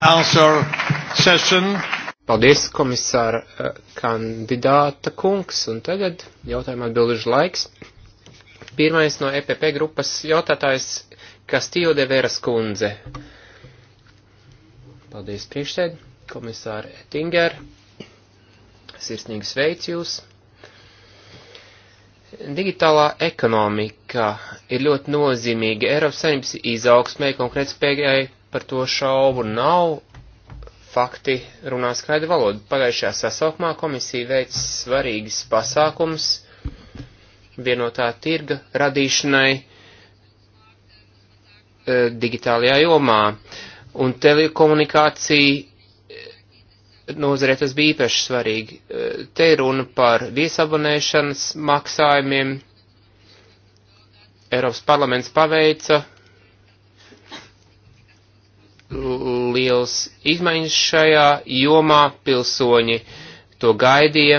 answer session. Paldies, komisāra eh, kandidāta kungs, un tagad jautājuma atbildužu laiks. Pirmais no EPP grupas jautātājs Kastījo de Veras kundze. Paldies, priekšsēd, komisāra Ettinger. Sirsnīgi sveic jūs. Digitālā ekonomika ir ļoti nozīmīga Eiropas saimnības izaugsmē, konkrēt spējai par to šaubu nav, fakti runā skaidru valodu. Pagājušajā sasaukumā komisija veic svarīgas pasākums vienotā tirga radīšanai e, digitālajā jomā. Un telekomunikācija e, nozarē tas bija īpaši svarīgi. E, te runa par viesabonēšanas maksājumiem. Eiropas parlaments paveica liels izmaiņas šajā jomā, pilsoņi to gaidīja,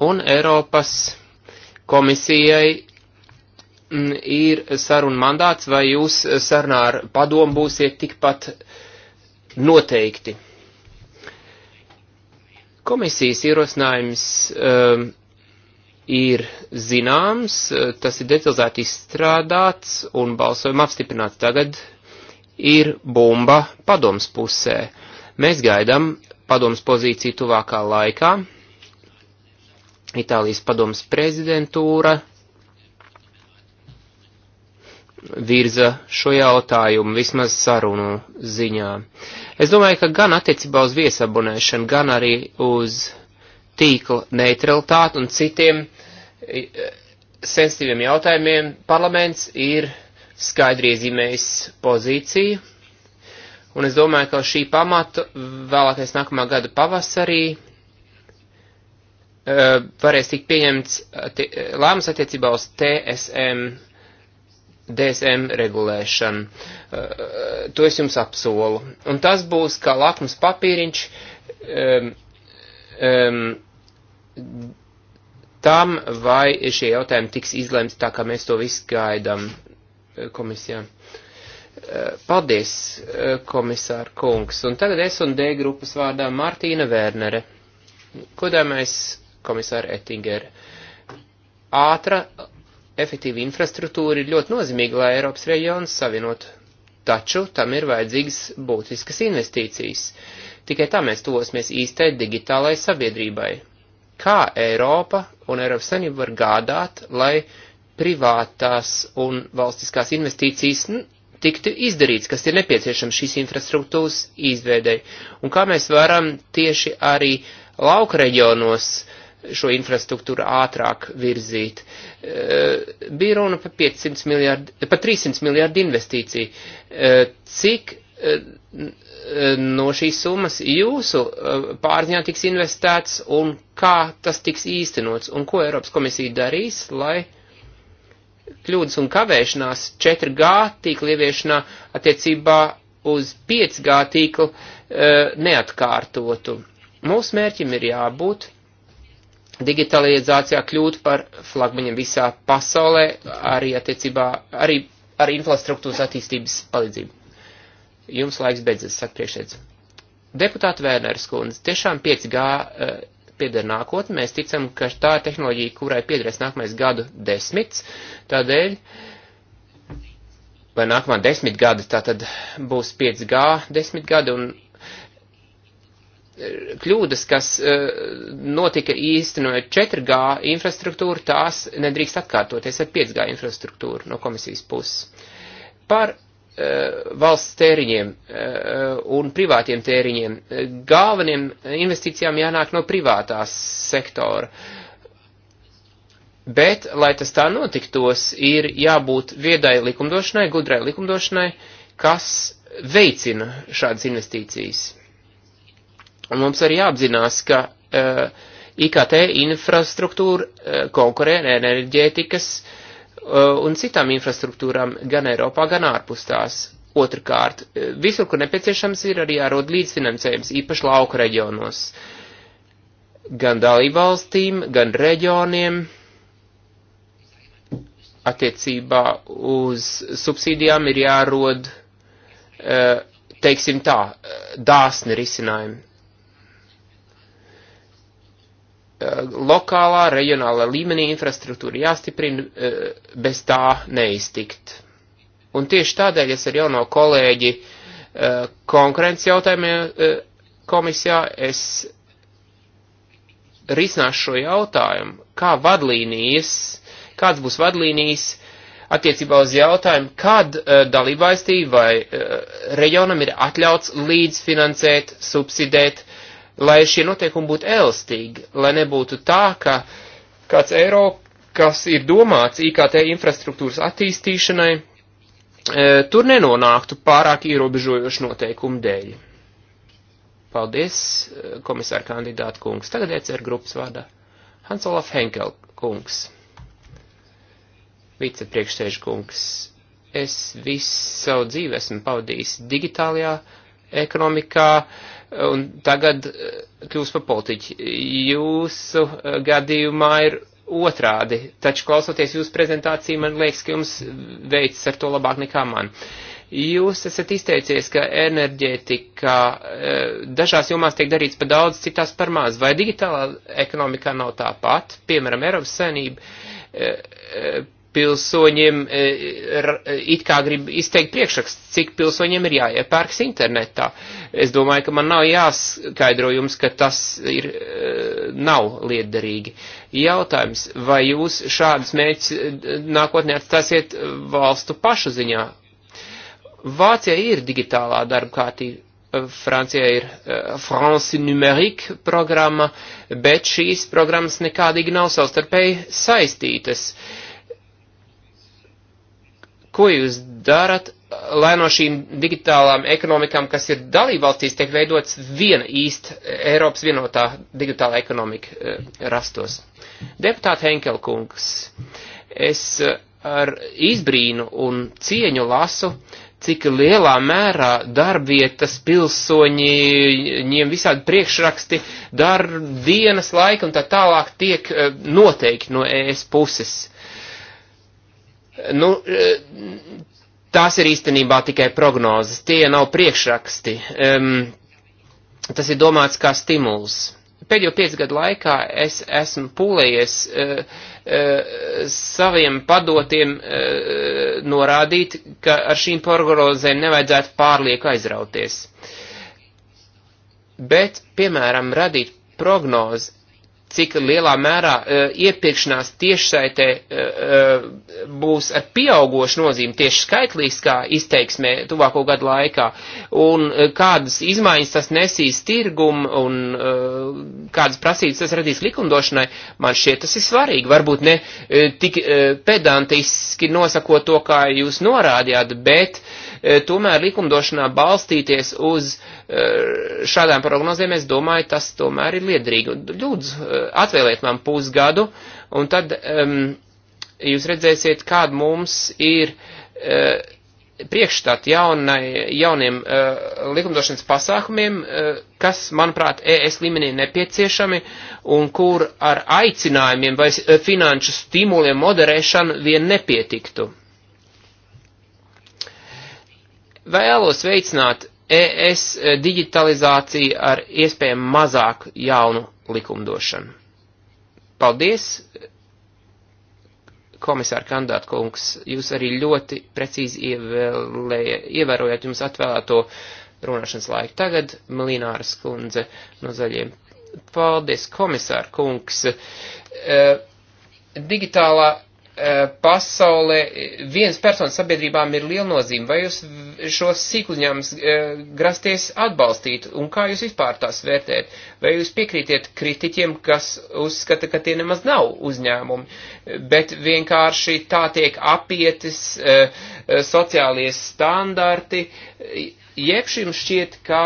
un Eiropas komisijai mm, ir saruna mandāts, vai jūs sarunā ar padomu būsiet tikpat noteikti. Komisijas ierosinājums um, ir zināms, eh, tas ir detalizēti izstrādāts un balsojuma apstiprināts tagad, ir bumba padoms pusē. Mēs gaidām padoms pozīciju tuvākā laikā. Itālijas padoms prezidentūra virza šo jautājumu vismaz sarunu ziņā. Es domāju, ka gan attiecībā uz viesabunēšanu, gan arī uz tīkla neutralitāti un citiem E, sensitīviem jautājumiem parlaments ir skaidri iezīmējis pozīciju, un es domāju, ka šī pamata vēlākais nākamā gada pavasarī e, varēs tikt pieņemts e, lēmums attiecībā uz TSM, DSM regulēšanu. To es jums apsolu. Un tas būs kā lakmus papīriņš um, um, tam, vai šie jautājumi tiks izlemts tā, kā mēs to visu gaidām eh, komisijā. Eh, paldies, eh, komisāra kungs. Un tagad es un D grupas vārdā Martīna Vērnere. Kodāmais komisāra Ettinger. Ātra, efektīva infrastruktūra ir ļoti nozīmīga, lai Eiropas reģionus savienot. Taču tam ir vajadzīgas būtiskas investīcijas. Tikai tā mēs tosimies īstai digitālai sabiedrībai kā Eiropa un Eiropas Savienība var gādāt, lai privātās un valstiskās investīcijas tiktu izdarīts, kas ir nepieciešams šīs infrastruktūras izveidēji, un kā mēs varam tieši arī lauka reģionos šo infrastruktūru ātrāk virzīt. E, bija runa par 500 miljārdu, par 300 miljārdu investīciju. E, cik e, no šīs summas jūsu eh, pārziņā tiks investēts un kā tas tiks īstenots un ko Eiropas komisija darīs, lai kļūdas un kavēšanās 4G tīkla ieviešanā attiecībā uz 5G tīklu eh, neatkārtotu. Mūsu mērķim ir jābūt digitalizācijā kļūt par flagmaņiem visā pasaulē, arī attiecībā, arī ar infrastruktūras attīstības palīdzību. Jums laiks beidzas, saka priekšsēdz. Deputāta Vērners kundze, tiešām 5G uh, eh, pieder nākotnē, mēs ticam, ka tā ir tehnoloģija, kurai piederēs nākamais gadu desmits, tādēļ, vai nākamā desmit gada, tā tad būs 5G desmit gadi, un eh, kļūdas, kas eh, notika īstenojot 4G infrastruktūru, tās nedrīkst atkārtoties ar 5G infrastruktūru no komisijas puses. Par Eh, valsts tēriņiem eh, un privātiem tēriņiem. Galveniem investīcijām jānāk no privātās sektora. Bet, lai tas tā notiktos, ir jābūt viedai likumdošanai, gudrai likumdošanai, kas veicina šādas investīcijas. Un mums arī jāapzinās, ka uh, eh, IKT infrastruktūra uh, konkurē enerģētikas uh, Uh, un citām infrastruktūrām gan Eiropā, gan ārpus tās. Otrakārt, uh, visur, kur nepieciešams, ir arī jārod līdzfinansējums, īpaši lauku reģionos. Gan dalībvalstīm, gan reģioniem attiecībā uz subsīdijām ir jārod, uh, teiksim tā, dāsni risinājumi Eh, lokālā, reģionālā līmenī infrastruktūra jāstiprina, eh, bez tā neiztikt. Un tieši tādēļ es ar jauno kolēģi eh, konkurences jautājumiem komisijā es risināšu šo jautājumu, kā vadlīnijas, kāds būs vadlīnijas attiecībā uz jautājumu, kad dalībvalstī vai reģionam ir atļauts līdzfinansēt, subsidēt, lai šie noteikumi būtu elastīgi, lai nebūtu tā, ka kāds eiro, kas ir domāts IKT infrastruktūras attīstīšanai, e, tur nenonāktu pārāk ierobežojošu noteikumu dēļ. Paldies, e, komisāra kandidāta kungs. Tagad ECR grupas vārdā. Hans Olaf Henkel kungs. Vicepriekšsēž kungs. Es visu savu dzīvi esmu pavadījis digitālajā ekonomikā, uh, un tagad eh, kļūs par politiķi. Jūsu eh, gadījumā ir otrādi, taču klausoties jūsu prezentāciju, man liekas, ka jums veids ar to labāk nekā man. Jūs esat izteicies, ka enerģētika eh, dažās jomās tiek darīts par daudz, citās par maz. Vai digitālā ekonomikā nav tāpat? Piemēram, Eiropas saimnība pilsoņiem e, e, it kā grib izteikt priekšraksts, cik pilsoņiem ir jāiepērks internetā. Es domāju, ka man nav jāskaidro jums, ka tas ir, e, nav liederīgi. Jautājums, vai jūs šādas mērķis nākotnē atstāsiet valstu pašu ziņā? Vācija ir digitālā darba kārtība. Francijā ir France Numerique programma, bet šīs programmas nekādīgi nav savstarpēji saistītas. Uh, Ko jūs darat, lai no šīm digitālām ekonomikām, kas ir dalībvalstīs, tiek veidots viena īsta eh, Eiropas vienotā digitāla ekonomika eh, rastos? Deputāta Henkelkungs, es eh, ar izbrīnu un cieņu lasu, cik lielā mērā darbvietas pilsoņi, viņiem visādi priekšraksti, dar dienas laika un tā tālāk tiek noteikti no ES puses. Nu, e, tās ir īstenībā tikai prognozes, tie nav priekšraksti. Um, tas ir domāts kā stimuls. Pēdējo piecu gadu laikā es esmu pūlējies uh, uh, saviem padotiem uh, norādīt, ka ar šīm prognozēm nevajadzētu pārlieku aizrauties. Bet, piemēram, radīt prognozi cik lielā mērā uh, iepirkšanās tiešsaitē uh, būs ar pieaugošu nozīmi tieši skaitlīskā izteiksmē tuvāko gadu laikā, un uh, kādas izmaiņas tas nesīs tirgumu, un uh, kādas prasības tas radīs likumdošanai, man šķiet tas ir svarīgi. Varbūt ne uh, tik uh, pedantiski nosakot to, kā jūs norādījāt, bet uh, E, tomēr likumdošanā balstīties uz e, šādām prognozēm, es domāju, tas tomēr ir liederīgi. Lūdzu, e, atvēliet man pusgadu, un tad um, jūs redzēsiet, kāda mums ir uh, priekšstāt jaunai, jauniem uh, likumdošanas pasākumiem, uh, kas, manuprāt, ES līmenī nepieciešami un kur ar aicinājumiem vai finanšu stimuliem moderēšanu vien nepietiktu. Vēlos veicināt ES digitalizāciju ar iespējami mazāku jaunu likumdošanu. Paldies, komisāra kandidāta kungs, jūs arī ļoti precīzi ievēlēja, ievērojat jums atvēlēto runāšanas laiku. Tagad Melināras kundze no zaļiem. Paldies, komisāra kungs. E, digitālā Eh, pasaulē viens personas sabiedrībām ir liela nozīme, vai jūs šos sīkliņāms eh, grasties atbalstīt, un kā jūs vispār tās vērtēt, vai jūs piekrītiet kritiķiem, kas uzskata, ka tie nemaz nav uzņēmumi, bet vienkārši tā tiek apietis eh, sociālie standarti, jeb šim šķiet, ka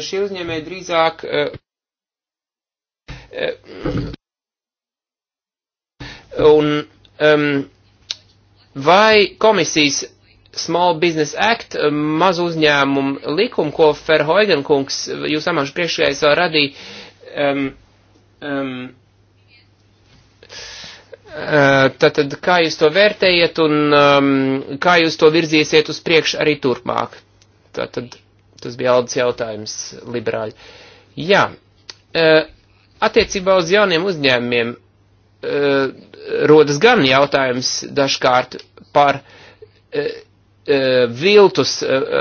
šie uzņēmēji drīzāk un Um, vai komisijas Small Business Act, um, mazu uzņēmumu likumu, ko Ferhoigen kungs, jūs amāšu priekšējais vēl radīja, um, um, Tātad, uh, kā jūs to vērtējat un um, kā jūs to virziesiet uz priekšu arī turpmāk? Tātad, tas bija Aldis jautājums, liberāļi. Jā, uh, attiecībā uz jauniem uzņēmumiem, uh, rodas gan jautājums dažkārt par e, e, viltus e, e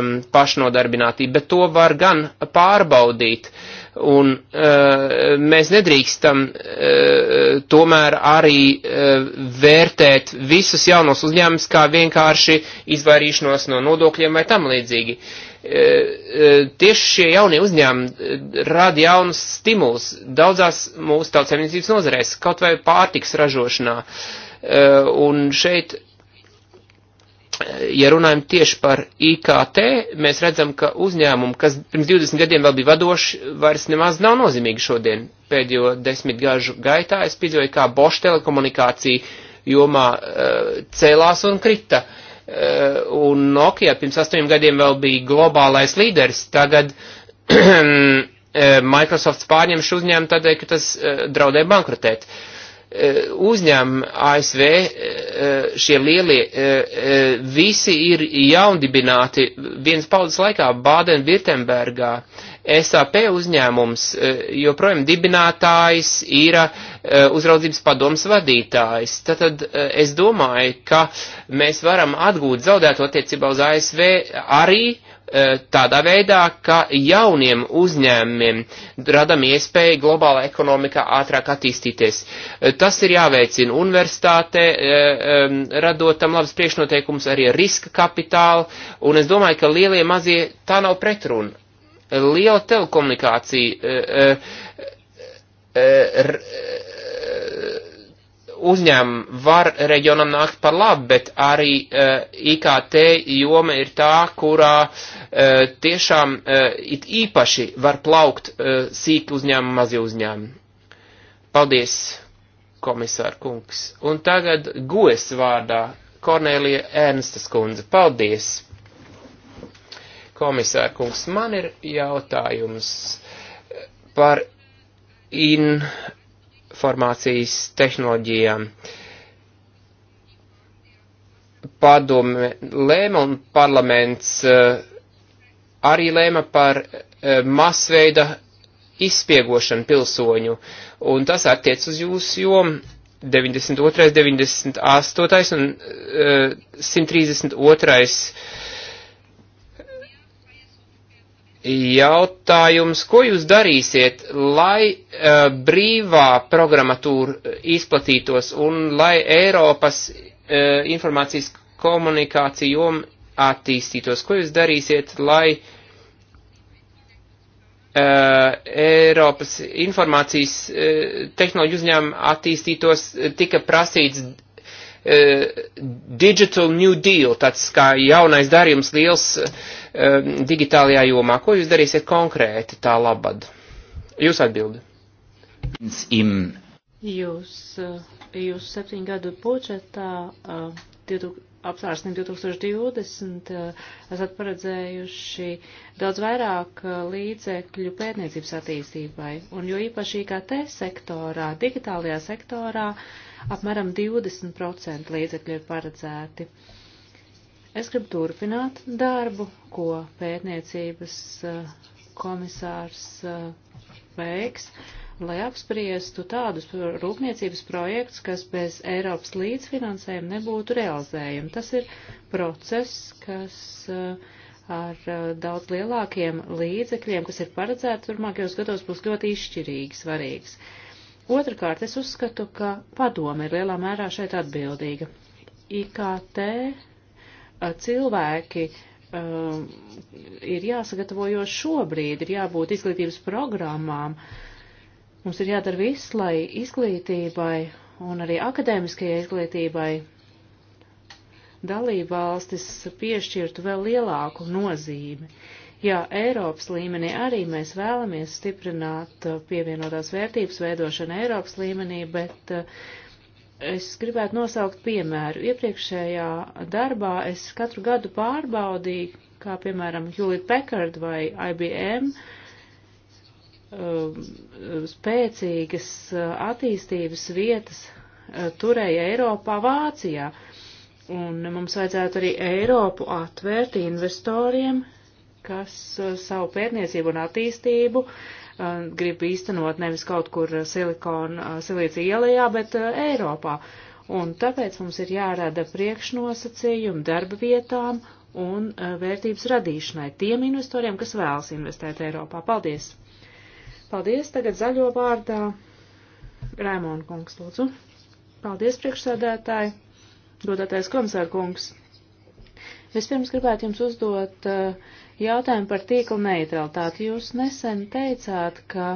um, pašnodarbinātību, bet to var gan pārbaudīt. Un uh, mēs nedrīkstam uh, tomēr arī uh, vērtēt visus jaunos uzņēmumus kā vienkārši izvairīšanos no nodokļiem vai tam līdzīgi. Uh, E, e, tieši šie jaunie uzņēmumi e, rada jaunus stimulus daudzās mūsu tautsēmniecības nozarēs, kaut vai pārtiks ražošanā. Un šeit, ja runājam tieši par IKT, mēs redzam, ka uzņēmumi, kas pirms 20 gadiem vēl bija vadoši, vairs nemaz nav nozīmīgi šodien. Pēdējo desmit gažu gaitā es piedzīvoju, kā Bosch telekomunikācija jomā cēlās un krita. Uh, Eh, un Nokia pirms astoņiem gadiem vēl bija globālais līderis, tagad eh, Microsofts pārņem šo uzņēmumu tādēļ, ka tas eh, draudē bankrotēt. Uzņēmumi ASV, šie lielie, visi ir jaundibināti viens paudzes laikā Bādenvirtembergā. Virtembergā SAP uzņēmums e, joprojām dibinātājs ir e, uzraudzības padoms vadītājs. Tātad e, es domāju, ka mēs varam atgūt zaudēto attiecībā uz ASV arī tādā veidā, ka jauniem uzņēmumiem radam iespēju globālā ekonomikā ātrāk attīstīties. Tas ir jāveicina universitātē, radot tam labas priekšnoteikumus arī riska kapitāla, un es domāju, ka lielie mazie tā nav pretruna liela telekomunikācija e, e, e, uzņēmumi var reģionam nākt par labu, bet arī IKT joma ir tā, kurā tiešām it īpaši var plaukt sīki uzņēmumi, mazi uzņēmumi. Paldies, komisār kungs. Un tagad gojas vārdā Kornēlija Ernstas kundze. Paldies! komisārkungs, man ir jautājums par informācijas tehnoloģijām. Padome lēma un parlaments eh, arī lēma par eh, masveida izspiegošanu pilsoņu, un tas attiec uz jūsu jomu. 92., 98. un uh, eh, 132 jautājums, ko jūs darīsiet, lai uh, brīvā programmatūra izplatītos un lai Eiropas uh, informācijas komunikācija jom attīstītos? Ko jūs darīsiet, lai uh, Eiropas informācijas uh, tehnoloģiju uzņēmumu attīstītos, tika prasīts uh, Digital New Deal, tāds kā jaunais darījums liels. Uh, digitālajā jomā. Ko jūs darīsiet konkrēti tā labad? Jūs atbildi. Eh, jūs, jūs septiņu gadu budžetā eh, apsvērsim 2020 eh, esat paredzējuši daudz vairāk līdzekļu pētniecības attīstībai, un jo īpaši IKT sektorā, digitālajā sektorā, apmēram 20% līdzekļu ir paredzēti. Uh, Es gribu turpināt darbu, ko pētniecības eh, komisārs eh, veiks, lai apspriestu tādus rūpniecības projektus, kas bez Eiropas līdzfinansējuma nebūtu realizējumi. Tas ir process, kas eh, ar daudz lielākiem līdzekļiem, kas ir paredzēti turmākajos gados, būs ļoti izšķirīgi svarīgs. Otrakārt, es uzskatu, ka padome ir lielā mērā šeit atbildīga. IKT cilvēki um, ir jāsagatavo jau šobrīd, ir jābūt izglītības programmām. Mums ir jādara viss, lai izglītībai un arī akadēmiskajai izglītībai dalībvalstis piešķirtu vēl lielāku nozīmi. Jā, Eiropas līmenī arī mēs vēlamies stiprināt uh, pievienotās vērtības veidošanu Eiropas līmenī, bet uh, Es gribētu nosaukt piemēru. Iepriekšējā darbā es katru gadu pārbaudīju, kā piemēram Hewlett Packard vai IBM, um, spēcīgas uh, attīstības vietas uh, turēja Eiropā, Vācijā. Un mums vajadzētu arī Eiropu atvērt investoriem, kas uh, savu pētniecību un attīstību uh, Uh, grib īstenot nevis kaut kur uh, silikona, uh, silīcija ielajā, bet Eiropā. Un tāpēc mums ir jārada priekšnosacījumi darba vietām un vērtības radīšanai tiem investoriem, kas vēlas investēt Eiropā. Paldies! Paldies! Tagad zaļo vārdā Rēmona kungs, lūdzu. Paldies, priekšsēdētāji! Godātais komisāra kungs! Vispirms gribētu jums uzdot uh, Jautājumu par tīkla neutralitāti. Jūs nesen teicāt, ka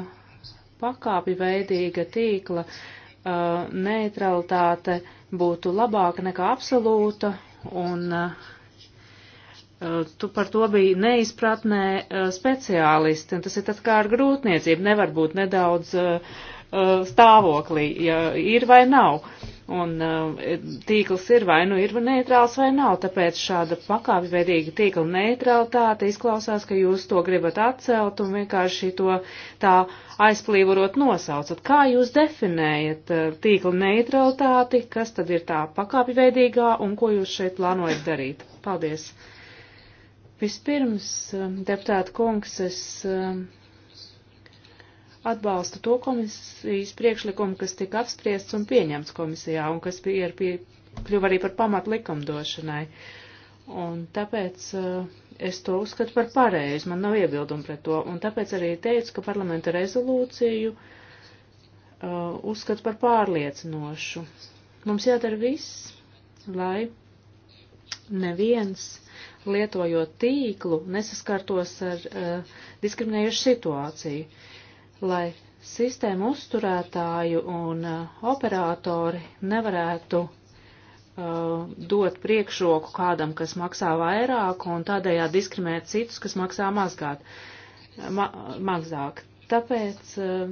pakāpju veidīga tīkla uh, neutralitāte būtu labāka nekā absolūta, un uh, uh, tu par to biji neizpratnē uh, speciālisti, un tas ir tad kā ar grūtniecību, nevar būt nedaudz uh, uh stāvoklī, ja ir vai nav. Uh, Un eh, tīkls ir vai nu ir neitrāls vai nav, tāpēc šāda pakāpveidīga tīkla neitralitāte izklausās, ka jūs to gribat atcelt un vienkārši to tā aizplīvorot nosaucat. Kā jūs definējat eh, tīkla neitralitāti, kas tad ir tā pakāpveidīgā un ko jūs šeit plānojat darīt? Paldies! Vispirms, eh, deputāta kungs, es atbalstu to komisijas priekšlikumu, kas tika apspriests un pieņemts komisijā un kas bija pie, kļuva arī par pamatu likumdošanai. Un tāpēc uh, es to uzskatu par pareizi, man nav iebildumu pret to. Un tāpēc arī teicu, ka parlamenta rezolūciju uh, uzskatu par pārliecinošu. Mums jādara viss, lai neviens lietojot tīklu nesaskartos ar uh, eh, diskriminējušu situāciju. Uh, lai sistēma uzturētāju un uh, operatori nevarētu uh, dot priekšroku kādam, kas maksā vairāk un tādējā diskriminēt citus, kas maksā mazgāt, ma mazāk. Tāpēc uh,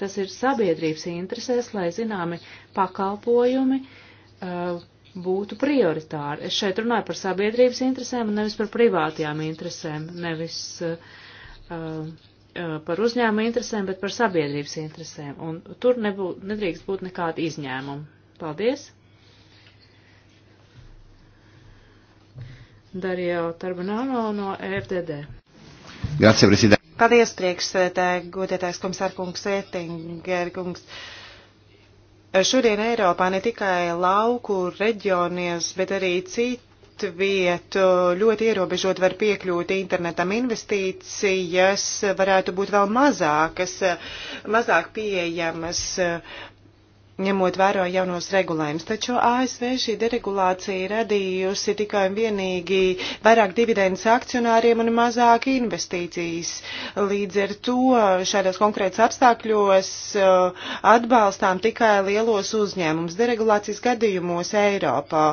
tas ir sabiedrības interesēs, lai zināmi pakalpojumi uh, būtu prioritāri. Es šeit runāju par sabiedrības interesēm un nevis par privātajām interesēm, nevis uh, uh Uh, par uzņēmuma interesēm, bet par sabiedrības interesēm. Un tur nebū, nedrīkst būt nekāda izņēmuma. Paldies! Darijo Tarbonano no e FDD. Grazie, prezident. Paldies, priekšsēdētāji, godētājs komisārkungs Ētingerkungs. Šodien Eiropā ne tikai lauku reģionies, bet arī citu vietu ļoti ierobežot var piekļūt internetam. Investīcijas varētu būt vēl mazākas, mazāk pieejamas ņemot vērā jaunos regulējumus. Taču ASV šī deregulācija radījusi tikai un vienīgi vairāk dividendes akcionāriem un mazāk investīcijas. Līdz ar to šādos konkrētos apstākļos uh, atbalstām tikai lielos uzņēmumus deregulācijas gadījumos Eiropā.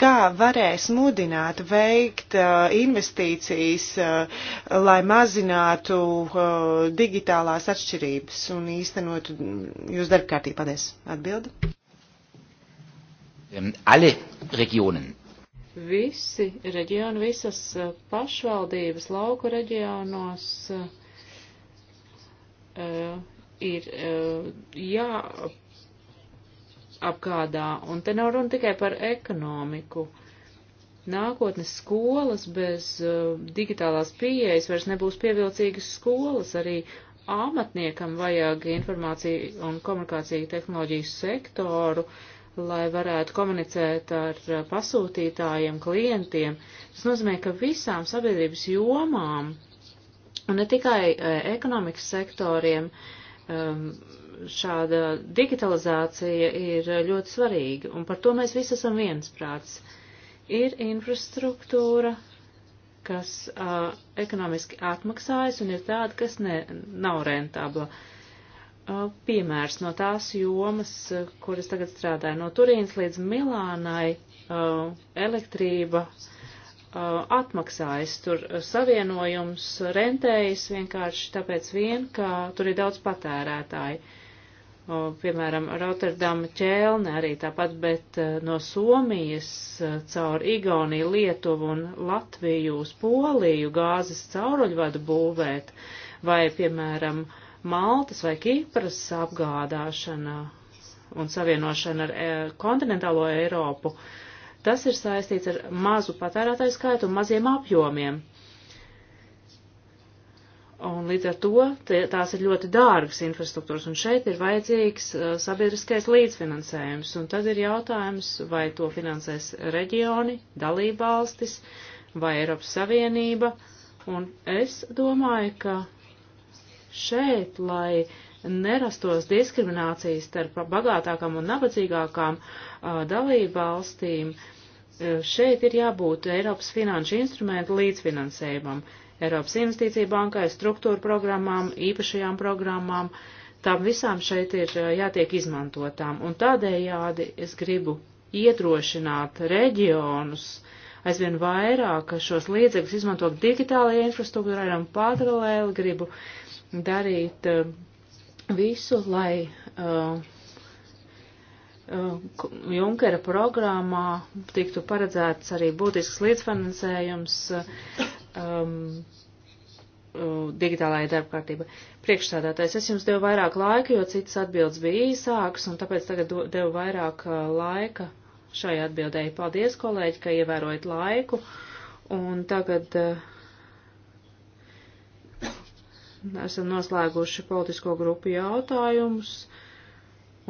Kā varēs mudināt veikt uh, investīcijas, uh, lai mazinātu digitālās atšķirības un īstenotu jūsu darbkārtību? Paldies! Atbild atbildi. Alle reģionen. Visi reģioni, visas eh, pašvaldības lauku reģionos uh, ir uh, jāapgādā. Un te nav runa tikai par ekonomiku. Nākotnes skolas bez uh, digitālās pieejas vairs nebūs pievilcīgas skolas, arī āmatniekam vajag informāciju un komunikāciju tehnoloģiju sektoru, lai varētu komunicēt ar uh, pasūtītājiem, klientiem. Tas nozīmē, ka visām sabiedrības jomām un ne tikai uh, ekonomikas sektoriem um, šāda digitalizācija ir ļoti svarīga, un par to mēs visi esam viensprāts. Ir infrastruktūra, kas uh, ekonomiski atmaksājas un ir tāda, kas ne, nav rentabla. Uh, piemērs no tās jomas, kuras tagad strādāju, no Turīnas līdz Milānai uh, elektrība uh, atmaksājas, tur savienojums rentējas vienkārši tāpēc vien, ka tur ir daudz patērētāju. Uh, piemēram, Rotterdama ķēlne arī tāpat, bet e, no Somijas e, caur Igauniju, Lietuvu un Latviju uz Poliju gāzes cauruļvadu būvēt, vai, piemēram, Maltas vai Kīpras apgādāšana un savienošana ar e, kontinentālo Eiropu. Tas ir saistīts ar mazu patērētāju skaitu un maziem apjomiem. Un līdz ar to te, tās ir ļoti dārgas infrastruktūras, un šeit ir vajadzīgs uh, sabiedriskais līdzfinansējums. Un tad ir jautājums, vai to finansēs reģioni, dalībvalstis vai Eiropas Savienība. Un es domāju, ka šeit, lai nerastos diskriminācijas starp bagātākām un nabadzīgākām uh, dalībvalstīm, uh, šeit ir jābūt Eiropas finanšu instrumentu līdzfinansējumam. Uh, Eiropas investīcija bankai, struktūra programmām, īpašajām programmām. Tām visām šeit ir eh, jātiek izmantotām. Un tādējādi es gribu iedrošināt reģionus aizvien vairāk šos līdzekļus izmantot digitālajai infrastruktūrai un paralēli gribu darīt eh, visu, lai uh, Junkera programmā tiktu paredzēts arī būtisks līdzfinansējums um, digitālajai darbkārtībai. Priekšsādātais, es jums devu vairāk laika, jo citas atbildes bija īsākas, un tāpēc tagad devu vairāk uh, laika šai atbildēji. Paldies, kolēģi, ka ievērojat laiku, un tagad uh, esam noslēguši politisko grupu jautājumus,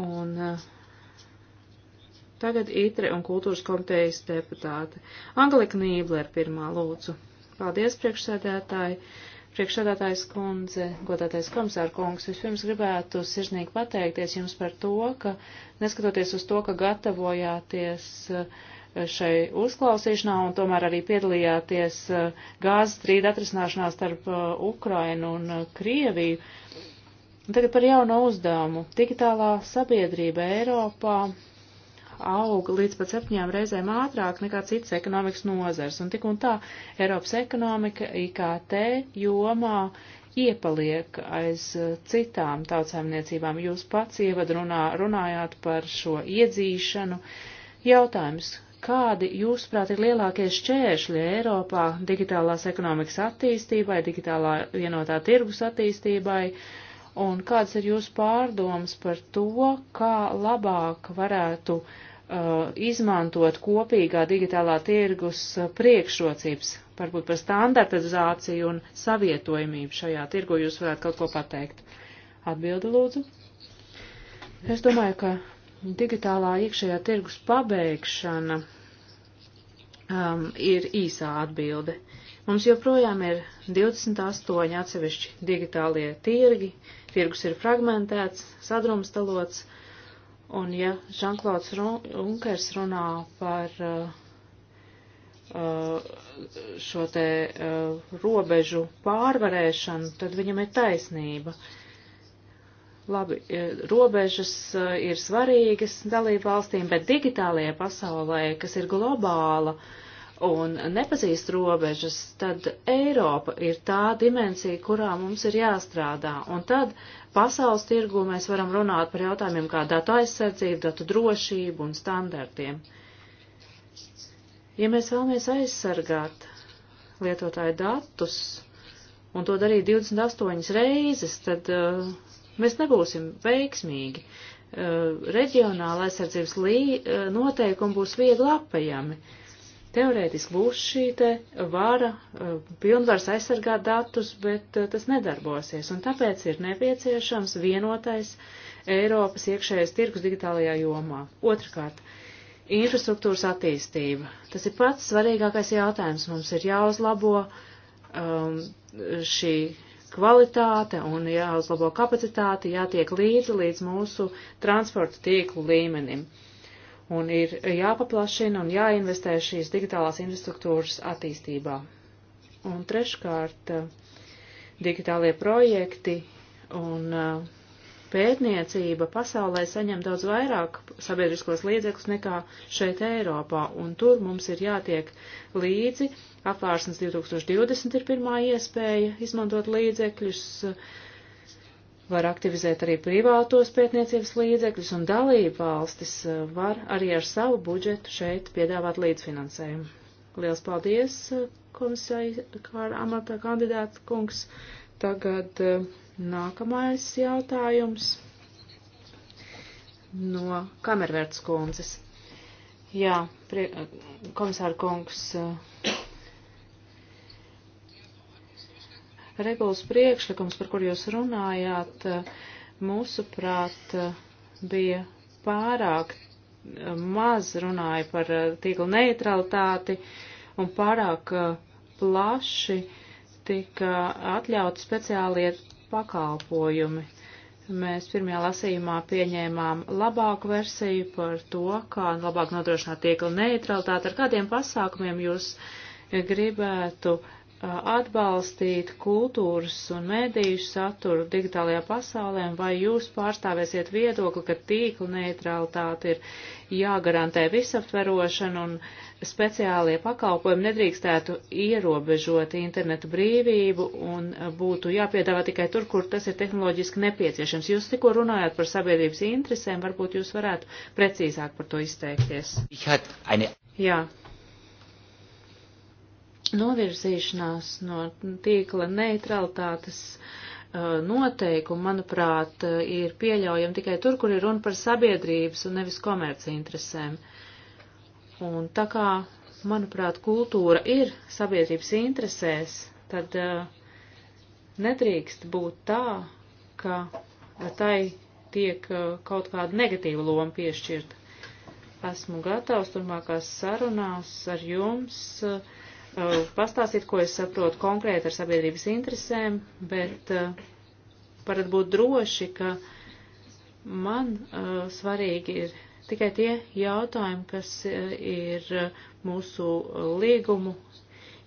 un uh, tagad ITRE un kultūras komitejas deputāte. Angelika Nībler pirmā lūdzu. Paldies, priekšsēdētāji. Priekšsēdētājs kundze, godātais komisāra kungs, vispirms gribētu sirsnīgi pateikties jums par to, ka neskatoties uz to, ka gatavojāties eh, šai uzklausīšanā un tomēr arī piedalījāties eh, gāzes strīda atrisināšanā starp eh, Ukrainu un Krieviju, tagad par jauno uzdevumu. Digitālā sabiedrība Eiropā aug līdz pat septiņām reizēm ātrāk nekā citas ekonomikas nozars. Un tik un tā Eiropas ekonomika IKT jomā iepaliek aiz eh, citām tautsēmniecībām. Jūs pats ievadrunā runājāt par šo iedzīšanu. Jautājums, kādi, jūsuprāt, ir lielākie šķēršļi Eiropā digitālās ekonomikas attīstībai, digitālā vienotā tirgus attīstībai, un kādas ir jūsu pārdomas par to, kā labāk varētu Uh, izmantot kopīgā digitālā tirgus uh, priekšrocības, varbūt par standartizāciju un savietojamību šajā tirgu jūs varētu kaut ko pateikt. Atbildi lūdzu. Es domāju, ka digitālā iekšējā tirgus pabeigšana um, ir īsā atbilde. Mums joprojām ir 28 atsevišķi digitālie tirgi, tirgus ir fragmentēts, sadrumstalots, uh, Un ja Žanklauds Junkers runā par uh, uh, šo te uh, robežu pārvarēšanu, tad viņam ir taisnība. Labi, eh, robežas eh, ir svarīgas dalību valstīm, bet digitālajā pasaulē, kas ir globāla, uh, un nepazīst robežas, tad Eiropa ir tā dimensija, kurā mums ir jāstrādā. Un tad pasaules tirgu mēs varam runāt par jautājumiem kā datu aizsardzību, datu drošību un standartiem. Ja mēs vēlamies aizsargāt lietotāju datus un to darīt 28 reizes, tad uh, mēs nebūsim veiksmīgi. Uh, reģionāla aizsardzības lī, uh, noteikumi būs viegli apējami. Uh, Teorētiski būs šī te vara, e, pilnvars aizsargāt datus, bet e, tas nedarbosies, un tāpēc ir nepieciešams vienotais Eiropas iekšējais tirgus digitālajā jomā. Otrakārt, infrastruktūras attīstība. Tas ir pats svarīgākais jautājums. Mums ir jāuzlabo um, šī kvalitāte un jāuzlabo kapacitāte, jātiek līdzi līdz mūsu transporta tīklu līmenim. Uh, un ir jāpaplašina un jāinvestē šīs digitālās infrastruktūras attīstībā. Un treškārt, digitālie projekti un uh, pētniecība pasaulē saņem daudz vairāk sabiedriskos līdzekļus nekā šeit Eiropā, un tur mums ir jātiek līdzi. Apvārsnes 2020 ir pirmā iespēja izmantot līdzekļus, uh, var aktivizēt arī privātos pētniecības līdzekļus, un dalība valstis eh, var arī ar savu budžetu šeit piedāvāt līdzfinansējumu. Liels paldies, eh, komisai amatā kandidāta kungs. Tagad eh, nākamais jautājums no kamervērts kundzes. Jā, komisāra kungs, Regulas priekšlikums, par kur jūs runājāt, mūsuprāt, bija pārāk eh, maz runāja par eh, tīkla neutralitāti un pārāk eh, plaši tika atļauti speciālie pakalpojumi. Mēs pirmajā lasījumā pieņēmām labāku versiju par to, kā labāk nodrošināt tīkla neutralitāti, ar kādiem pasākumiem jūs gribētu uh, atbalstīt kultūras un mēdīju saturu digitālajā pasaulē, un vai jūs pārstāvēsiet viedokli, ka tīkla neutralitāte ir jāgarantē visaptverošana un speciālie pakalpojumi nedrīkstētu ierobežot internetu brīvību un būtu jāpiedāvā tikai tur, kur tas ir tehnoloģiski nepieciešams. Jūs tikko runājāt par sabiedrības interesēm, varbūt jūs varētu precīzāk par to izteikties. Jā, Novirzīšanās no tīkla neutralitātes uh, noteikumu, manuprāt, uh, ir pieļaujama tikai tur, kur ir runa par sabiedrības un nevis komerci interesēm. Un tā kā, manuprāt, kultūra ir sabiedrības interesēs, tad uh, nedrīkst būt tā, ka tai tiek kaut kāda negatīva loma piešķirta. Esmu gatavs turmākās sarunās ar jums. Uh, uh, pastāstīt, ko es saprotu konkrēti ar sabiedrības interesēm, bet uh, varat būt droši, ka man uh, svarīgi ir tikai tie jautājumi, kas uh, ir uh, mūsu uh, līgumu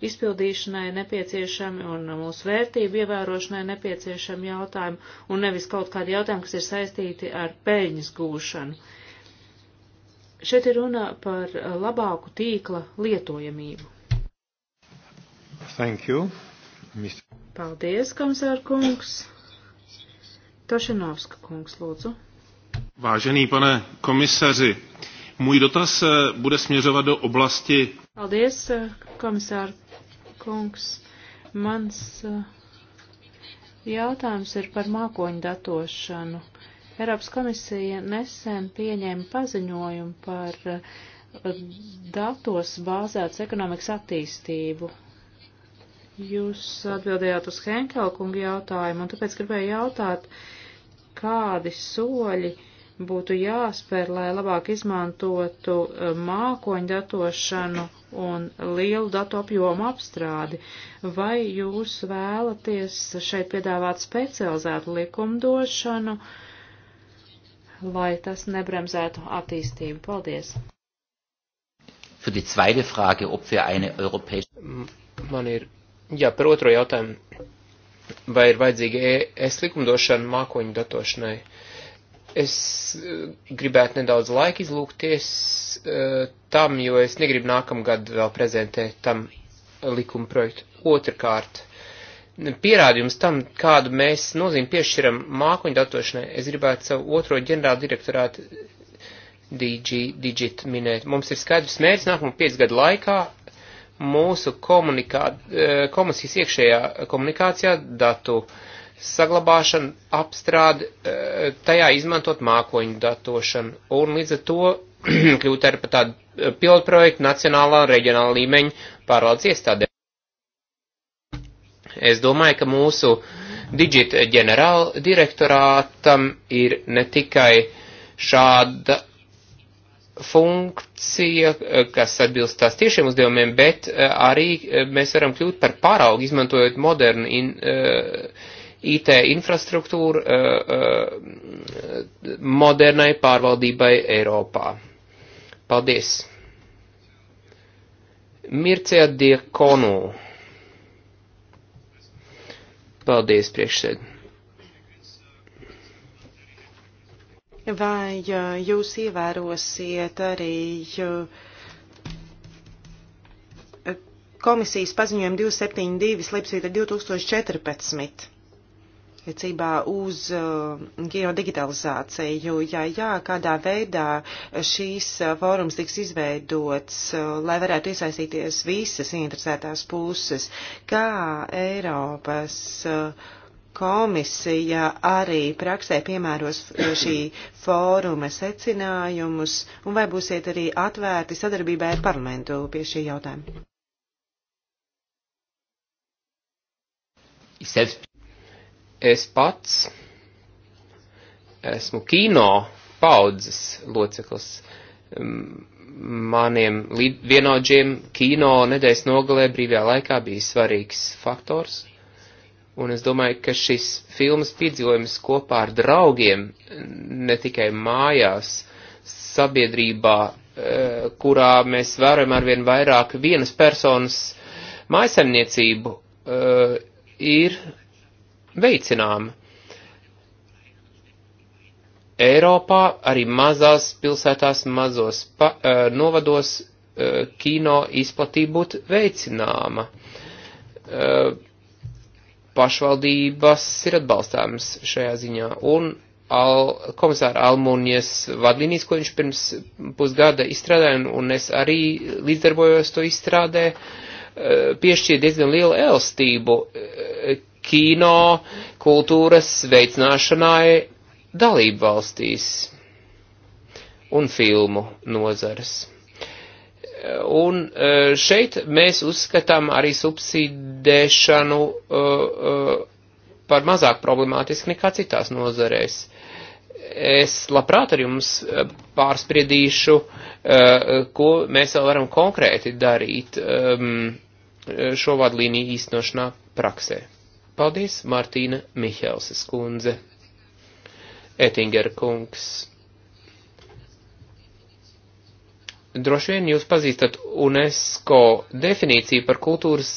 izpildīšanai nepieciešami un mūsu vērtību ievērošanai nepieciešami jautājumi, un nevis kaut kādi jautājumi, kas ir saistīti ar peļņas gūšanu. Šeit ir runa par labāku tīkla lietojamību. Thank you. Mr. Paldies, komisār kungs. Tošenovska kungs, lūdzu. Vážený pane komisaři, můj dotaz eh, bude směřovat do oblasti. Paldies, eh, komisār kungs. Mans eh, jautājums ir par mākoņu datošanu. Eiropas komisija nesen pieņēma paziņojumu par datos bāzētas ekonomikas attīstību Jūs atbildējāt uz Henkel kunga jautājumu, un tāpēc gribēju jautāt, kādi soļi būtu jāspēr, lai labāk izmantotu eh, mākoņu datošanu un lielu datu apjomu apstrādi, vai jūs vēlaties šeit piedāvāt specializētu likumdošanu, lai tas nebremzētu attīstību? Paldies! Für die zweite Frage, ob wir eine europäische man ir Jā, par otro jautājumu. Vai ir vajadzīga es likumdošana mākoņu datošanai? Es eh, gribētu nedaudz laika izlūkties uh, eh, tam, jo es negribu nākamgad vēl prezentēt tam likuma projektu. Otrakārt, pierādījums tam, kādu mēs nozīmi piešķiram mākoņu datošanai, es gribētu savu otro ģenerālu direktorātu DG, Digit minēt. Mums ir skaidrs mērķis nākamo 5 gadu laikā mūsu komunikā, e, komisijas iekšējā komunikācijā datu saglabāšana, apstrāde, e, tajā izmantot mākoņu datošanu. Un līdz ar to kļūt arī par tādu e, pilotprojektu nacionālā un reģionāla līmeņa pārvaldes iestādē. Es domāju, ka mūsu digit ģenerāla direktorātam ir ne tikai šāda funkcija, eh, kas atbilst tās tiešiem uzdevumiem, bet eh, arī eh, mēs varam kļūt par paraugu, izmantojot modernu in, IT infrastruktūru modernai pārvaldībai Eiropā. Paldies! Mircea Diekonu. Paldies, priekšsēdētāji! vai jūs ievērosiet arī komisijas paziņojumu 272 slipsvīta 2014 attiecībā uz uh, geodigitalizāciju, ja jā, kādā veidā šīs uh, fórums tiks izveidots, uh, lai varētu iesaistīties visas interesētās puses, kā Eiropas uh, komisija arī praksē piemēros eh, šī fóruma secinājumus un vai būsiet arī atvērti sadarbībai ar parlamentu pie šī jautājuma? Es pats esmu kino paudzes loceklis. Maniem vienaudžiem kino nedēļas nogalē brīvajā laikā bija svarīgs faktors, Un es domāju, ka šis filmas piedzīvojums kopā ar draugiem, ne tikai mājās, sabiedrībā, eh, kurā mēs varam arvien vairāk vienas personas mājasemniecību, eh, ir veicināma. Eiropā arī mazās pilsētās, mazos pa, eh, novados kino izplatība būtu veicināma. Uh, pašvaldības ir atbalstāmas šajā ziņā. Un Al, komisāra Almūnijas vadlīnijas, ko viņš pirms pusgada izstrādāja, un, un es arī līdzdarbojos to izstrādē, eh, piešķīra diezgan lielu elstību eh, kino kultūras veicināšanai dalību valstīs un filmu nozares. Un e, šeit mēs uzskatām arī subsidēšanu e, e, par mazāk problemātisku nekā citās nozarēs. Es labprāt ar jums pārspriedīšu, ko mēs vēl varam konkrēti darīt šo vadlīniju īstenošanā praksē. Paldies, Martīna Mihelses kundze. Ettinger kungs. Droši vien jūs pazīstat UNESCO definīciju par kultūras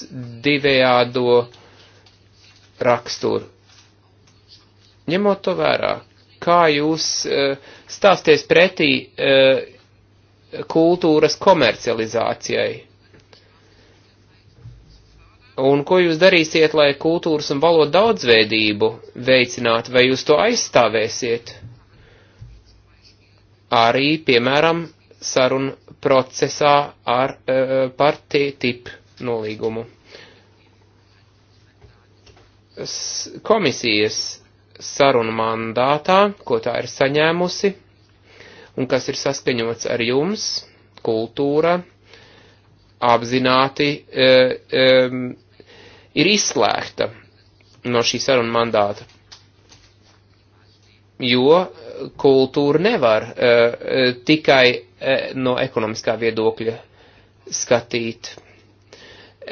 divējādo raksturu. Ņemot to vērā, kā jūs eh, stāsties pretī eh, kultūras komercializācijai? Un ko jūs darīsiet, lai kultūras un valodu daudzveidību veicinātu, vai jūs to aizstāvēsiet? Arī, piemēram, sarunu procesā ar, e, par TTIP nolīgumu. Komisijas sarunu mandātā, ko tā ir saņēmusi, un kas ir saskaņots ar jums, kultūra, apzināti e, e, ir izslēgta no šī saruna mandāta. Jo kultūra nevar e, e tikai E, no ekonomiskā viedokļa skatīt.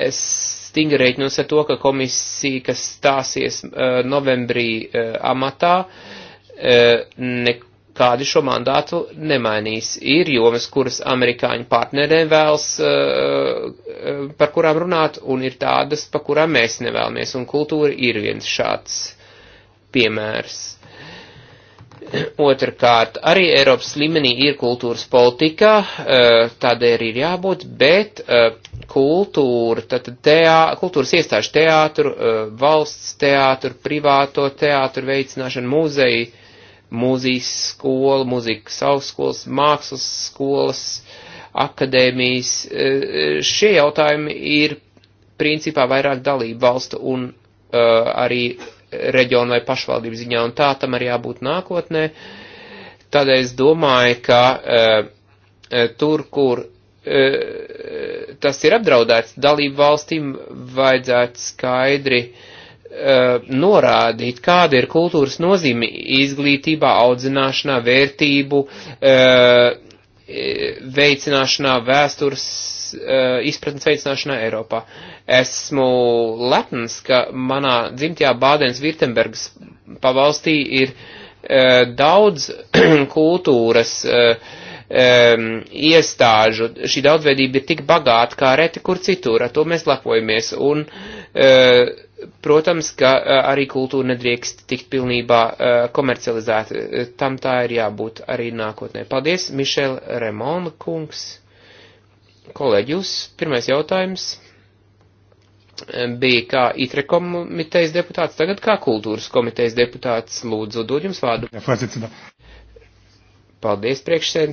Es stingri reiķinos ar to, ka komisija, kas stāsies e, novembrī e, amatā, nekādi šo mandātu nemainīs. Ir jomas, kuras amerikāņu partneriem vēlas, par kurām runāt, un ir tādas, par kurām mēs nevēlamies, un kultūra ir viens šāds piemērs Otrakārt, arī Eiropas līmenī ir kultūras politikā, e, tādēļ ir jābūt, bet e, kultūra, tātad teā, kultūras iestāžu teātru, e, valsts teātru, privāto teātru veicināšana, muzeji, mūzijas skola, mūzikas augstskolas, mākslas skolas, akadēmijas, šie jautājumi ir principā vairāk dalību valstu un arī reģionu vai pašvaldību ziņā, un tā tam arī jābūt nākotnē. Tad es domāju, ka eh, eh, tur, kur eh, tas ir apdraudēts, dalību valstīm vajadzētu skaidri norādīt, kāda ir kultūras nozīme izglītībā, audzināšanā, vērtību, veicināšanā, vēstures uh, izpratnes veicināšanā Eiropā. Esmu lepns, ka manā dzimtajā Bādens Virtembergas pavalstī ir uh, daudz kultūras uh, um, iestāžu. Šī daudzveidība ir tik bagāta kā reti kur citur, ar to mēs lepojamies. Un, uh, protams, ka arī kultūra nedrīkst tikt pilnībā uh, komercializēta. Tam tā ir jābūt arī nākotnē. Paldies, Mišel Remon kungs kolēģi, jūs pirmais jautājums eh, bija kā ITRE komitejas deputāts, tagad kā kultūras komitejas deputāts. Lūdzu, dod jums vārdu. Jā, Paldies, priekšsēd.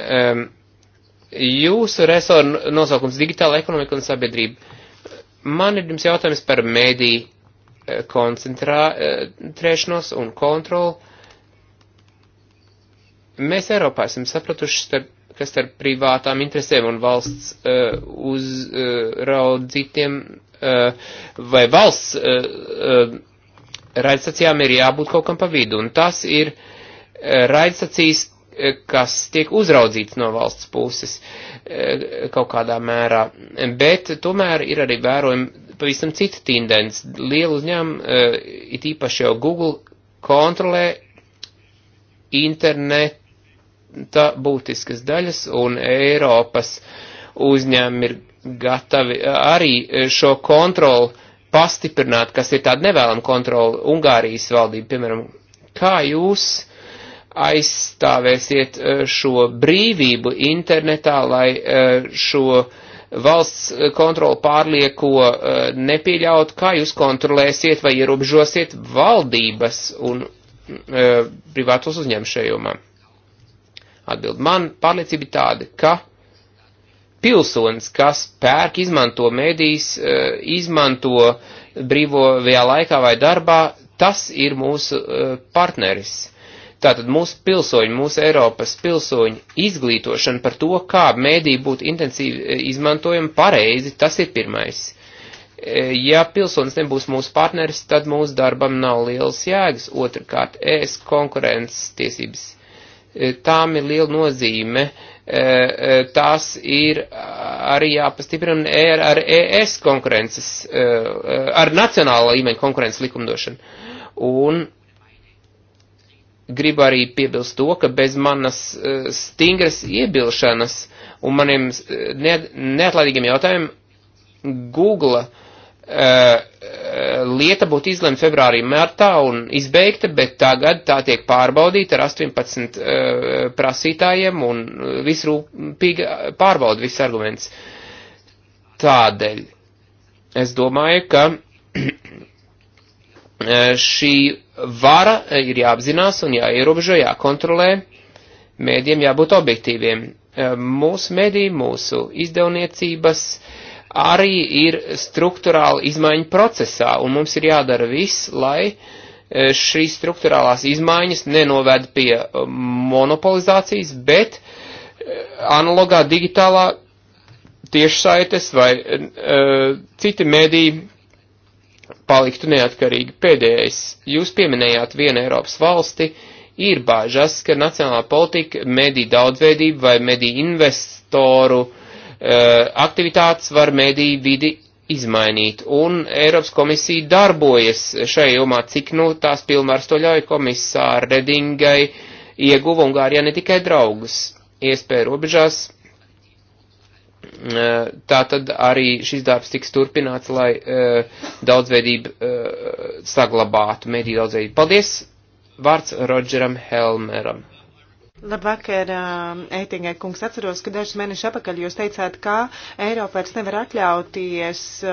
Um, jūsu resoru nosaukums - digitāla ekonomika un sabiedrība. Man ir jums jautājums par mediju eh, koncentrēšanos eh, un kontroli. Mēs Eiropā esam sapratuši starp kas ar privātām interesēm un valsts uh, eh, uzraudzītiem uh, eh, vai valsts uh, uh, raidstacijām ir jābūt kaut kam pa vidu. Un tas ir uh, raidstacijas, kas tiek uzraudzīts no valsts puses uh, kaut kādā mērā. Bet tomēr ir arī vērojama pavisam cita tendence. Lielu uzņēmumu, uh, it īpaši jau Google, kontrolē internet tā būtiskas daļas, un Eiropas uzņēmumi ir gatavi arī šo kontroli pastiprināt, kas ir tāda nevēlama kontrola Ungārijas valdība, piemēram, kā jūs aizstāvēsiet e, šo brīvību internetā, lai e, šo valsts kontroli pārlieko e, nepieļaut, kā jūs kontrolēsiet vai ierobežosiet valdības un privātos uzņēmumu šajomā atbild. Man pārliecība ir tāda, ka pilsonis, kas pērk, izmanto medijas, eh, izmanto brīvo vajā laikā vai darbā, tas ir mūsu eh, partneris. Tātad mūsu pilsoņi, mūsu Eiropas pilsoņi izglītošana par to, kā mēdī būtu intensīvi eh, izmantojama pareizi, tas ir pirmais ja pilsonis nebūs mūsu partneris, tad mūsu darbam nav liels jēgas. Otrakārt, ES konkurences tiesības E, tām ir liela nozīme. E, e, tās ir arī jāpastiprina ar ES konkurences, ar nacionālā līmeņa konkurences likumdošanu. Un gribu arī piebilst to, ka bez manas stingras iebilšanas un maniem neatlaidīgiem jautājumiem Google uh, Eh, eh, lieta būtu izlemta februārī, martā un izbeigta, bet tagad tā tiek pārbaudīta ar 18 uh, eh, prasītājiem un visrūpīgi pārbauda viss arguments. Tādēļ es domāju, ka šī vara ir jāapzinās un jāierobežo, jākontrolē. Mēdiem jābūt objektīviem. Mūsu mediji, mūsu izdevniecības, uh, arī ir struktūrāla izmaiņa procesā, un mums ir jādara viss, lai e, šīs struktūrālās izmaiņas nenoved pie e, monopolizācijas, bet e, analogā digitālā tiešsaites vai uh, citi mēdīji paliktu neatkarīgi. Pēdējais, jūs pieminējāt vienu Eiropas valsti, ir bāžas, ka nacionālā politika mediju daudzveidību vai mediju investoru Eh, aktivitātes var mediju vidi izmainīt, un Eiropas komisija darbojas šajā jomā, cik nu tās pilnvars to ļauj komisāra Redingai ieguva Ungārijā ne tikai draugus iespēja robežās, eh, tā tad arī šis darbs tiks turpināts, lai eh, daudzveidību saglabātu, mediju daudzveidību. Paldies! Vārds Rodžeram Helmeram. Labvakar, eh, Eitingai kungs, atceros, ka dažus mēnešus apakaļ jūs teicāt, ka Eiropa vairs nevar atļauties eh,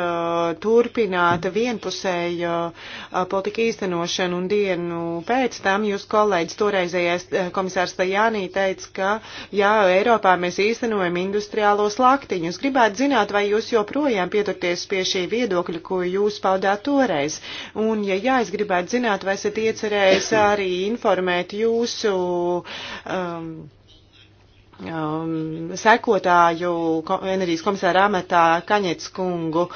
turpināt vienpusēju eh, politiku īstenošanu un dienu pēc tam jūs kolēģis toreizējais komisārs Tajānī teica, ka jā, Eiropā mēs īstenojam industriālos laktiņus. Gribētu zināt, vai jūs joprojām pieturties pie šī viedokļa, ko jūs paudāt toreiz. Un, ja jā, es gribētu zināt, vai esat iecerējis arī informēt jūsu uh, um, um, sekotāju enerģijas komisāra amatā Kaņets kungu,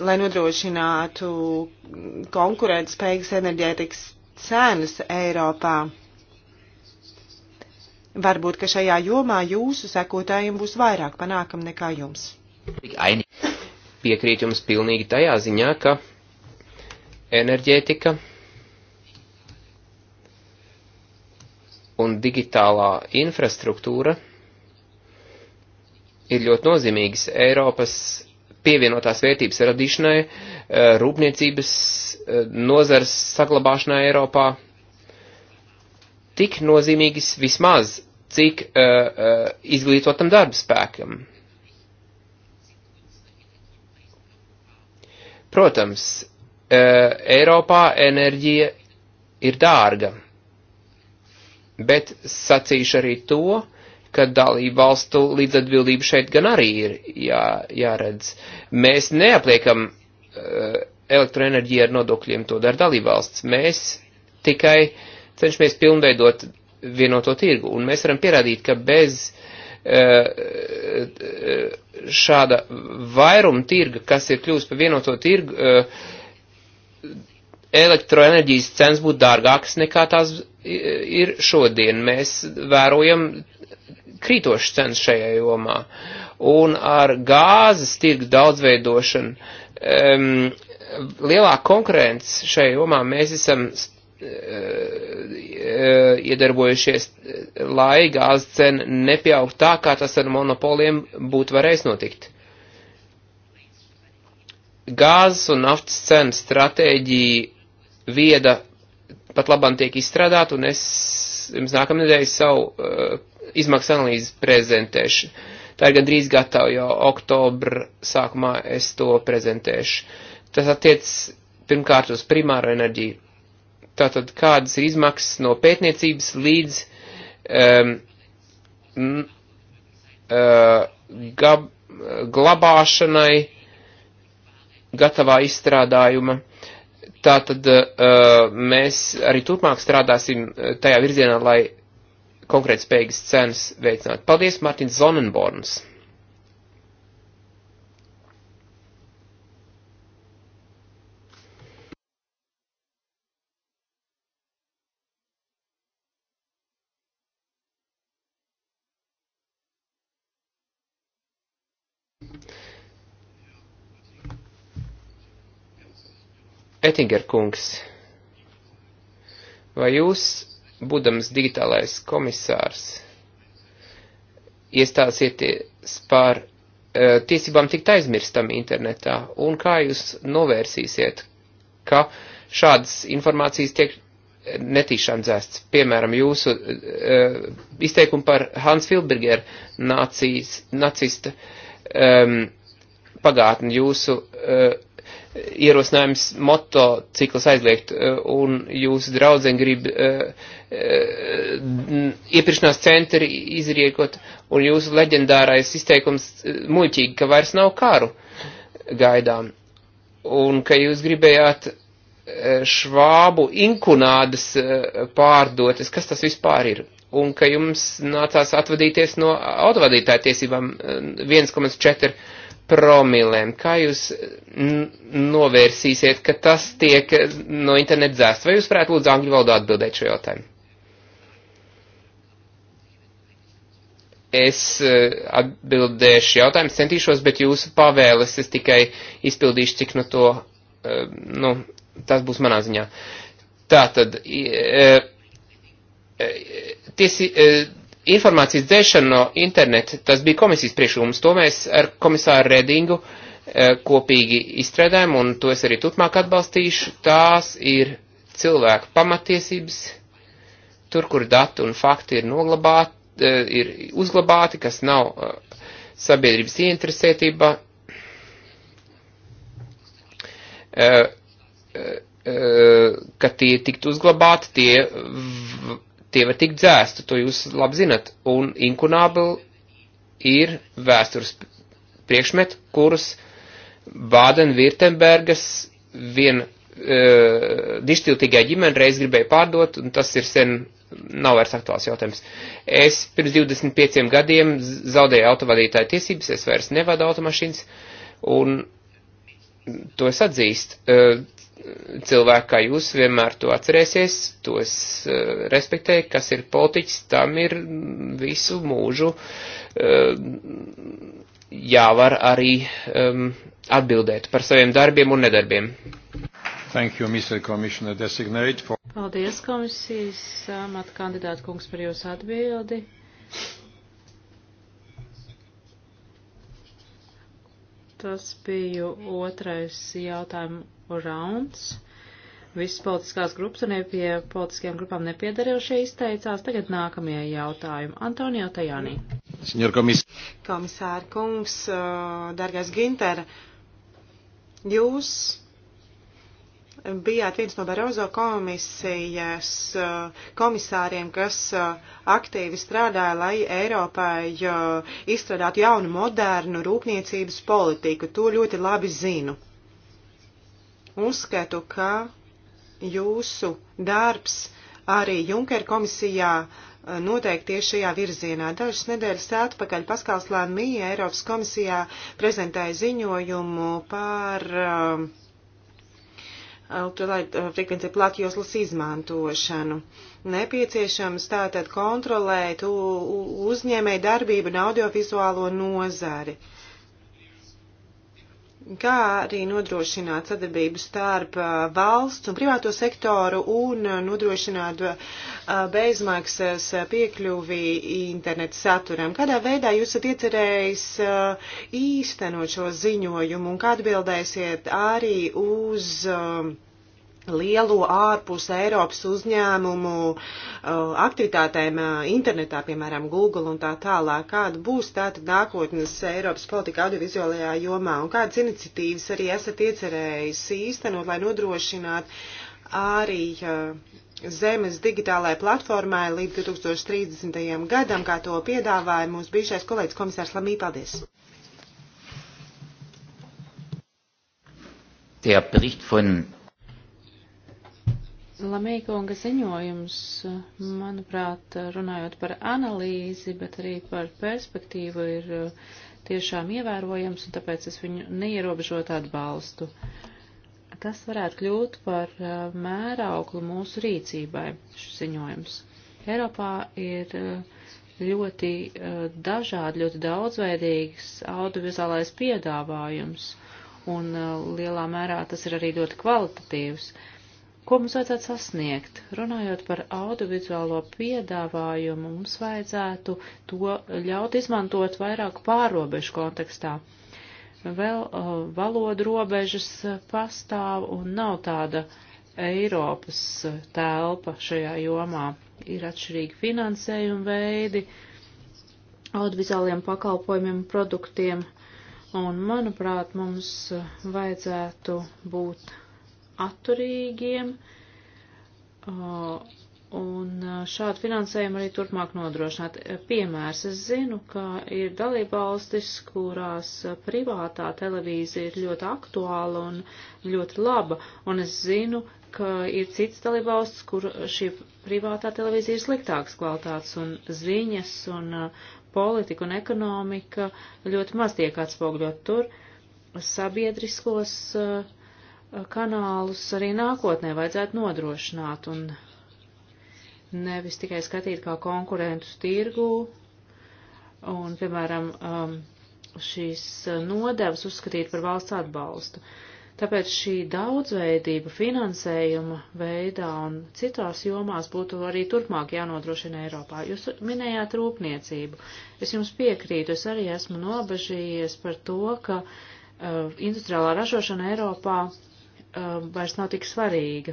lai nodrošinātu konkurētspējīgas enerģētikas cenas Eiropā. Varbūt, ka šajā jomā jūsu sekotājiem būs vairāk panākam nekā jums. Piekrīt jums pilnīgi tajā ziņā, ka enerģētika un digitālā infrastruktūra ir ļoti nozīmīgas Eiropas pievienotās vērtības radīšanai, eh, rūpniecības eh, nozars saglabāšanai Eiropā. Tik nozīmīgas vismaz, cik uh, uh, izglītotam darbspēkam. Protams, Eiropā enerģija ir dārga bet sacīšu arī to, ka dalību valstu līdzatbildība šeit gan arī ir jā, jāredz. Mēs neapliekam uh, elektroenerģiju ar nodokļiem, to dara dalību valsts. Mēs tikai cenšamies pilnveidot vienoto tirgu, un mēs varam pierādīt, ka bez uh, šāda vairuma tirga, kas ir kļūst par vienoto tirgu, uh, elektroenerģijas cenas būtu dārgākas nekā tās ir šodien. Mēs vērojam krītošas cenas šajā jomā. Un ar gāzes tirgu daudzveidošanu, um, lielā konkurence šajā jomā mēs esam uh, uh, iedarbojušies, lai gāzes cena nepieaug tā, kā tas ar monopoliem būtu varējis notikt. Gāzes un naftas cenu stratēģija vieda pat labam tiek izstrādāta, un es jums nākamnedēļ savu uh, izmaksu analīzi prezentēšu. Tā ir gandrīz gatava, jo oktobra sākumā es to prezentēšu. Tas attiec pirmkārt uz primāro enerģiju. Tātad kādas ir izmaksas no pētniecības līdz um, m, uh, gab, glabāšanai gatavā izstrādājuma Tātad eh, mēs arī turpmāk strādāsim eh, tajā virzienā, lai konkrēti spējīgas cenas veicinātu. Paldies, Mārtiņš Zonenborns! Ettinger kungs, vai jūs, būdams digitālais komisārs, iestāsieties par uh, tiesībām tikt aizmirstam internetā, un kā jūs novērsīsiet, ka šādas informācijas tiek netīšām dzēsts. Piemēram, jūsu uh, e, izteikumu par Hans Filberger nācijas, nacista um, pagātni, jūsu uh, ierosinājums motociklus aizliegt, e, un jūsu draudzene grib uh, uh, iepirkšanās centri izriekot, un jūsu leģendārais izteikums muļķīgi, ka vairs nav karu gaidām, un ka jūs gribējāt švābu inkunādas pārdotas, kas tas vispār ir, un ka jums nācās atvadīties no autovadītāja tiesībām 1,4 promilēm. Kā jūs eh, novērsīsiet, ka tas tiek eh, no interneta dzēst? Vai jūs varētu lūdzu angļu valodā atbildēt šo jautājumu? Es eh, atbildēšu jautājumu, centīšos, bet jūsu pavēles es tikai izpildīšu, cik no to, nu, tas būs manā ziņā. Tātad, tiesi, informācijas dzēšana no interneta, tas bija komisijas priekšlikums, to mēs ar komisāru Redingu eh, kopīgi izstrādājam, un to es arī turpmāk atbalstīšu. Tās ir cilvēku pamatiesības, tur, kur dati un fakti ir noglabāti, eh, ir uzglabāti, kas nav eh, sabiedrības ieinteresētība. ka tie tiktu uzglabāti, tie tie var tikt dzēsti, to jūs labi zinat, un inkunābli ir vēstures priekšmet, kurus Bādenvirtembergas vien uh, e, dištiltīgā ģimene reiz gribēja pārdot, un tas ir sen nav vairs aktuāls jautājums. Es pirms 25 gadiem zaudēju autovadītāju tiesības, es vairs nevadu automašīnas, un to es atzīstu. Uh, e, cilvēki kā jūs vienmēr to atcerēsies, to es uh, respektēju, kas ir politiķis, tam ir visu mūžu uh, jāvar arī um, atbildēt par saviem darbiem un nedarbiem. Thank you, Mr. Commissioner Designate. For... Paldies, komisijas amata kandidāta kungs par jūsu atbildi. Tas bija otrais jautājums rauns. Visas politiskās grupas un pie politiskajām grupām nepiedarījušie izteicās. Tagad nākamie jautājumi. Antonio Tajānī. Komis Komisāra kungs, dargais Ginter, jūs bijāt viens no Barozo komisijas komisāriem, kas aktīvi strādāja, lai Eiropai izstrādātu jaunu, modernu rūpniecības politiku. To ļoti labi zinu. Uzskatu, ka jūsu darbs arī Junker komisijā eh, noteikti tieši šajā virzienā. Dažas nedēļas atpakaļ Paskals Lāmija Eiropas komisijā prezentēja ziņojumu par uh, eh, eh, frekvenciju platjoslas izmantošanu. Nepieciešams tātad kontrolēt uzņēmēju darbību un audiovizuālo nozari. Uh, kā arī nodrošināt sadarbību starp uh, valsts un privāto sektoru un uh, nodrošināt uh, bezmaksas piekļuvi internetu saturam. Kādā veidā jūs esat iecerējis īstenot šo ziņojumu un kā atbildēsiet arī uz uh, lielo ārpus Eiropas uzņēmumu uh, aktivitātēm uh, internetā, piemēram, Google un tā tālāk. Kāda būs tātad nākotnes Eiropas politika audiovizuālajā jomā un kādas iniciatīvas arī esat iecerējis īstenot, lai nodrošinātu arī uh, zemes digitālajai platformai līdz 2030. gadam, kā to piedāvāja mūsu bijušais kolēģis komisārs Lamī. Paldies! Der Bericht von Lamīkonga ziņojums, manuprāt, runājot par analīzi, bet arī par perspektīvu, ir uh, tiešām ievērojams, un tāpēc es viņu neierobežot atbalstu. Tas varētu kļūt par uh, mērauklu mūsu rīcībai, šis ziņojums. Eiropā ir uh, ļoti dažādi, ļoti daudzveidīgs audiovizuālais piedāvājums, un lielā mērā tas ir arī ļoti kvalitatīvs. Uh, Ko mums vajadzētu sasniegt? Runājot par audiovizuālo piedāvājumu, mums vajadzētu to ļaut izmantot vairāk pārobežu kontekstā. Vēl uh, valodu robežas uh, pastāv un nav tāda Eiropas uh, telpa šajā jomā. Ir atšķirīgi finansējuma veidi audiovizuāliem pakalpojumiem un produktiem, un manuprāt, mums uh, vajadzētu būt atturīgiem, uh, un uh, šādu finansējumu arī turpmāk nodrošināt. Piemērs, es zinu, ka ir dalībvalstis, kurās uh, privātā televīzija ir ļoti aktuāla un ļoti laba, un es zinu, ka ir cits dalībvalsts, kur šī privātā televīzija ir sliktāks kvalitātes un ziņas un politika un ekonomika ļoti maz tiek atspogļot tur sabiedriskos uh, kanālus arī nākotnē vajadzētu nodrošināt un nevis tikai skatīt kā konkurentus tirgū un, piemēram, um, šīs uh, nodevas uzskatīt par valsts atbalstu. Tāpēc šī daudzveidība finansējuma veidā un citās jomās būtu arī turpmāk jānodrošina Eiropā. Jūs minējāt rūpniecību. Es jums piekrītu, es arī esmu nobežījies par to, ka uh, industriālā ražošana Eiropā Um, vairs nav tik svarīga.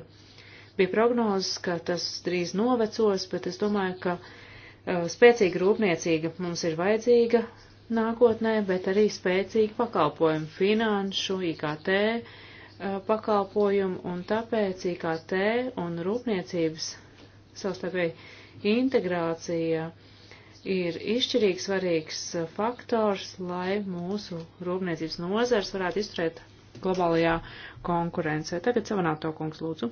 Bija prognozes, ka tas drīz novecos, bet es domāju, ka uh, spēcīga rūpniecība mums ir vajadzīga nākotnē, bet arī spēcīgi pakalpojumi finanšu, IKT uh, pakalpojumu, un tāpēc IKT un rūpniecības savstarpēji integrācija ir izšķirīgs svarīgs uh, faktors, lai mūsu rūpniecības nozars varētu izturēt globālajā konkurencē. Tagad Savanāto kungs lūdzu.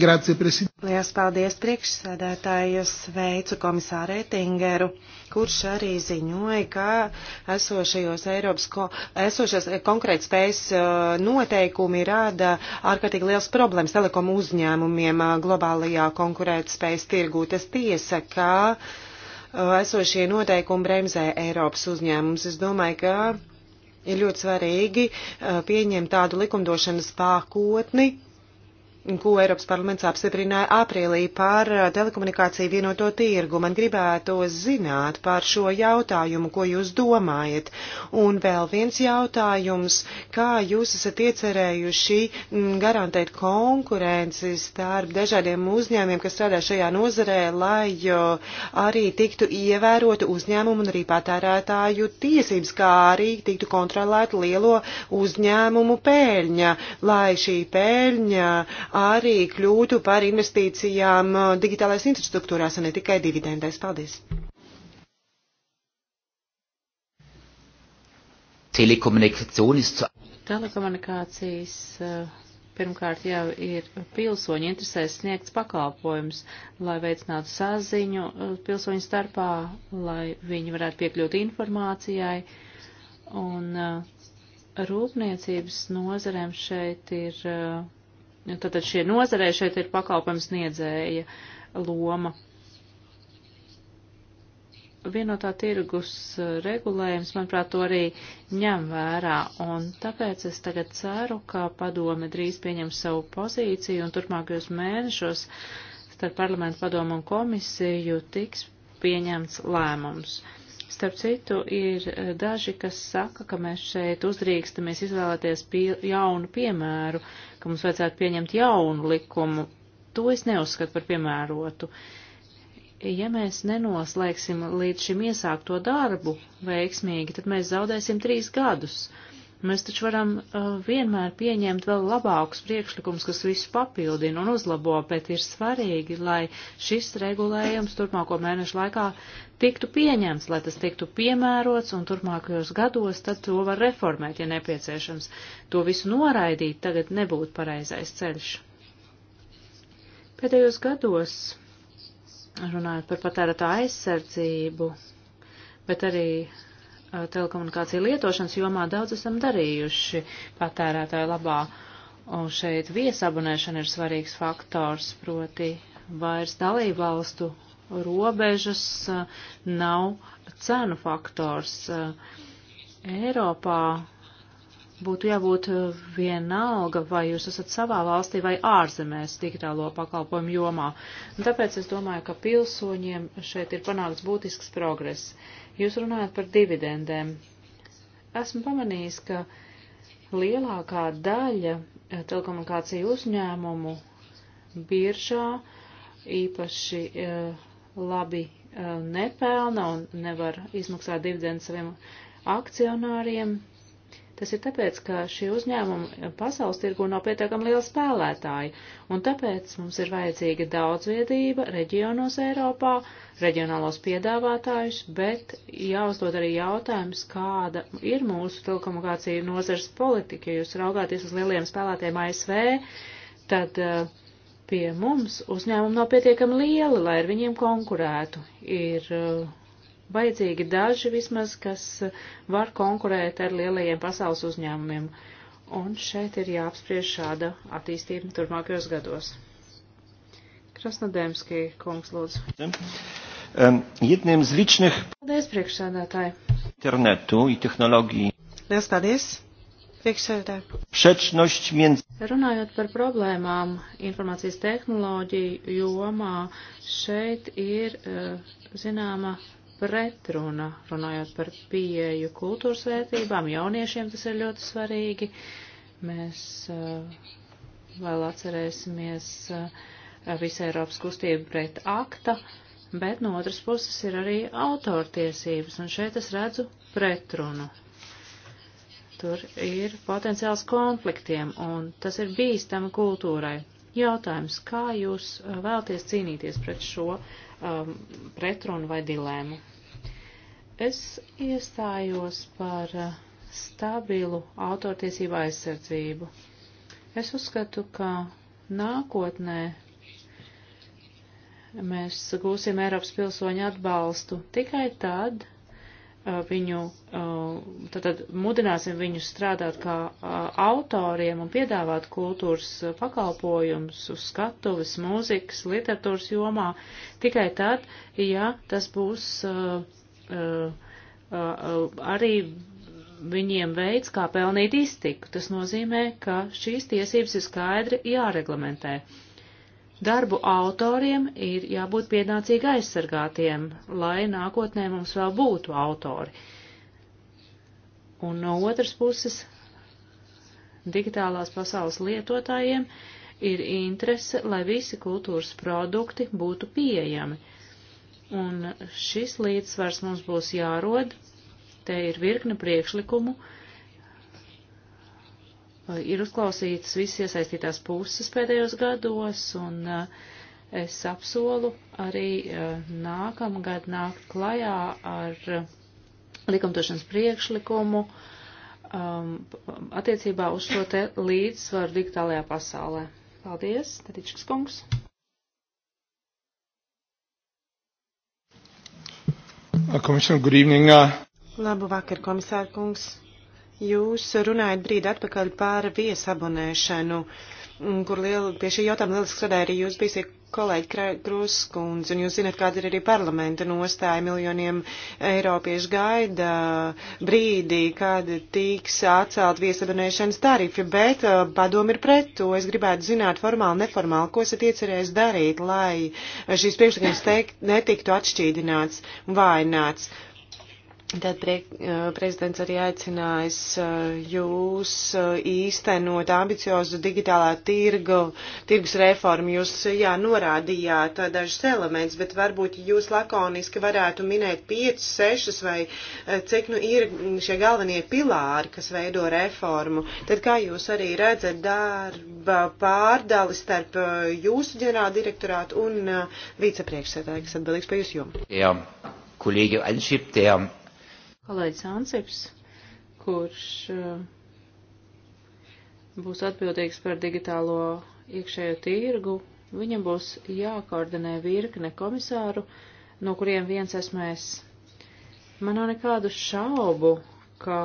Grazie, prezident. Lielas paldies priekšsēdētājus veicu komisāru Ettingeru, kurš arī ziņoja, ka esošajos Eiropas, ko, esošas eh, konkrēti spējas eh, noteikumi rada ārkārtīgi liels problēmas telekom uzņēmumiem eh, globālajā konkurētspējas tirgū. Tas tiesa, ka esošie noteikumi bremzē Eiropas uzņēmumus. Es domāju, ka Ir ļoti svarīgi eh, pieņemt tādu likumdošanas pakotni, ko Eiropas parlaments apstiprināja aprīlī par uh, telekomunikāciju vienoto tirgu. Man gribētu zināt par šo jautājumu, ko jūs domājat. Un vēl viens jautājums, kā jūs esat iecerējuši mm, garantēt konkurenci starp dažādiem uzņēmiem, kas strādā šajā nozarē, lai arī tiktu ievērota uzņēmumu un arī patērētāju tiesības, kā arī tiktu kontrolēta lielo uzņēmumu pēļņa, lai šī pēļņa arī kļūtu par investīcijām uh, digitālais infrastruktūrās un ne tikai dividendēs. Paldies! Telekomunikācijas uh, pirmkārt jau ir pilsoņu interesēs sniegts pakalpojums, lai veicinātu saziņu uh, pilsoņu starpā, lai viņi varētu piekļūt informācijai. Un rūpniecības nozarēm šeit ir uh, Tātad nu, šie nozarē šeit ir pakalpojums sniedzēja loma. Vienotā tirgus uh, regulējums, manuprāt, to arī ņem vērā, un tāpēc es tagad ceru, ka padome drīz pieņem savu pozīciju, un turpmākajos mēnešos starp parlamentu padomu un komisiju tiks pieņemts lēmums. Starp citu, ir eh, daži, kas saka, ka mēs šeit uzdrīkstamies izvēlēties pie, jaunu piemēru, ka mums vajadzētu pieņemt jaunu likumu. To es neuzskatu par piemērotu. Ja mēs nenoslēgsim līdz šim iesākto darbu veiksmīgi, tad mēs zaudēsim trīs gadus. Uh, Mēs taču varam uh, vienmēr pieņemt vēl labākus priekšlikumus, kas visu papildina un uzlabo, bet ir svarīgi, lai šis regulējums turpmāko mēnešu laikā tiktu pieņemts, lai tas tiktu piemērots un turpmākajos gados tad to var reformēt, ja nepieciešams. To visu noraidīt tagad nebūtu pareizais ceļš. Pēdējos gados, runājot par patērētā aizsardzību, bet arī Uh, telekomunikāciju lietošanas jomā daudz esam darījuši patērētāju labā. Un šeit viesabunēšana ir svarīgs faktors, proti vairs dalībvalstu robežas uh, nav cenu faktors. Uh, Eiropā būtu jābūt vienalga, vai jūs esat savā valstī vai ārzemēs digitālo pakalpojumu jomā. Un tāpēc es domāju, ka pilsoņiem šeit ir panākts būtisks progress. Jūs runājat par dividendēm. Esmu pamanījis, ka lielākā daļa eh, telekomunikāciju uzņēmumu biržā īpaši eh, labi eh, nepelna un nevar izmaksāt dividendu saviem akcionāriem, Tas ir tāpēc, ka šie uzņēmumi pasaules tirgu nav pietiekami liela spēlētāji, un tāpēc mums ir vajadzīga daudzviedība reģionos Eiropā, reģionālos piedāvātājus, bet jāuzdod arī jautājums, kāda ir mūsu telekomunikāciju nozars politika. Ja jūs raugāties uz lieliem spēlētiem ASV, tad uh, pie mums uzņēmumi nav pietiekami lieli, lai ar viņiem konkurētu. Ir uh, vajadzīgi daži vismaz, kas var konkurēt ar lielajiem pasaules uzņēmumiem. Un šeit ir jāapspriež šāda attīstība turpmākajos gados. Krasnodēmski kungs lūdzu. Jedniem z ličnych. Paldies, priekšsēdētāji. Internetu i tehnoloģiju. Liels paldies. Runājot par problēmām informācijas tehnoloģiju jomā, šeit ir eh, zināma pretruna, runājot par pieeju kultūras vērtībām, jauniešiem tas ir ļoti svarīgi. Mēs eh, vēl atcerēsimies eh, visu Eiropas kustību pret akta, bet no otras puses ir arī autortiesības, un šeit es redzu pretrunu. Tur ir potenciāls konfliktiem, un tas ir bīstama kultūrai. Jautājums, kā jūs eh, vēlties cīnīties pret šo um, pretrunu vai dilēmu? Es iestājos par eh, stabilu autortiesību aizsardzību. Es uzskatu, ka nākotnē mēs gūsim Eiropas pilsoņu atbalstu tikai tad, eh, viņu, eh, tad mudināsim viņus strādāt kā autoriem un piedāvāt kultūras pakalpojumus uz skatuves, mūzikas, literatūras jomā, tikai tad, ja tas būs uh, Uh, uh, arī viņiem veids, kā pelnīt iztiku. Tas nozīmē, ka šīs tiesības ir skaidri jāreglamentē. Darbu autoriem ir jābūt pienācīgi aizsargātiem, lai nākotnē mums vēl būtu autori. Un no otras puses, digitālās pasaules lietotājiem ir interese, lai visi kultūras produkti būtu pieejami Un šis līdzsvars mums būs jārod. Te ir virkne priekšlikumu. Ir uzklausītas visas iesaistītās puses pēdējos gados, un eh, es apsolu arī eh, nākamgad nākt klajā ar eh, likumdošanas priekšlikumu um, attiecībā uz šo te līdzsvaru digitālajā pasaulē. Paldies, Tatičkas kungs! Uh, uh, Labu vakar, komisārkungs. Jūs runājat brīdi atpakaļ par viesabonēšanu. Uh, kur liela, pie šī jautājuma lieliski strādāja arī jūs bijusie kolēģi Kruskundze, un jūs zināt, kāda ir arī parlamenta nostāja. Miljoniem eiropiešu gaida brīdī, kad tiks atcelt viesabonēšanas tarifi, bet uh, padomi ir pret to. Es gribētu zināt formāli, neformāli, ko esat iecerējis darīt, lai šīs priekšlikums netiktu atšķīdināts, vaināts. Tad priek, eh, prezidents arī aicinājis eh, jūs eh, īstenot ambiciozu digitālā tirgu, tirgus reformu. Jūs, jā, norādījāt dažus elements, bet varbūt jūs lakoniski varētu minēt 5, 6 vai cik nu ir šie galvenie pilāri, kas veido reformu. Tad kā jūs arī redzat darba pārdali starp jūsu ģenerāla direktorātu un vicepriekšsētāju, kas atbildīgs par jūsu jomu? Jā, kolēģi Alšip, tajā kolēģis Ansips, kurš eh, būs atbildīgs par digitālo iekšējo tirgu. Viņam būs jākoordinē virkne komisāru, no kuriem viens esmu es. Man nav nekādu šaubu, ka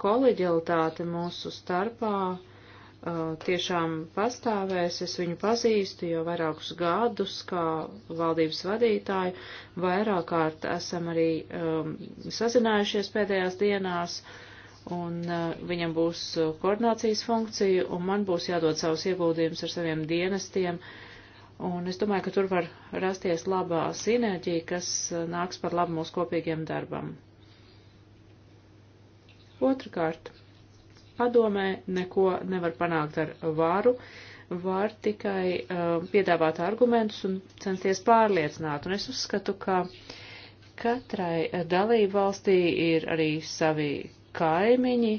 koleģialitāte mūsu starpā uh, Uh, tiešām pastāvēs. Es viņu pazīstu jau vairākus gadus kā valdības vadītāju. Vairāk kārt esam arī um, sazinājušies pēdējās dienās, un uh, viņam būs uh, koordinācijas funkcija, un man būs jādod savus ieguldījumus ar saviem dienestiem. Un es domāju, ka tur var rasties labā sinerģija, kas uh, nāks par labu mūsu kopīgiem darbam. Otrakārt. Padomē neko nevar panākt ar varu, var tikai uh, piedāvāt argumentus un censties pārliecināt. Un es uzskatu, ka katrai dalību valstī ir arī savi kaimiņi,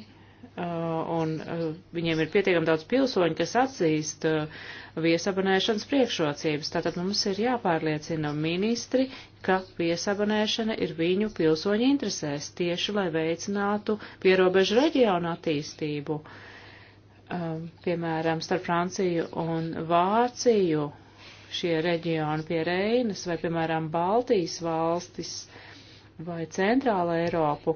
Uh, un uh, viņiem ir pietiekami daudz pilsoņu, kas atzīst uh, viesabonēšanas priekšrocības. Tātad mums ir jāpārliecina ministri, ka viesabonēšana ir viņu pilsoņu interesēs, tieši lai veicinātu pierobežu reģionu attīstību. Um, piemēram, starp Franciju un Vāciju šie reģioni pie Reinas vai, piemēram, Baltijas valstis vai Centrāla Eiropu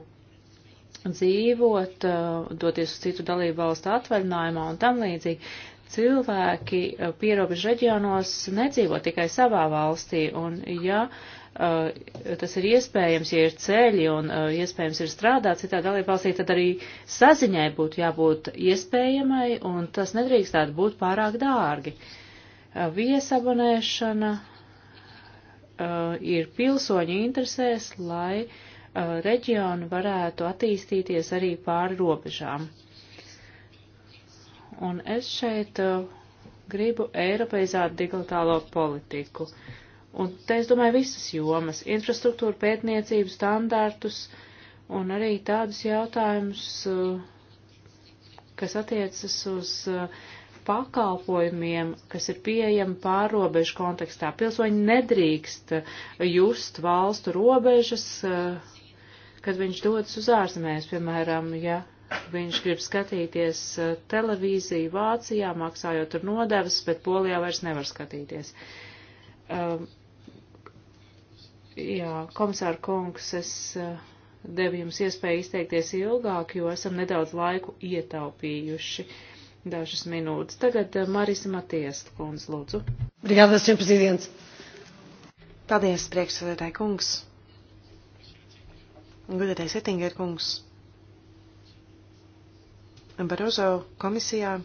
dzīvot, uh, doties uz citu dalību valstu atvaļinājumā un tam līdzīgi. Cilvēki uh, pierobežu reģionos nedzīvo tikai savā valstī, un ja uh, tas ir iespējams, ja ir ceļi un iespējams ir strādāt citā dalībvalstī, tad arī saziņai būtu jābūt iespējamai, un tas nedrīkstētu būt pārāk dārgi. Viesabonēšana ir pilsoņu interesēs, lai uh, Uh, reģioni varētu attīstīties arī pāri robežām. Un es šeit uh, gribu eiropeizēt digitālo politiku. Un te es domāju visas jomas - infrastruktūru, pētniecību, standartus un arī tādus jautājumus, uh, kas attiecas uz pakalpojumiem, kas ir pieejami pārobežu kontekstā. Pilsoņi nedrīkst just valstu robežas, kad viņš dodas uz ārzemēs, piemēram, ja viņš grib skatīties uh, televīziju Vācijā, maksājot tur nodevas, bet Polijā vairs nevar skatīties. Um, jā, komisāra kungs, es uh, devu jums iespēju izteikties ilgāk, jo esam nedaudz laiku ietaupījuši. Dažas minūtes. Tagad uh, Marisa Matiesa kundze, lūdzu. Brigādas jums prezidents. Paldies, priekšsēdētāji kungs. Gudatais Ettinger kungs. Barozo komisijā.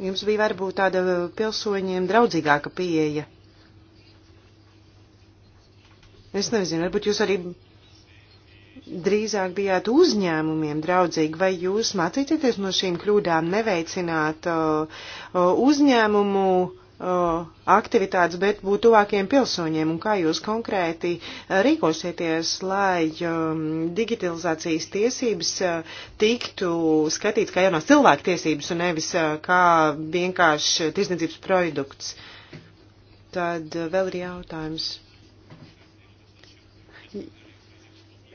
Jums bija varbūt tāda pilsoņiem draudzīgāka pieeja. Es nezinu, varbūt jūs arī drīzāk bijāt uzņēmumiem draudzīgi, vai jūs mācīties no šīm kļūdām neveicināt uh, uh uzņēmumu uh, aktivitātes, bet būt tuvākiem pilsoņiem un kā jūs konkrēti e, rīkosieties, lai digitalizācijas tiesības e, tiktu skatīts kā jaunās cilvēku tiesības un nevis e, kā vienkārši tirsniecības produkts. Tad vēl ir jautājums.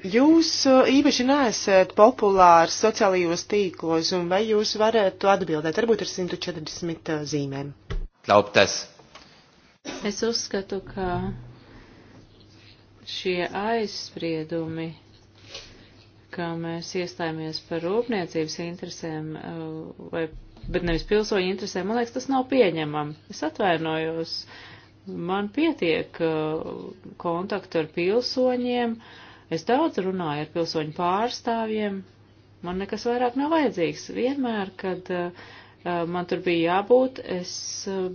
Jūs īpaši neesat populārs sociālajos tīklos, un vai jūs varētu atbildēt? Varbūt ar 140 zīmēm glaubt das. Es uzskatu, ka šie aizspriedumi, ka mēs iestājāmies par rūpniecības interesēm, uh, vai, bet nevis pilsoņu interesēm, man liekas, tas nav pieņemam. Es atvainojos. Man pietiek uh, kontaktu ar pilsoņiem. Es daudz runāju ar pilsoņu pārstāvjiem. Man nekas vairāk nav vajadzīgs. Vienmēr, kad uh, Eh, man tur bija jābūt, es eh,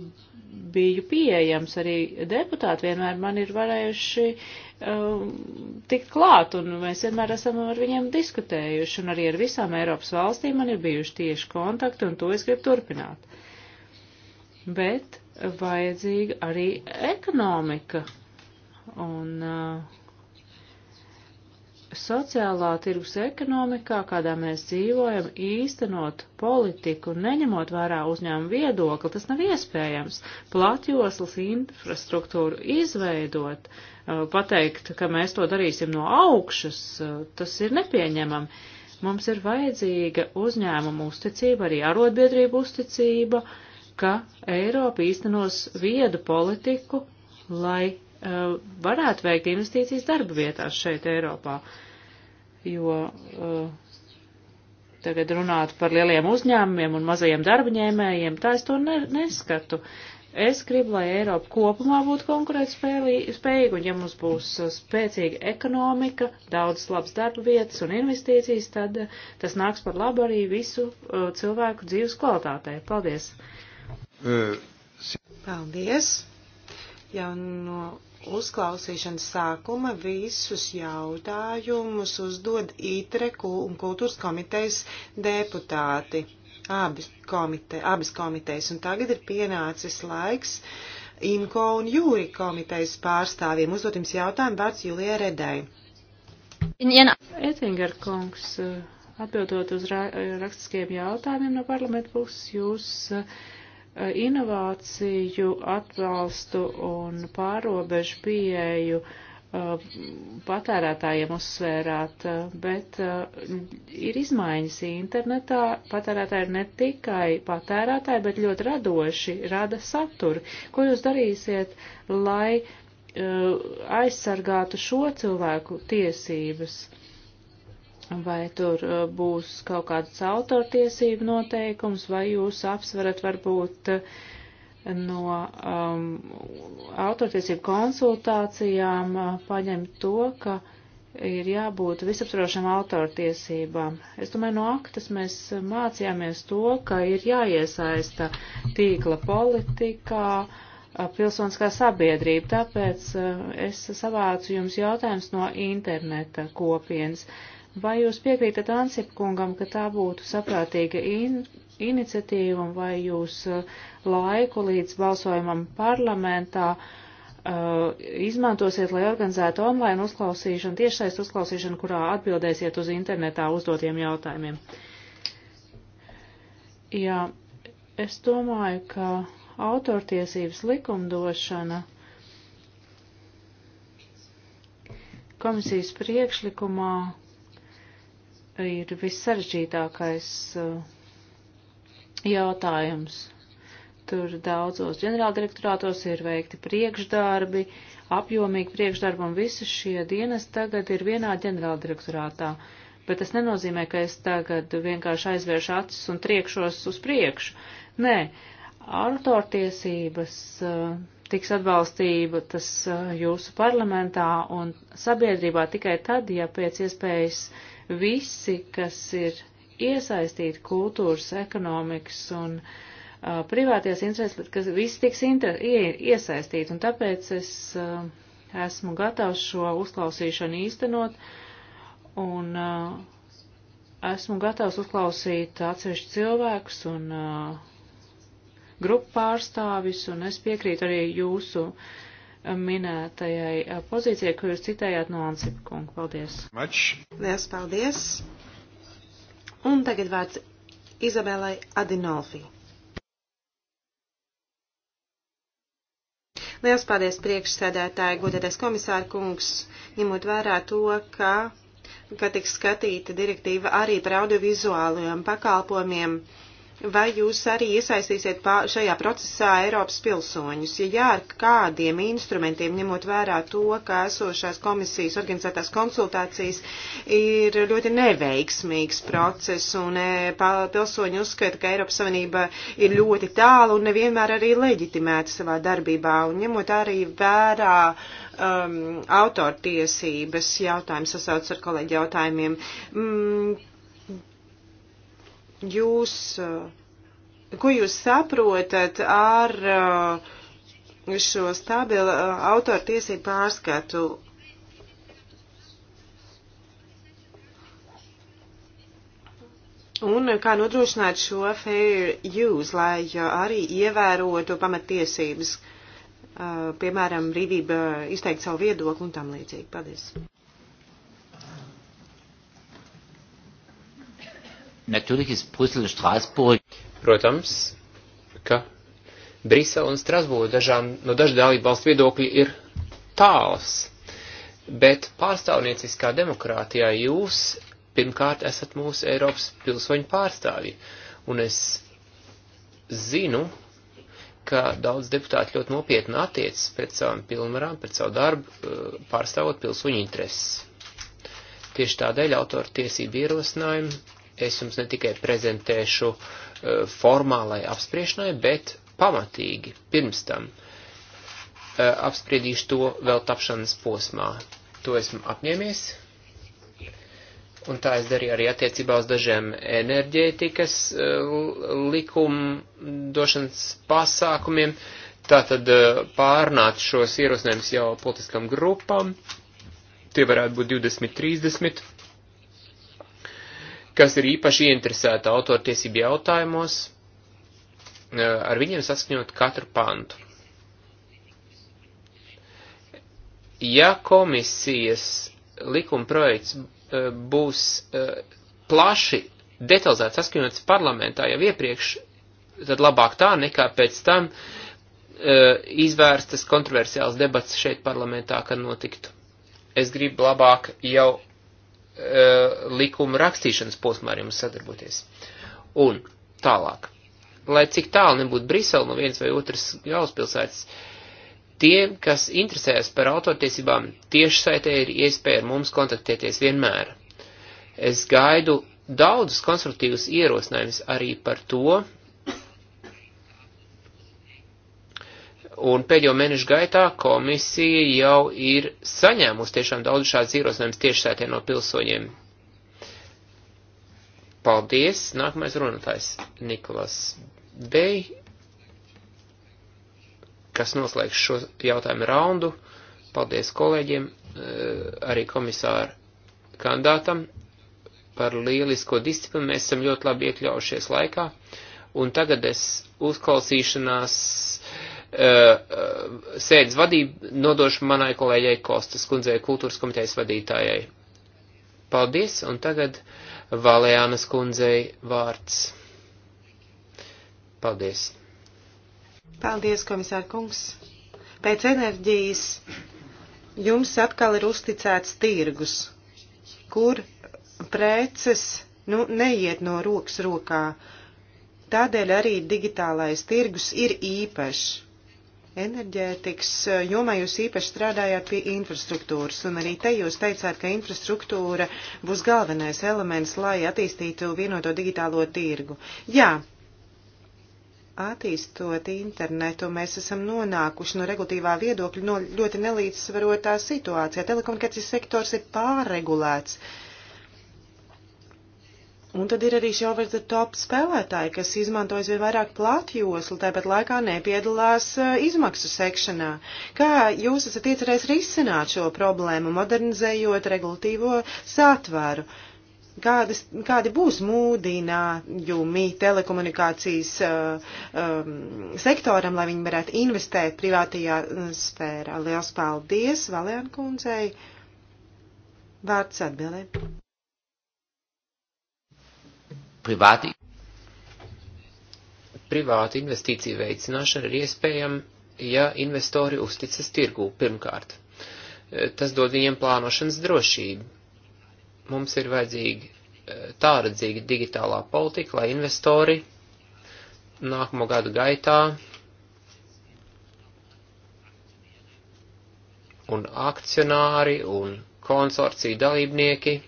biju pieejams, arī deputāti vienmēr man ir varējuši eh, tikt klāt, un mēs vienmēr esam ar viņiem diskutējuši, un arī ar visām Eiropas valstīm man ir bijuši tieši kontakti, un to es gribu turpināt. Bet vajadzīga arī ekonomika, un uh, sociālā tirgus ekonomikā, kādā mēs dzīvojam, īstenot politiku, neņemot vērā uzņēmumu viedokli, tas nav iespējams. Platjoslas infrastruktūru izveidot, uh, pateikt, ka mēs to darīsim no augšas, uh, tas ir nepieņemami. Mums ir vajadzīga uzņēmuma uzticība, arī arotbiedrību uzticība, ka Eiropa īstenos viedu politiku, lai Eh, varētu veikt investīcijas darba vietās šeit Eiropā, jo eh, tagad runāt par lieliem uzņēmumiem un mazajiem darbaņēmējiem, tā es to ne, neskatu. Es gribu, lai Eiropa kopumā būtu konkurētspējīga, un ja mums būs eh, spēcīga ekonomika, daudz labs darba vietas un investīcijas, tad tas nāks par labu arī visu cilvēku dzīves kvalitātei. Paldies! Paldies! Jau no uzklausīšanas sākuma visus jautājumus uzdod ITRE un kultūras komitejas deputāti. Abas, komite, abas komitejas. Un tagad ir pienācis laiks IMKO un jūri komitejas pārstāvjiem. Uzdot jums jautājumu vārds Julija Redai. Ettinger kungs, atbildot uz ra rakstiskajiem jautājumiem no parlamenta puses, jūs uh, inovāciju atbalstu un pārobežu pieeju uh, patērētājiem uzsvērāt, uh, bet uh, ir izmaiņas internetā. Patērētāji ir ne tikai patērētāji, bet ļoti radoši rada saturu. Ko jūs darīsiet, lai aizsargātu šo cilvēku tiesības? vai tur uh, būs kaut kādas autortiesību noteikums, vai jūs apsverat varbūt uh, no um, autortiesību konsultācijām uh, paņemt to, ka ir jābūt visaptvarošam autortiesībām. Es domāju, no aktas mēs mācījāmies to, ka ir jāiesaista tīkla politikā, pilsoniskā sabiedrība, tāpēc es savācu jums jautājumus no interneta kopienas. Vai jūs piekrītat Ansipkungam, ka tā būtu saprātīga in iniciatīva, vai jūs uh, laiku līdz balsojumam parlamentā uh, izmantosiet, lai organizētu online uzklausīšanu, tiešsaist uzklausīšanu, kurā atbildēsiet uz internetā uzdotiem jautājumiem? Jā, es domāju, ka autortiesības likumdošana komisijas priekšlikumā ir vissaržģītākais eh, jautājums. Tur daudzos ģenerāldirektorātos ir veikti priekšdarbi, apjomīgi priekšdarbi, un visi šie dienas tagad ir vienā ģenerāldirektorātā. Bet tas nenozīmē, ka es tagad vienkārši aizvēršu acis un triekšos uz priekšu. Nē, autortiesības eh, tiks atbalstība tas eh, jūsu parlamentā un sabiedrībā tikai tad, ja pēc iespējas visi, kas ir iesaistīti kultūras, ekonomikas un uh, privātajās interesēs, kas visi tiks inter, ie, iesaistīti. Un tāpēc es uh, esmu gatavs šo uzklausīšanu īstenot un uh, esmu gatavs uzklausīt atsevišķu cilvēkus un uh, grupu pārstāvis, un es piekrītu arī jūsu uh, minētajai pozīcijai, ko jūs citējāt no Ansipa kunga. Paldies! Mač! Liels paldies! Un tagad vārds Izabelai Adinolfi. Liels paldies priekšsēdētāji, godētais komisāra kungs, ņemot vērā to, ka, ka tiks skatīta direktīva arī par audiovizuālajiem pakalpojumiem. Uh, Vai jūs arī iesaistīsiet šajā procesā Eiropas pilsoņus? Ja jā, ar kādiem instrumentiem, ņemot vērā to, ka esošās komisijas organizētās konsultācijas ir ļoti neveiksmīgs process un e, pilsoņi uzskata, ka Eiropas Savienība ir ļoti tālu un nevienmēr arī leģitimēta savā darbībā un ņemot arī vērā um, autortiesības jautājums sasauc ar kolēģi jautājumiem. Mm, jūs, eh, ko jūs saprotat ar eh, šo stabilu eh, autoru tiesību pārskatu? Un kā nodrošināt šo fair use, lai arī ievērotu pamatiesības, piemēram, brīvība izteikt savu viedokli un tam līdzīgi. Paldies! Natürlich ist Brüssel, Straßburg. Protams, ka Brisele un Strasbūra dažām no dažu dalību valstu viedokļi ir tāls. Bet pārstāvnieciskā demokrātijā jūs pirmkārt esat mūsu Eiropas pilsoņu pārstāvji. Un es zinu, ka daudz deputāti ļoti nopietni attiecas pret savām pilnvarām, pret savu darbu, eh, pārstāvot pilsoņu intereses. Tieši tādēļ autora tiesību ierosinājumi es jums ne tikai prezentēšu eh, formālai apspriešanai, bet pamatīgi pirms tam eh, apspriedīšu to vēl tapšanas posmā. To esmu apņēmies. Un tā es darīju arī attiecībā uz dažiem enerģētikas eh, likuma došanas pasākumiem. Tātad pārnāt šos ierosinājumus jau politiskam grupām. Tie varētu būt 20, 30 kas ir īpaši ieinteresēta autortiesību jautājumos, eh, ar viņiem saskaņot katru pantu. Ja komisijas likuma projekts eh, būs eh, plaši detalizēti saskaņots parlamentā jau iepriekš, tad labāk tā nekā pēc tam izvērstas kontroversiāls debats šeit parlamentā, kad notiktu. Es gribu labāk jau Eh, likuma rakstīšanas posmā ar jums sadarboties. Un tālāk, lai cik tālu nebūtu Brisele no viens vai otras galvaspilsētas, tiem, kas interesējas par autortiesībām, tiešsaitē ir iespēja ar mums kontaktēties vienmēr. Es gaidu daudzus konstruktīvus ierosinājumus arī par to, Un pēdējo mēnešu gaitā komisija jau ir saņēmusi tiešām daudz šādas ierosinājumus tiešsaitē no pilsoņiem. Paldies! Nākamais runātājs Nikolas Bej, kas noslēgs šo jautājumu raundu. Paldies kolēģiem, eh, arī komisāru kandidātam par lielisko disciplinu. Mēs esam ļoti labi iekļaujušies laikā. Un tagad es uzklausīšanās Uh, uh, sēdes vadību nodošu manai kolēģei Kostas kundzei, kultūras komitejas vadītājai. Paldies, un tagad Valējānas kundzei vārds. Paldies. Paldies, komisār kungs. Pēc enerģijas jums atkal ir uzticēts tirgus, kur preces, nu, neiet no rokas rokā. Tādēļ arī digitālais tirgus ir īpašs enerģētikas jomā jūs īpaši strādājāt pie infrastruktūras, un arī te jūs teicāt, ka infrastruktūra būs galvenais elements, lai attīstītu vienoto digitālo tirgu. Jā, attīstot internetu, mēs esam nonākuši no regulatīvā viedokļa no ļoti nelīdzsvarotā situācijā. Telekomunikācijas sektors ir pārregulēts. Uh, Un tad ir arī šie over the top spēlētāji, kas izmantojas vien vairāk platjoslu, tāpat laikā nepiedalās eh, izmaksu sekšanā. Kā jūs esat iecerējis risināt šo problēmu, modernizējot regulatīvo satvaru? Kādas, kādi būs mūdīnājumi telekomunikācijas uh, um, sektoram, lai viņi varētu investēt privātajā sfērā? Liels paldies, Valēn kundzei! Vārds atbildē. Privāti, privāta investīcija veicināšana ir iespējama, ja investori uzticas tirgū pirmkārt. Eh, tas dod viņiem plānošanas drošību. Mums ir vajadzīga eh, tāredzīga digitālā politika, lai investori nākamo gadu gaitā un akcionāri un konsorcija dalībnieki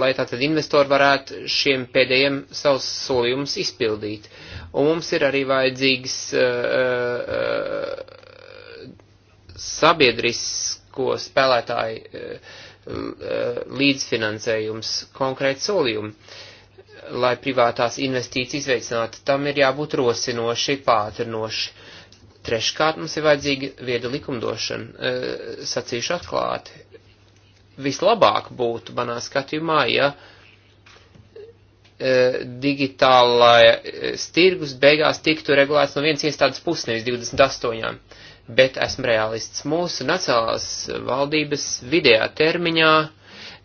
lai tātad investori varētu šiem pēdējiem savus solījumus izpildīt. Un mums ir arī vajadzīgs eh, eh, sabiedrisko spēlētāju eh, līdzfinansējums, konkrēti solījumi, lai privātās investīcijas veicinātu. Tam ir jābūt rosinoši, pātrinoši. Treškārt mums ir vajadzīga vieda likumdošana, sacīšu atklāti vislabāk būtu, manā skatījumā, ja e, digitālais e, tirgus beigās tiktu regulēts no vienas iestādes puses, nevis 28. Bet esmu realists. Mūsu nacionālās valdības vidējā termiņā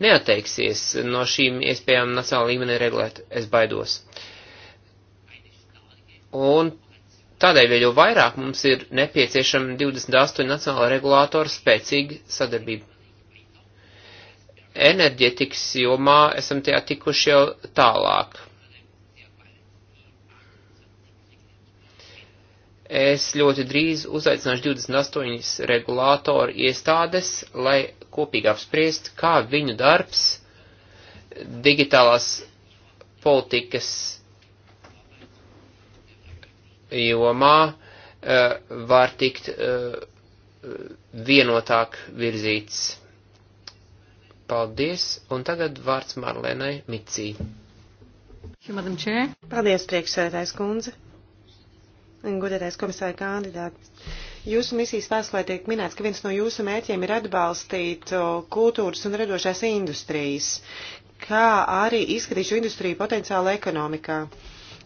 neatteiksies no šīm iespējām nacionāla līmenī regulēt, es baidos. Un tādēļ vēl jau vairāk mums ir nepieciešama 28 nacionāla regulātora spēcīga sadarbība enerģetikas jomā esam tajā tikuši jau tālāk. Es ļoti drīz uzaicināšu 28 regulātoru iestādes, lai kopīgi apspriest, kā viņu darbs digitālās politikas jomā eh, var tikt eh, vienotāk virzīts. Paldies, un tagad vārds Marlēnai Micī. Paldies, priekšsēdētājs kundze. Gudētais komisāra kandidāts. Jūsu misijas vēstulē tiek minēts, ka viens no jūsu mērķiem ir atbalstīt kultūras un radošās industrijas, kā arī izskatīt šo industriju potenciāli ekonomikā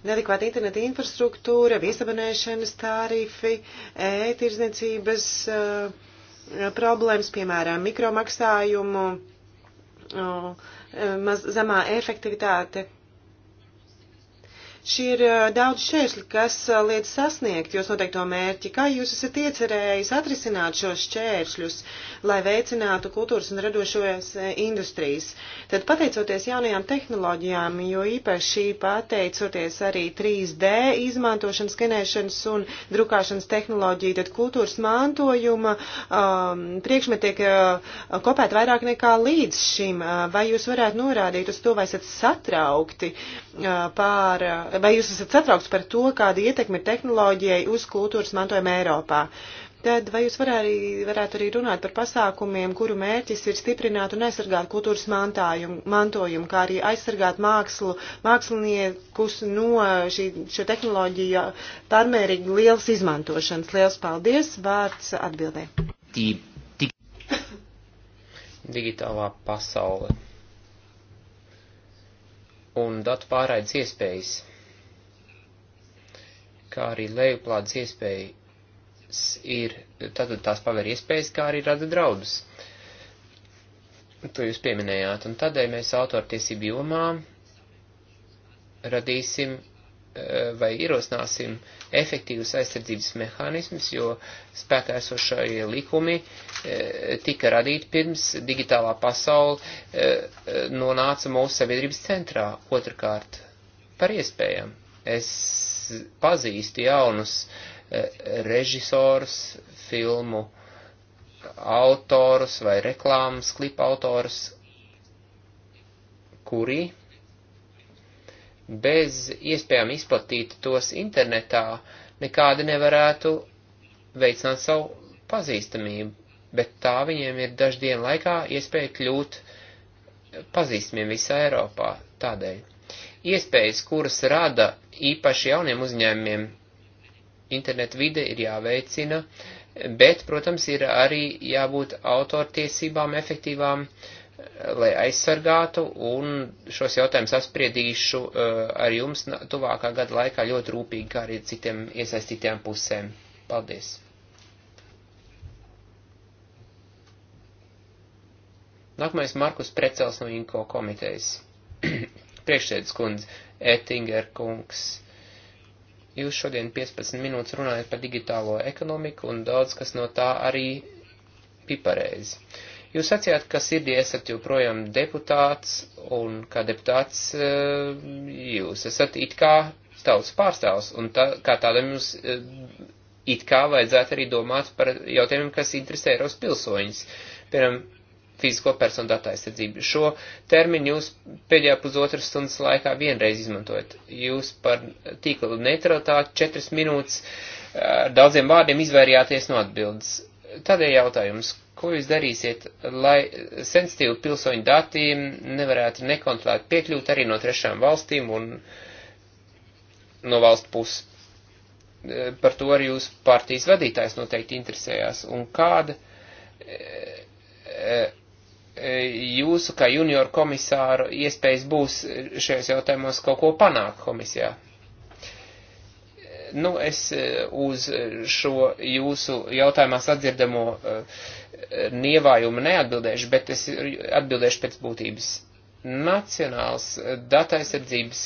neadekvāta interneta infrastruktūra, viesabonēšanas tarifi, e-tirdzniecības uh, problēmas, piemēram, mikromaksājumu o, uh, maz, zemā efektivitāte Šie ir daudz šķēršļi, kas liedz sasniegt jūs noteikto mērķi. Kā jūs esat iecerējis atrisināt šos šķēršļus, lai veicinātu kultūras un radošos industrijas? Tad pateicoties jaunajām tehnoloģijām, jo īpaši pateicoties arī 3D izmantošanas, skenēšanas un drukāšanas tehnoloģiju, tad kultūras mantojuma um, priekšmeti tiek uh, kopēt vairāk nekā līdz šim. Uh, vai jūs varētu norādīt uz to, vai esat satraukti uh, pār vai jūs esat satraukts par to, kāda ietekme ir tehnoloģijai uz kultūras mantojumu Eiropā? Tad vai jūs varētu arī, varētu arī runāt par pasākumiem, kuru mērķis ir stiprināt un aizsargāt kultūras mantojumu, kā arī aizsargāt mākslu, māksliniekus no šī, šo tehnoloģiju pārmērīgi lielas izmantošanas? Liels paldies! Vārds atbildē. Digitālā pasaule un datu pārraides iespējas kā arī lejuplādes iespējas ir, tātad tās paver iespējas, kā arī rada draudus. To jūs pieminējāt, un tādēļ mēs autortiesību jomā radīsim eh, vai ierosināsim efektīvus aizsardzības mehānismus, jo spēkā esošie likumi eh, tika radīti pirms digitālā pasaule eh, nonāca mūsu sabiedrības centrā. Otrakārt, par iespējām. Es pazīstu jaunus e, režisors, filmu autors vai reklāmas klipa autors, kuri bez iespējām izplatīt tos internetā nekādi nevarētu veicināt savu pazīstamību, bet tā viņiem ir daždien laikā iespēja kļūt pazīstamiem visā Eiropā. Tādēļ iespējas, kuras rada īpaši jauniem uzņēmumiem internetu vide ir jāveicina, bet, protams, ir arī jābūt autortiesībām efektīvām, lai aizsargātu, un šos jautājumus apspriedīšu eh, ar jums tuvākā gada laikā ļoti rūpīgi, kā arī citiem iesaistītiem pusēm. Paldies! Nākamais Markus Precels no Inko komitejas. Priekšsēdus kundze. Ettinger kungs. Jūs šodien 15 minūtes runājat par digitālo ekonomiku un daudz kas no tā arī pipareizi. Jūs sacījāt, ka sirdī esat joprojām deputāts un kā deputāts eh, jūs esat it kā tautas pārstāvs un tā, kā tādam jūs eh, it kā vajadzētu arī domāt par jautājumiem, kas interesē Eiropas pilsoņus. Piemēram, fizisko personu datu aizsardzību. Šo terminu jūs pēdējā pusotras stundas laikā vienreiz izmantojat. Jūs par tīkla neutralitāti četras minūtes eh, ar daudziem vārdiem izvairījāties no atbildes. Tādēļ jautājums, ko jūs darīsiet, lai sensitīvu pilsoņu datiem nevarētu nekontrolēt piekļūt arī no trešām valstīm un no valstu puses? Eh, par to arī jūs partijas vadītājs noteikti interesējās. Un kāda e, e, E, jūsu kā junioru komisāru iespējas būs šajos jautājumos kaut ko panākt komisijā? Nu, es e, uz šo jūsu jautājumā sadzirdamo e, nievājumu neatbildēšu, bet es atbildēšu pēc būtības. Nacionāls dataizsardzības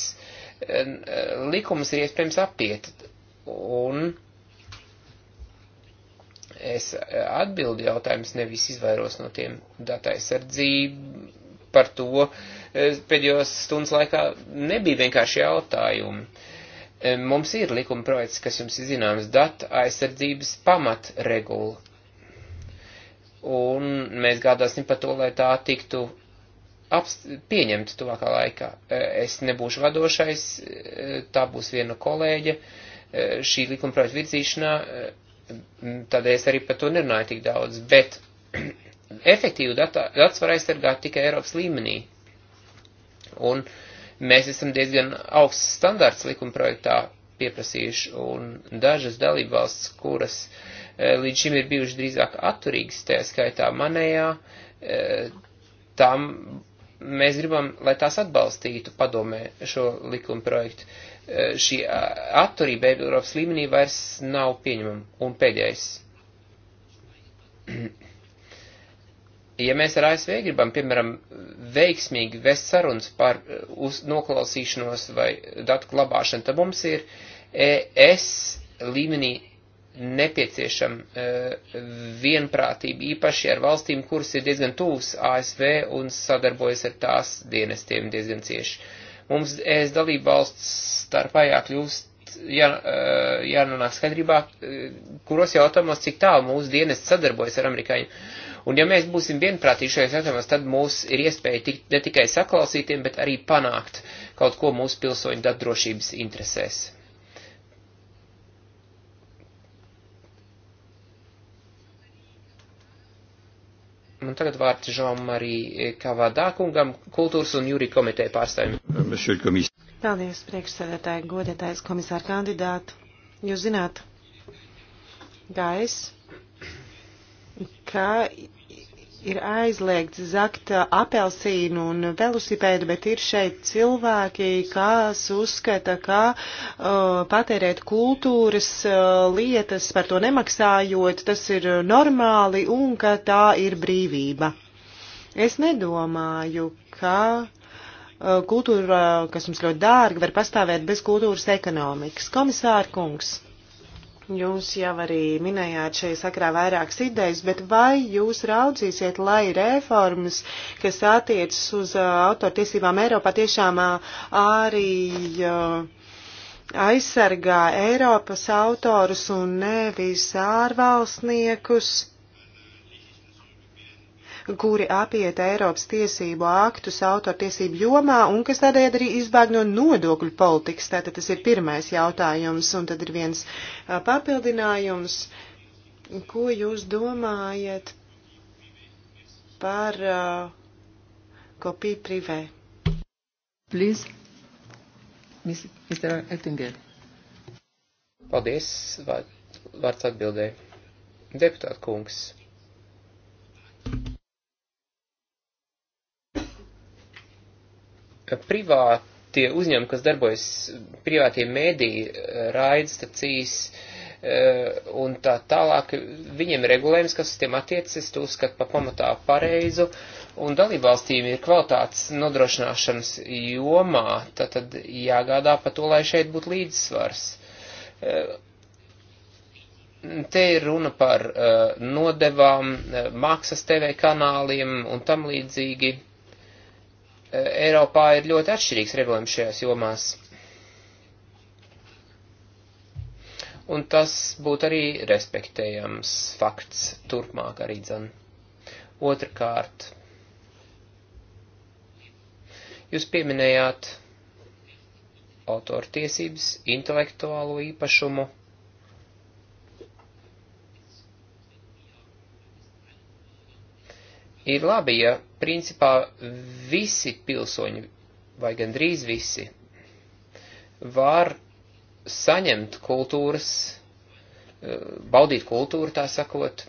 likums ir iespējams apiet, un uh, es atbildu jautājumus, nevis izvairos no tiem dataisardzību par to. Pēdējos stundas laikā nebija vienkārši jautājumi. Mums ir likuma projekts, kas jums ir zināms, data aizsardzības pamatregula. Un mēs gādāsim par to, lai tā tiktu pieņemta tuvākā laikā. E, es nebūšu vadošais, e, tā būs viena kolēģa e, šī likuma projekta virzīšanā tādēļ es arī par to nerunāju tik daudz, bet efektīvu datā, dats var aizsargāt tikai Eiropas līmenī. Un mēs esam diezgan augsts standarts likuma projektā pieprasījuši, un dažas dalībvalsts, kuras e, līdz šim ir bijušas drīzāk atturīgas, tā skaitā manējā, e, tam mēs gribam, lai tās atbalstītu padomē šo likuma projektu šī atturība Eiropas līmenī vairs nav pieņemama. Un pēdējais. Ja mēs ar ASV gribam, piemēram, veiksmīgi vest sarunas par uz noklausīšanos vai datu glabāšanu, tad mums ir ES līmenī nepieciešama vienprātība, īpaši ar valstīm, kuras ir diezgan tūvs ASV un sadarbojas ar tās dienestiem diezgan cieši. Uh, Mums ES dalība valsts starpā jākļūst, jā, eh, jānonāk skaidrībā, eh, kuros jautājumos, cik tālu mūsu dienas sadarbojas ar amerikāņiem. Un ja mēs būsim vienprātīgi šajos jautājumos, tad mūs ir iespēja tik, ne tikai saklausītiem, bet arī panākt kaut ko mūsu pilsoņu datdrošības interesēs. Un tagad vārds Žom arī Kavādā kungam, kultūras un jūrī komiteja pārstāvjiem. Paldies, priekšsēdētāji, godētājs komisāra kandidātu. Jūs zināt, gais, ka ir aizliegts zakt apelsīnu un velosipēdu, bet ir šeit cilvēki, kas uzskata, ka uh, patērēt kultūras uh, lietas par to nemaksājot, tas ir normāli un ka tā ir brīvība. Es nedomāju, ka uh, kultūra, kas mums ļoti dārga, var pastāvēt bez kultūras ekonomikas. Komisāra kungs. Jūs jau arī minējāt šai sakrā vairākas idejas, bet vai jūs raudzīsiet, lai reformas, kas attiecas uz uh, autortiesībām Eiropā, tiešām uh, arī uh, aizsargā Eiropas autorus un nevis ārvalstniekus? kuri apiet Eiropas tiesību aktus autortiesību jomā un kas tādējādi arī izbēg no nodokļu politikas. Tātad tas ir pirmais jautājums un tad ir viens papildinājums. Ko jūs domājat par uh, kopiju privē? Please, Mr. Ettinger. Paldies, vārds atbildēja. Deputāt kungs. privātie uzņēmumi, kas darbojas privātie mēdī, eh, raidstacijas eh, un tā tālāk, viņiem regulējums, kas uz tiem attiecas, es to uzskatu pa pamatā pareizu, un dalībvalstīm ir kvalitātes nodrošināšanas jomā, tad, tad jāgādā pa to, lai šeit būtu līdzsvars. Eh, te ir runa par nodevām, mākslas TV kanāliem un tam līdzīgi E, Eiropā ir ļoti atšķirīgs regulējums šajās jomās. Un tas būtu arī respektējams fakts turpmāk arī dzan. Otrakārt, jūs pieminējāt autortiesības, intelektuālo īpašumu ir labi, ja principā visi pilsoņi, vai gandrīz visi, var saņemt kultūras, eh, baudīt kultūru, tā sakot,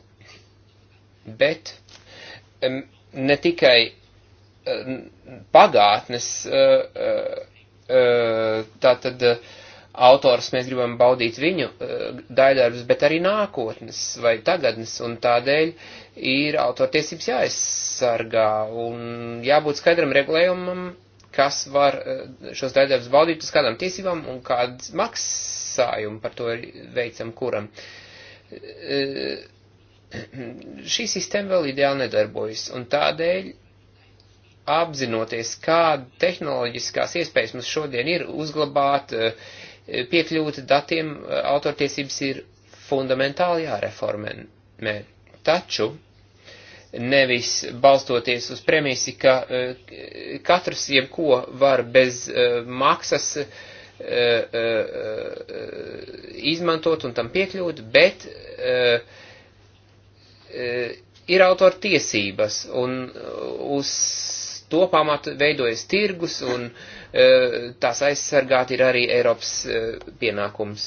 bet ne tikai eh, pagātnes, eh, tātad, autors mēs gribam baudīt viņu eh, daļdarbus, bet arī nākotnes vai tagadnes, un tādēļ ir autortiesības jāaizsargā un jābūt skaidram regulējumam, kas var eh, šos daļdarbus baudīt uz kādām tiesībām un kādas maksājumu par to veicam kuram. Eh, šī sistēma vēl ideāli nedarbojas, un tādēļ apzinoties, kāda tehnoloģiskās iespējas mums šodien ir uzglabāt uh, piekļūta datiem eh, autortiesības ir fundamentāli jāreformē. Taču nevis balstoties uz premisi, ka eh, katrs jebko var bez eh, maksas izmantot un tam piekļūt, bet ir autor tiesības un uz to pamatu veidojas tirgus, un e, tās aizsargāt ir arī Eiropas e, pienākums.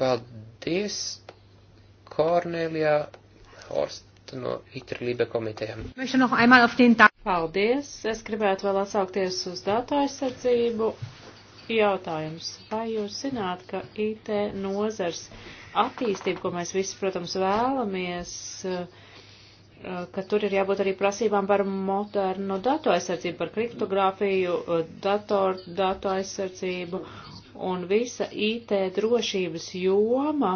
Paldies, Kornelijā Horsta no Itrlība komitejām. Paldies, es gribētu vēl atsaukties uz datu aizsardzību. Jautājums, vai jūs zināt, ka IT nozars attīstība, ko mēs visi, protams, vēlamies, uh, Uh, ka tur ir jābūt arī prasībām par modernu datu aizsardzību, par kriptogrāfiju, uh, datoru datu aizsardzību un visa IT drošības joma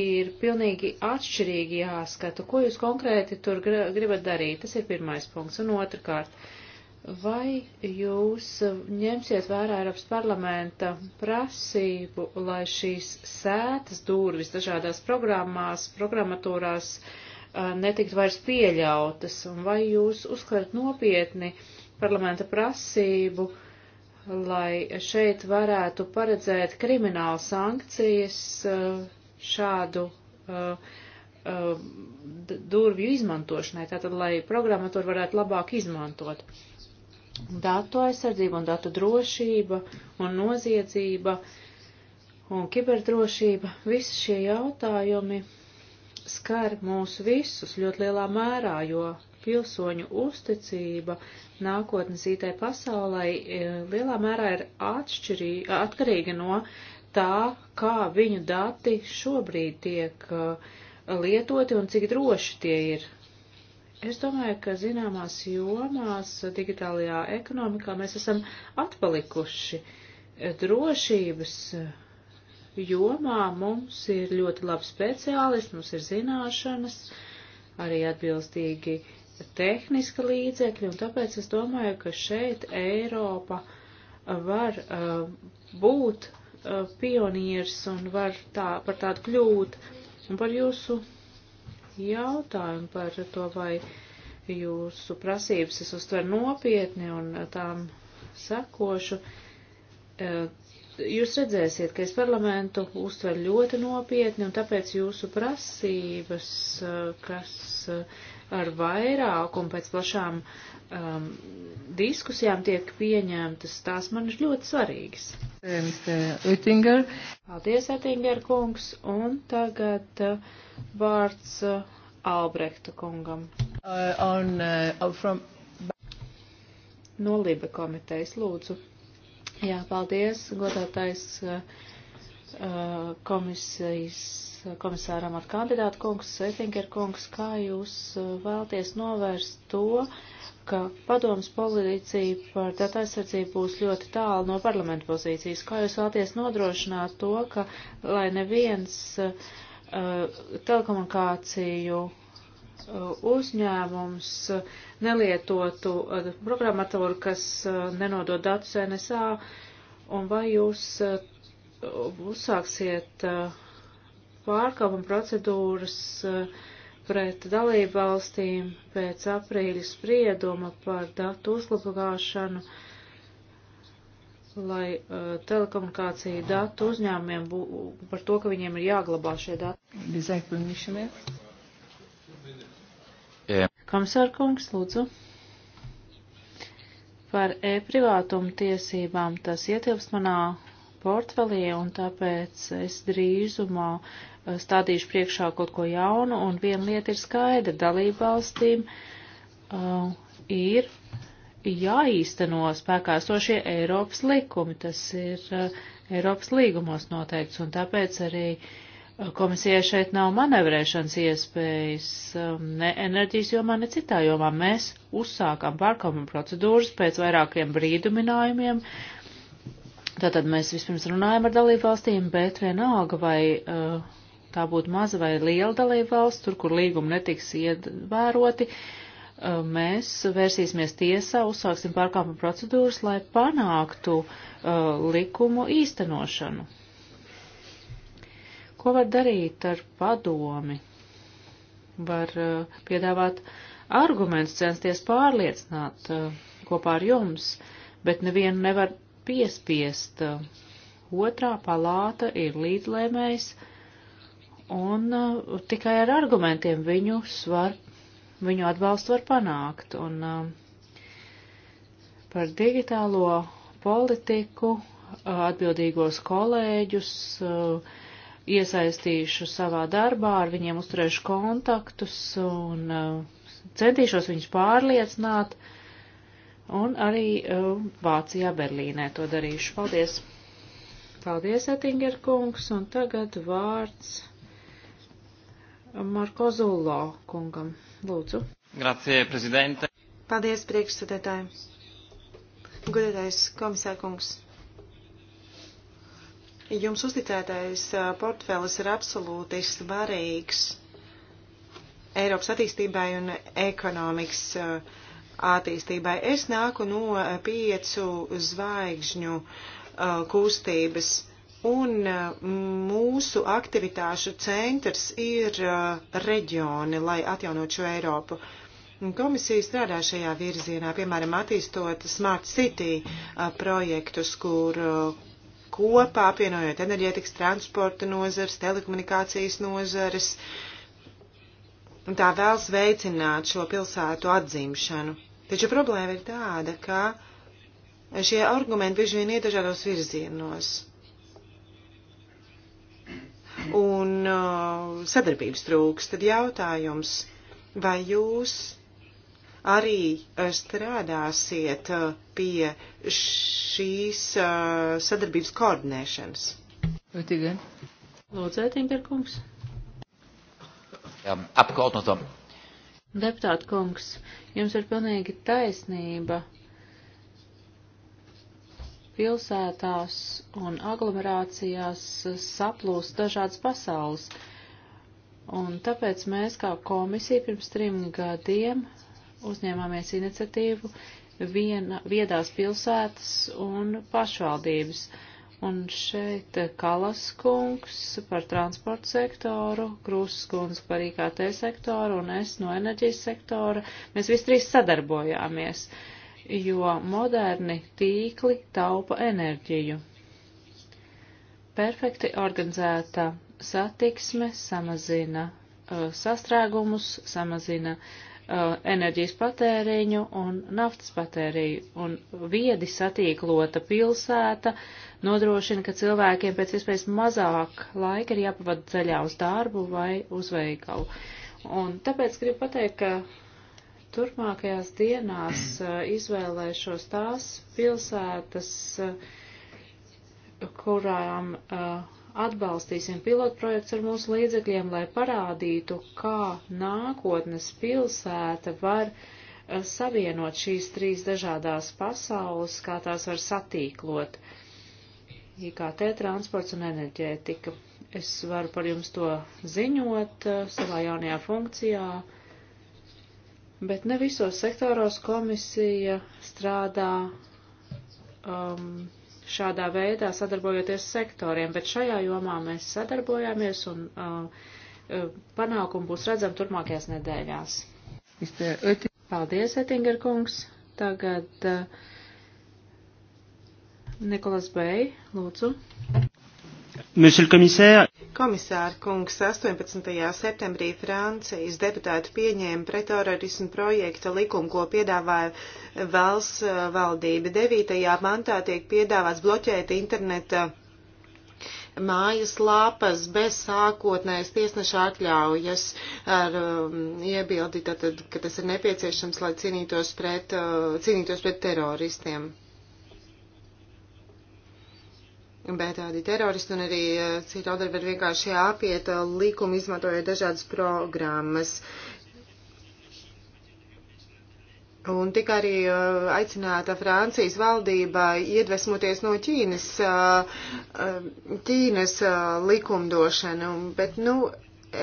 ir pilnīgi atšķirīgi jāskata. Ko jūs konkrēti tur gribat darīt? Tas ir pirmais punkts. Un otrkārt, vai jūs ņemsiet vērā Eiropas parlamenta prasību, lai šīs sētas durvis dažādās programmās, programmatūrās, uh, netikt vairs pieļautas, un vai jūs uzskatāt nopietni parlamenta prasību, lai šeit varētu paredzēt kriminālu sankcijas šādu uh, uh, durvju izmantošanai, tātad, lai programmatūru varētu labāk izmantot. Datu aizsardzība un datu drošība un noziedzība un kiberdrošība, visi šie jautājumi skar mūs visus ļoti lielā mērā, jo pilsoņu uzticība nākotnes IT pasaulē e, lielā mērā ir atšķirī, atkarīga no tā, kā viņu dati šobrīd tiek e, lietoti un cik droši tie ir. Es domāju, ka zināmās jomās digitālajā ekonomikā mēs esam atpalikuši e, drošības jomā mums ir ļoti labi speciālisti, mums ir zināšanas, arī atbilstīgi tehniska līdzekļi, un tāpēc es domāju, ka šeit Eiropa var uh, būt uh, pionieris un var tā, par tādu kļūt. Un par jūsu jautājumu par to, vai jūsu prasības es uztveru nopietni un uh, tām sekošu. Uh, jūs redzēsiet, ka es parlamentu uztveru ļoti nopietni, un tāpēc jūsu prasības, eh, kas eh, ar vairākumu pēc plašām um, diskusijām tiek pieņemtas, tās man ir ļoti svarīgas. Eh, Oettinger. Paldies, Oettinger kungs, un tagad uh, vārds uh, Albrehta kungam. Uh, on, uh, from... No Libe komitejas lūdzu. Jā, paldies, godātais uh, komisijas komisāram ar kandidātu kungs, Svetinger kungs, kā jūs uh, vēlties novērst to, ka padomas pozīcija par datu aizsardzību būs ļoti tālu no parlamenta pozīcijas. Kā jūs vēlaties nodrošināt to, ka lai neviens uh, uh telekomunikāciju uzņēmums nelietotu eh, programmatoru, kas eh, nenodod datus NSA, un vai jūs eh, uzsāksiet pārkāpuma procedūras pret dalību valstīm pēc aprīļa sprieduma par datu uzglabāšanu, lai uh, telekomunikāciju datu uzņēmumiem būtu par to, ka viņiem ir jāglabā šie dati. Komisārkungs, lūdzu. Par e-privātumu tiesībām tas ietilpst manā portfelī, un tāpēc es drīzumā eh, stādīšu priekšā kaut ko jaunu, un viena lieta ir skaidra - dalībvalstīm uh, ir jāīsteno spēkā sošie Eiropas likumi, tas ir uh, Eiropas līgumos noteikts, un tāpēc arī uh, Komisijai šeit nav manevrēšanas iespējas um, ne enerģijas jomā, ne citā jomā. Mēs uzsākām pārkāpuma procedūras pēc vairākiem brīduminājumiem. Tātad mēs vispirms runājam ar dalību valstīm, bet vienalga, vai uh, tā būtu maza vai liela dalība valsts, tur, kur līgumi netiks ievēroti, uh, mēs vērsīsimies tiesā, uzsāksim pārkāpuma procedūras, lai panāktu uh, likumu īstenošanu Ko var darīt ar padomi? Var uh, piedāvāt arguments, censties pārliecināt uh, kopā ar jums, bet nevienu nevar piespiest. Uh, otrā palāta ir līdzlēmējs, un uh, tikai ar argumentiem viņu svar, viņu atbalstu var panākt. Un uh, par digitālo politiku uh, atbildīgos kolēģus uh, iesaistīšu savā darbā, ar viņiem uzturēšu kontaktus un uh, centīšos viņus pārliecināt. Un arī uh, Vācijā, Berlīnē to darīšu. Paldies! Paldies, Ettinger kungs, un tagad vārds Marko Zullo kungam. Lūdzu. Grazie, prezidente. Paldies, priekšsēdētāji. Gudētais komisārkungs. Jums uzticētais portfēlis ir absolūti svarīgs Eiropas attīstībai un ekonomikas attīstībai. Es nāku no piecu zvaigžņu kustības, un mūsu aktivitāšu centrs ir reģioni, lai atjaunot šo Eiropu. Komisija strādā šajā virzienā, piemēram, attīstot Smart City projektus, kur kopā, apvienojot enerģētikas, transporta nozares, telekomunikācijas nozares, un tā vēlas veicināt šo pilsētu atzimšanu. Taču problēma ir tāda, ka šie argumenti bieži vien iet dažādos virzienos. Un uh, sadarbības trūks. Tad jautājums, vai jūs arī eh, strādāsiet eh, pie šīs eh, sadarbības koordinēšanas. Lūdzu, Ētiņberkungs. Apkalnotam. Deputāta kungs, jums ir pilnīgi taisnība. Pilsētās un aglomerācijās saplūst dažādas pasaules. Un tāpēc mēs kā komisija pirms trim gadiem uzņēmāmies iniciatīvu viena, viedās pilsētas un pašvaldības. Un šeit Kalas kungs par transportu sektoru, Krūsas kungs par IKT sektoru un es no enerģijas sektora. Mēs visi trīs sadarbojāmies, jo moderni tīkli taupa enerģiju. Perfekti organizēta satiksme samazina uh, sastrēgumus, samazina Uh, enerģijas patēriņu un naftas patēriju, un viedi satīklota pilsēta nodrošina, ka cilvēkiem pēc iespējas mazāk laika ir jāpavada ceļā uz darbu vai uz veikalu. Un tāpēc gribu pateikt, ka turpmākajās dienās uh, izvēlēšos tās pilsētas, uh, kurām uh, atbalstīsim pilotprojekts ar mūsu līdzekļiem, lai parādītu, kā nākotnes pilsēta var eh, savienot šīs trīs dažādās pasaules, kā tās var satīklot IKT transports un enerģētika. Es varu par jums to ziņot eh, savā jaunajā funkcijā, bet ne visos sektoros komisija strādā um, šādā veidā sadarbojoties sektoriem, bet šajā jomā mēs sadarbojāmies un uh, uh, panākumi būs redzami turpmākajās nedēļās. Paldies, Ettinger kungs. Tagad uh, Nikolas Bey, lūdzu. Monsieur le commissaire. Komisāra kungs 18. septembrī Francijas deputāti pieņēma pretterorismu projekta likumu, ko piedāvāja valsts eh, valdība. 9. mantā tiek piedāvāts bloķēt interneta mājas lapas bez sākotnējas tiesneša atļaujas ar um, iebildi, tātad, ka tas ir nepieciešams, lai cīnītos pret, uh, cīnītos pret teroristiem. Bet tādi teroristi un arī citi autori var vienkārši apiet likumu, izmantojot dažādas programmas. Un tika arī uh, aicināta Francijas valdība iedvesmoties no Ķīnas, uh, Ķīnas uh, likumdošanu, bet, nu,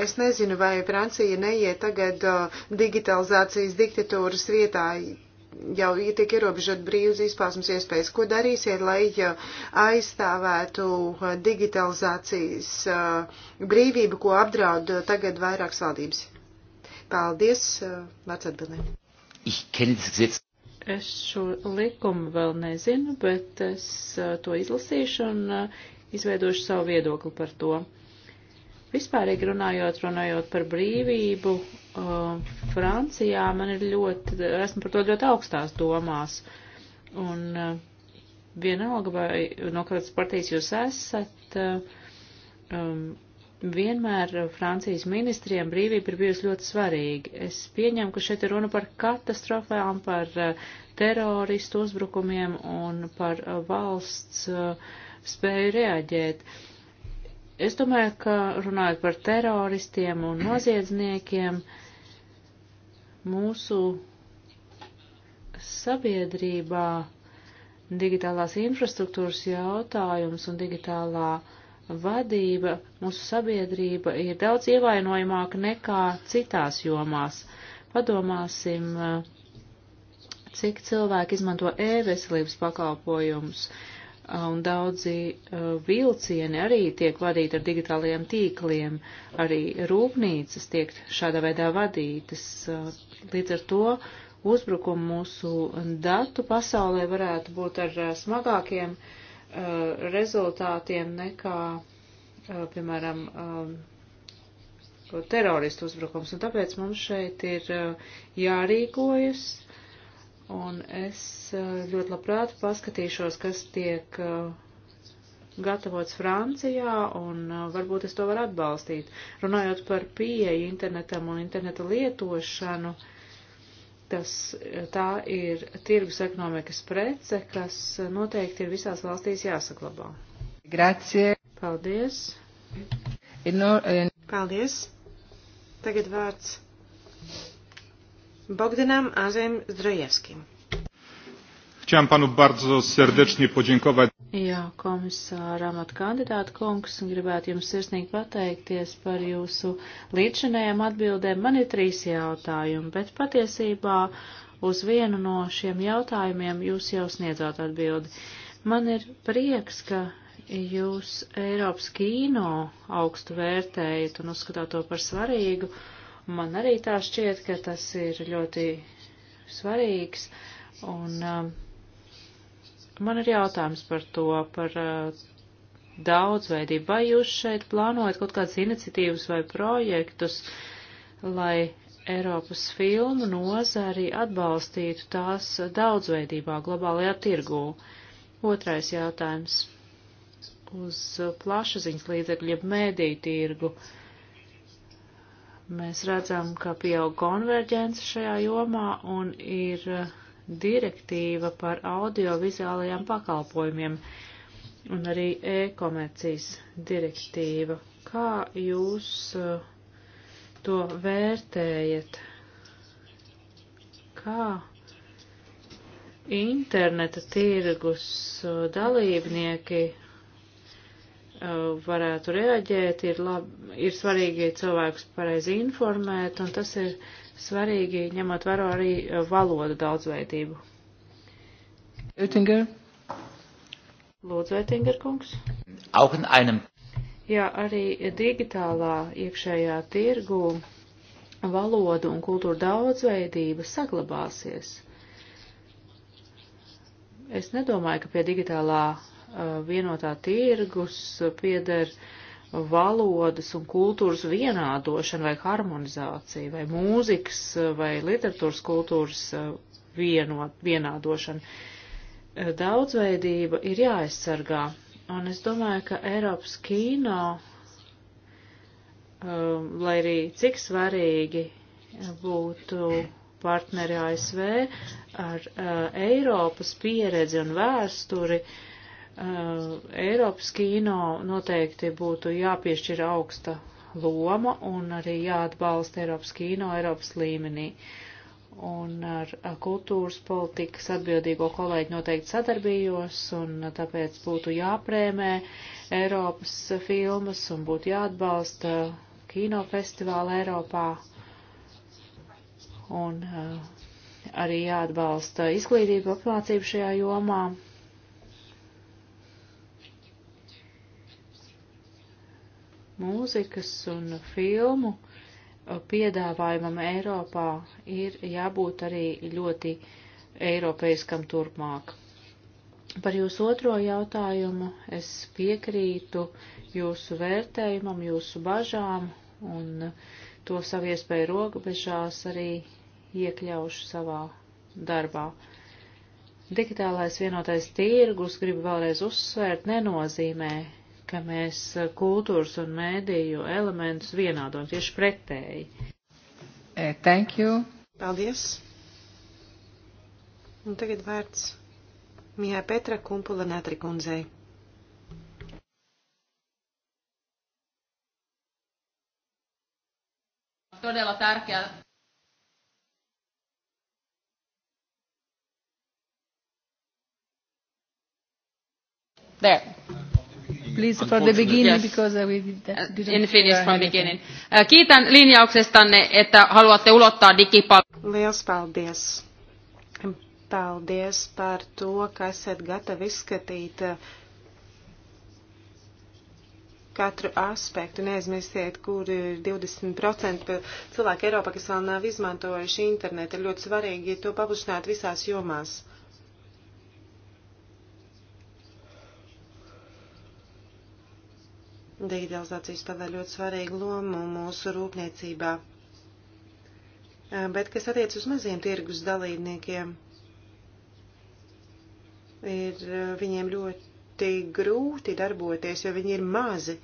es nezinu, vai Francija neiet tagad uh, digitalizācijas diktatūras vietā jau tiek ierobežot brīvas izpausmas iespējas. Ko darīsiet, lai aizstāvētu uh, digitalizācijas uh, brīvību, ko apdraud uh, tagad vairākas valdības? Paldies, vārds atbildē. Es šo likumu vēl nezinu, bet es to izlasīšu un izveidošu savu viedokli par to. Vispārīgi runājot, runājot par brīvību uh, Francijā, man ir ļoti, esmu par to ļoti augstās domās. Un uh, vienalga, vai no kādas partijas jūs esat, uh, um, vienmēr Francijas ministriem brīvība ir bijusi ļoti svarīga. Es pieņemu, ka šeit ir runa par katastrofām, par uh, teroristu uzbrukumiem un par uh, valsts uh, spēju reaģēt. Es domāju, ka runājot par teroristiem un noziedzniekiem, uh, Mūsu sabiedrībā digitālās infrastruktūras jautājums un digitālā vadība, mūsu sabiedrība ir daudz ievainojamāka nekā citās jomās. Padomāsim, cik cilvēki izmanto e-veselības pakalpojumus, uh, un daudzi vilcieni arī tiek vadīti ar digitālajiem tīkliem, arī rūpnīcas tiek šādā veidā vadītas. Līdz ar to uzbrukumu mūsu datu pasaulē varētu būt ar smagākiem rezultātiem nekā, piemēram, teroristu uzbrukums. Un tāpēc mums šeit ir jārīkojas un es eh, ļoti labprāt paskatīšos, kas tiek eh, gatavots Francijā, un eh, varbūt es to varu atbalstīt. Runājot par pieeju internetam un interneta lietošanu, tas, tā ir tirgus ekonomikas prece, kas noteikti ir visās valstīs jāsaglabā. Grazie. Paldies. E e Paldies. Tagad vārds Bogdanem Azem Zdrojewskim. Chciałem panu bardzo serdecznie podziękować. Jā, komisāra amata kandidāta kungs, gribētu jums sirsnīgi pateikties par jūsu līdzinējiem atbildēm. Man ir trīs jautājumi, bet patiesībā uz vienu no šiem jautājumiem jūs jau sniedzāt atbildi. Man ir prieks, ka jūs Eiropas kīno augstu vērtējat un uzskatāt to par svarīgu. Uh, Man arī tā šķiet, ka tas ir ļoti svarīgs. Un um, man ir jautājums par to, par uh, daudzveidību. Vai jūs šeit plānojat kaut kādas iniciatīvas vai projektus, lai Eiropas filmu nozari atbalstītu tās daudzveidībā globālajā tirgū? Otrais jautājums uz plašaziņas līdzekļu, jeb mēdīju tirgu. Uh, Mēs redzam, ka pieaug konverģence šajā jomā un ir eh, direktīva par audiovizuālajiem pakalpojumiem un arī e-komercijas direktīva. Kā jūs eh, to vērtējat? Kā interneta tirgus eh, dalībnieki Uh, varētu reaģēt, ir, lab, ir svarīgi cilvēkus pareizi informēt, un tas ir svarīgi ņemot vērā arī uh, valodu daudzveidību. Oettinger. Lūdzu, Oettinger kungs. Auch in einem. Jā, arī digitālā iekšējā tirgu valodu un kultūra daudzveidība saglabāsies. Es nedomāju, ka pie digitālā Eh, vienotā tirgus pieder valodas un kultūras vienādošana vai harmonizācija vai mūzikas eh, vai literatūras kultūras eh, vienot, vienādošana. Daudzveidība ir jāaizsargā, un es domāju, ka Eiropas kino, lai arī cik svarīgi būtu partneri ASV ar Eiropas pieredzi un vēsturi, uh, Eh, Eiropas kino noteikti būtu jāpiešķir augsta loma un arī jāatbalsta Eiropas kino Eiropas līmenī. Un ar kultūras politikas atbildīgo kolēģi noteikti sadarbījos, un tāpēc būtu jāprēmē Eiropas filmas un būtu jāatbalsta kinofestivāli Eiropā. Un uh, arī jāatbalsta izglītība apmācība šajā jomā mūzikas un filmu piedāvājumam Eiropā ir jābūt arī ļoti eiropeiskam turpmāk. Par jūsu otro jautājumu es piekrītu jūsu vērtējumam, jūsu bažām un to savu iespēju robežās arī iekļaušu savā darbā. Digitālais vienotais tirgus, gribu vēlreiz uzsvērt, nenozīmē ka mēs eh, kultūras un mēdīju elementus vienādojam tieši pretēji. Eh, thank you. Paldies. Un tagad vērts Mijā Petra Kumpula Netrikundzei. Todella tärkeä There. Please for the beginning, yes. because we didn't... Uh, in Finnish from beginning. Uh, kiitän linjauksestanne, että haluatte ulottaa digipalvelut. Liels paldies. Paldies par to, ka esat gatavi izskatīt uh, katru aspektu. Neaizmirstiet, kur ir 20% cilvēku Eiropā, kas vēl nav izmantojuši internetu. Ir ļoti svarīgi to paplašināt visās jomās. Uh, Digitalizācija spēlē ļoti svarīgu lomu mūsu rūpniecībā. Eh, bet, kas attiec uz maziem tirgus dalībniekiem, ir eh, viņiem ļoti grūti darboties, jo viņi ir mazi.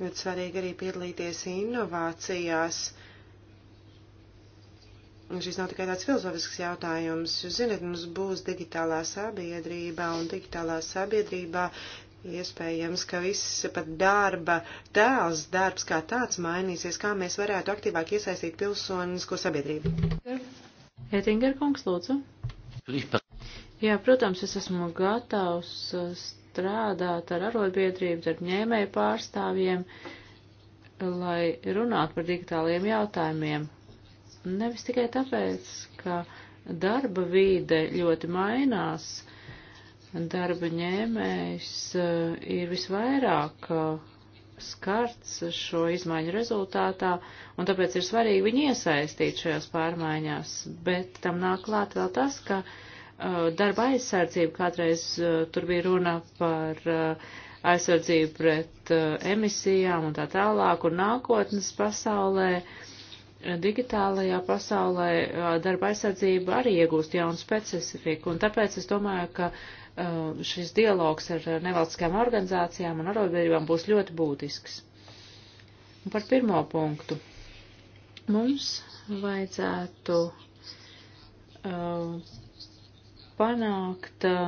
Ļoti svarīgi arī piedalīties inovācijās, Un šis nav tikai tāds filozofisks jautājums. Jūs zināt, mums būs digitālā sabiedrība un digitālā sabiedrībā iespējams, ka viss pat darba tēls, darbs kā tāds mainīsies, kā mēs varētu aktīvāk iesaistīt pilsonisko sabiedrību. Ētinger kungs, lūdzu. Jā, protams, es esmu gatavs strādāt ar arotbiedrību, darbņēmēju pārstāvjiem, lai runātu par digitāliem jautājumiem nevis tikai tāpēc, ka darba vīde ļoti mainās, darba ņēmējs eh, ir visvairāk eh, skarts šo izmaiņu rezultātā, un tāpēc ir svarīgi viņu iesaistīt šajās pārmaiņās, bet tam nāk klāt vēl tas, ka eh, darba aizsardzība, kādreiz tur bija runa par aizsardzību pret emisijām un tā tālāk, un nākotnes pasaulē uh, digitālajā pasaulē darba aizsardzība arī iegūst jaunu specifiku, un tāpēc es domāju, ka šis dialogs ar nevalstiskām organizācijām un arotbiedrībām būs ļoti būtisks. Un par pirmo punktu. Mums vajadzētu uh, panākt, uh,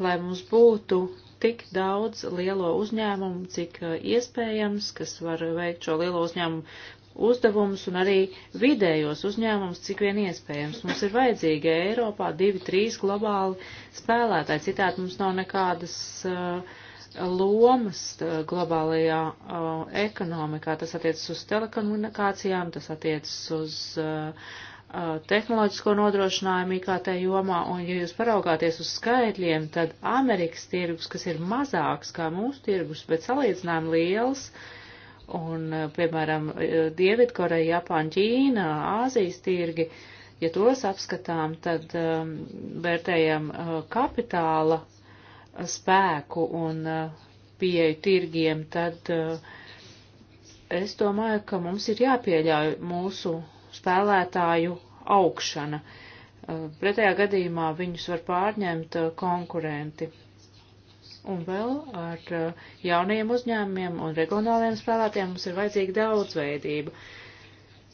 lai mums būtu tik daudz lielo uzņēmumu, cik iespējams, kas var veikt šo lielo uzņēmumu uzdevumus un arī vidējos uzņēmumus, cik vien iespējams. Mums ir vajadzīgi Eiropā divi, trīs globāli spēlētāji, citādi mums nav nekādas uh, lomas uh, globālajā uh, ekonomikā. Tas attiecas uz telekomunikācijām, tas attiecas uz uh, uh, tehnoloģisko nodrošinājumu IKT jomā, un ja jūs paraugāties uz skaitļiem, tad Amerikas tirgus, kas ir mazāks kā mūsu tirgus, bet salīdzinājumi liels, uh, Un, eh, piemēram, eh, Dievidkoreja, Japāna, Ķīna, Āzijas tirgi, ja tos apskatām, tad um, vērtējam uh, kapitāla spēku un uh, pieeju tirgiem, tad uh, es domāju, ka mums ir jāpieļauj mūsu spēlētāju augšana. Pretējā gadījumā viņus var pārņemt konkurenti. Un vēl ar eh, jaunajiem uzņēmumiem un reģionāliem spēlētiem mums ir vajadzīga daudzveidība.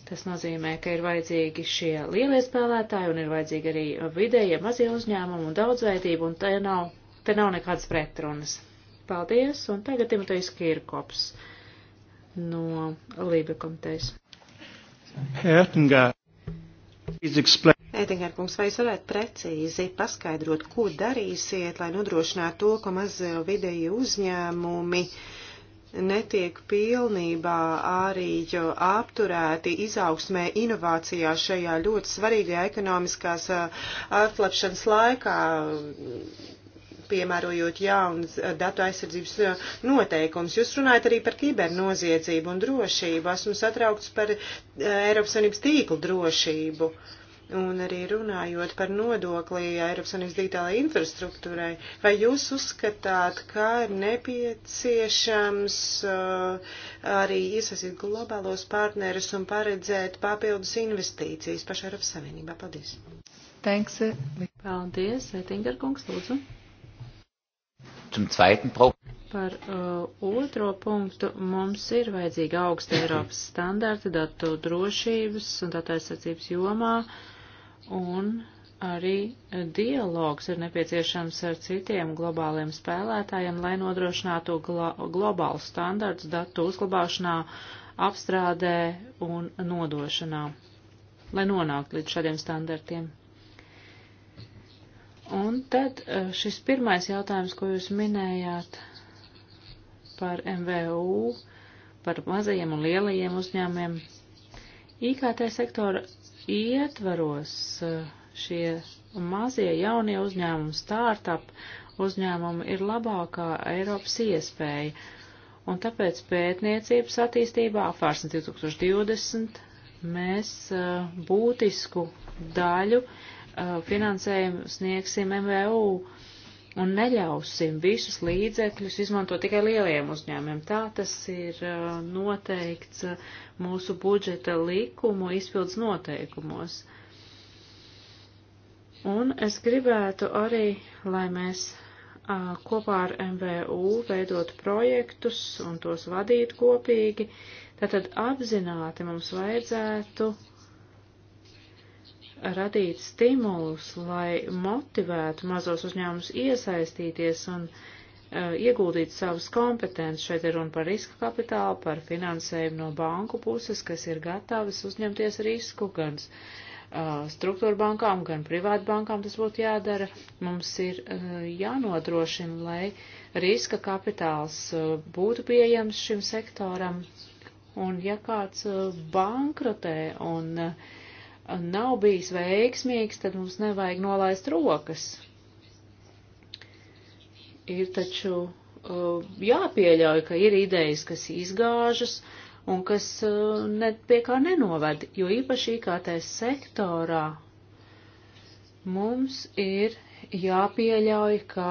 Tas nozīmē, ka ir vajadzīgi šie lielie spēlētāji un ir vajadzīgi arī vidējie mazie uzņēmumi un daudzveidība, un te nav, te nav nekādas pretrunas. Paldies, un tagad Timotejs Kirkops no Lībe komitejas. Hertengā. Ētinger kungs, vai jūs varētu precīzi paskaidrot, ko darīsiet, lai nodrošinātu to, ka mazie vidēji uzņēmumi netiek pilnībā arī apturēti izaugsmē inovācijā šajā ļoti svarīgajā ekonomiskās atlapšanas laikā, piemērojot jaunas eh, datu aizsardzības eh, noteikumus. Jūs runājat arī par kibernoziedzību un drošību. Esmu satraukts par eh, Eiropas Savienības tīklu drošību. Un arī runājot par nodokli Eiropas Savienības digitālajai infrastruktūrai, vai jūs uzskatāt, ka ir nepieciešams uh, arī iesaistīt globālos partnerus un paredzēt papildus investīcijas pašā Eiropas Savienībā? Paldies! Thanks. Paldies, Ettinger kungs, lūdzu. Zum Zweiten braucht. Par uh, otro punktu mums ir vajadzīga augsta Eiropas standarta datu drošības un datu aizsardzības jomā, un arī dialogs ir nepieciešams ar citiem globāliem spēlētājiem, lai nodrošinātu glo globālu standartu datu uzglabāšanā, apstrādē un nodošanā, lai nonāktu līdz šādiem standartiem. Un tad eh, šis pirmais jautājums, ko jūs minējāt par MVU, par mazajiem un lielajiem uzņēmiem. IKT sektora ietvaros eh, šie mazie jaunie uzņēmumi, startup uzņēmumi ir labākā Eiropas iespēja. Un tāpēc pētniecības attīstībā apvārsnes 2020 mēs eh, būtisku daļu uh, Uh, finansējumu sniegsim MVU un neļausim visus līdzekļus izmantot tikai lieliem uzņēmiem. Tā tas ir uh, noteikts uh, mūsu budžeta likumu izpildus noteikumos. Un es gribētu arī, lai mēs kopā ar MVU veidot projektus un tos vadīt kopīgi, tad apzināti mums vajadzētu radīt stimulus, lai motivētu mazos uzņēmumus iesaistīties un uh, ieguldīt savas kompetences. Šeit ir runa par riska kapitālu, par finansējumu no banku puses, kas ir gatavas uzņemties risku gan uh, struktūra bankām, gan privātu bankām tas būtu jādara. Mums ir uh, jānodrošina, lai riska kapitāls uh, būtu pieejams šim sektoram. Un ja kāds uh, bankrotē un uh, nav bijis veiksmīgs, tad mums nevajag nolaist rokas. Ir taču uh, jāpieļauj, ka ir idejas, kas izgāžas un kas uh, ne, pie kā nenoved, jo īpaši IKT sektorā mums ir jāpieļauj, ka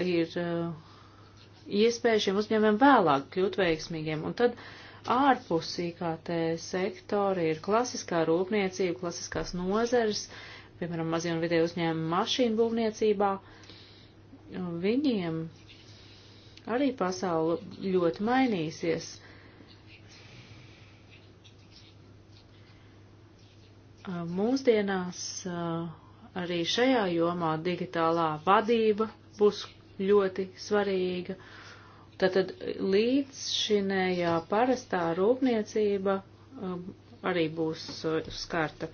ir uh, iespēja šiem uzņēmumiem vēlāk kļūt veiksmīgiem. Un tad uh, ārpus IKT sektora ir klasiskā rūpniecība, klasiskās nozeres, piemēram, mazie un vidēji uzņēmumi mašīnu būvniecībā. Viņiem arī pasaule ļoti mainīsies. Mūsdienās arī šajā jomā digitālā vadība būs ļoti svarīga Tātad līdz šinējā parastā rūpniecība um, arī būs uh, skarta.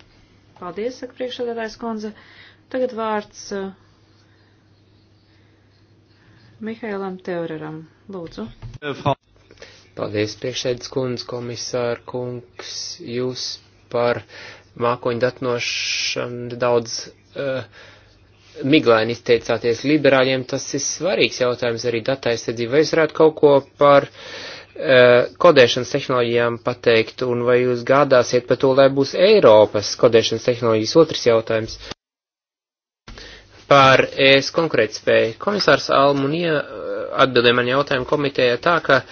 Paldies, saka priekšsēdētājs kundze. Tagad vārds uh, Mihailam Teoreram. Lūdzu. Paldies, priekšsēdētājs kundze, komisāra kungs, jūs par mākoņu datnošanu daudz. Uh, miglaini izteicāties liberāļiem, tas ir svarīgs jautājums arī datu aizsardzība. Vai jūs varētu kaut ko par uh, kodēšanas tehnoloģijām pateikt, un vai jūs gādāsiet par to, lai būs Eiropas kodēšanas tehnoloģijas otrs jautājums? Par eh, es konkurētspēju. Komisārs Almunija eh, atbildēja man jautājumu komitējā tā, ka uh,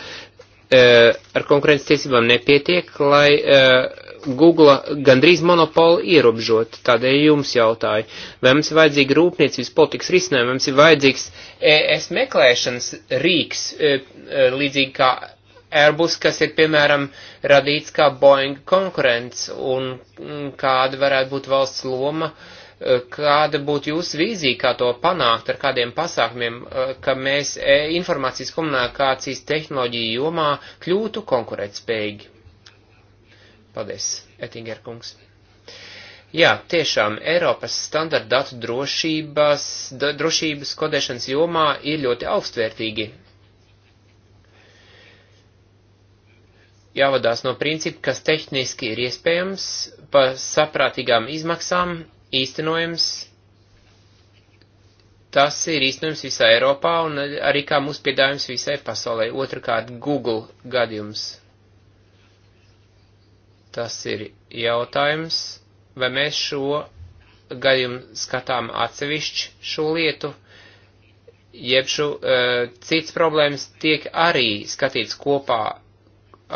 ar konkurences tiesībām nepietiek, lai uh, Google gandrīz monopolu ierobežot. Tādēļ jums jautāju, vai mums ir vajadzīga rūpniecības politikas risinājuma, vai mums ir vajadzīgs ES meklēšanas rīks, e, e, līdzīgi kā Airbus, kas ir, piemēram, radīts kā Boeing konkurents, un kāda varētu būt valsts loma, e, kāda būtu jūsu vīzija, kā to panākt, ar kādiem pasākumiem, ka mēs informācijas komunikācijas tehnoloģiju jomā kļūtu konkurētspējīgi. Paldies, Ettinger kungs. Jā, tiešām Eiropas standarta datu drošības, da, drošības kodēšanas jomā ir ļoti augstvērtīgi. Jāvadās no principa, kas tehniski ir iespējams, pa saprātīgām izmaksām īstenojams. Tas ir īstenojams visā Eiropā un arī kā mūsu piedāvājums visai pasaulē. Otrakārt, Google gadījums Tas ir jautājums, vai mēs šo gadījumu skatām atsevišķi šo lietu, jeb šo uh, cits problēmas tiek arī skatīts kopā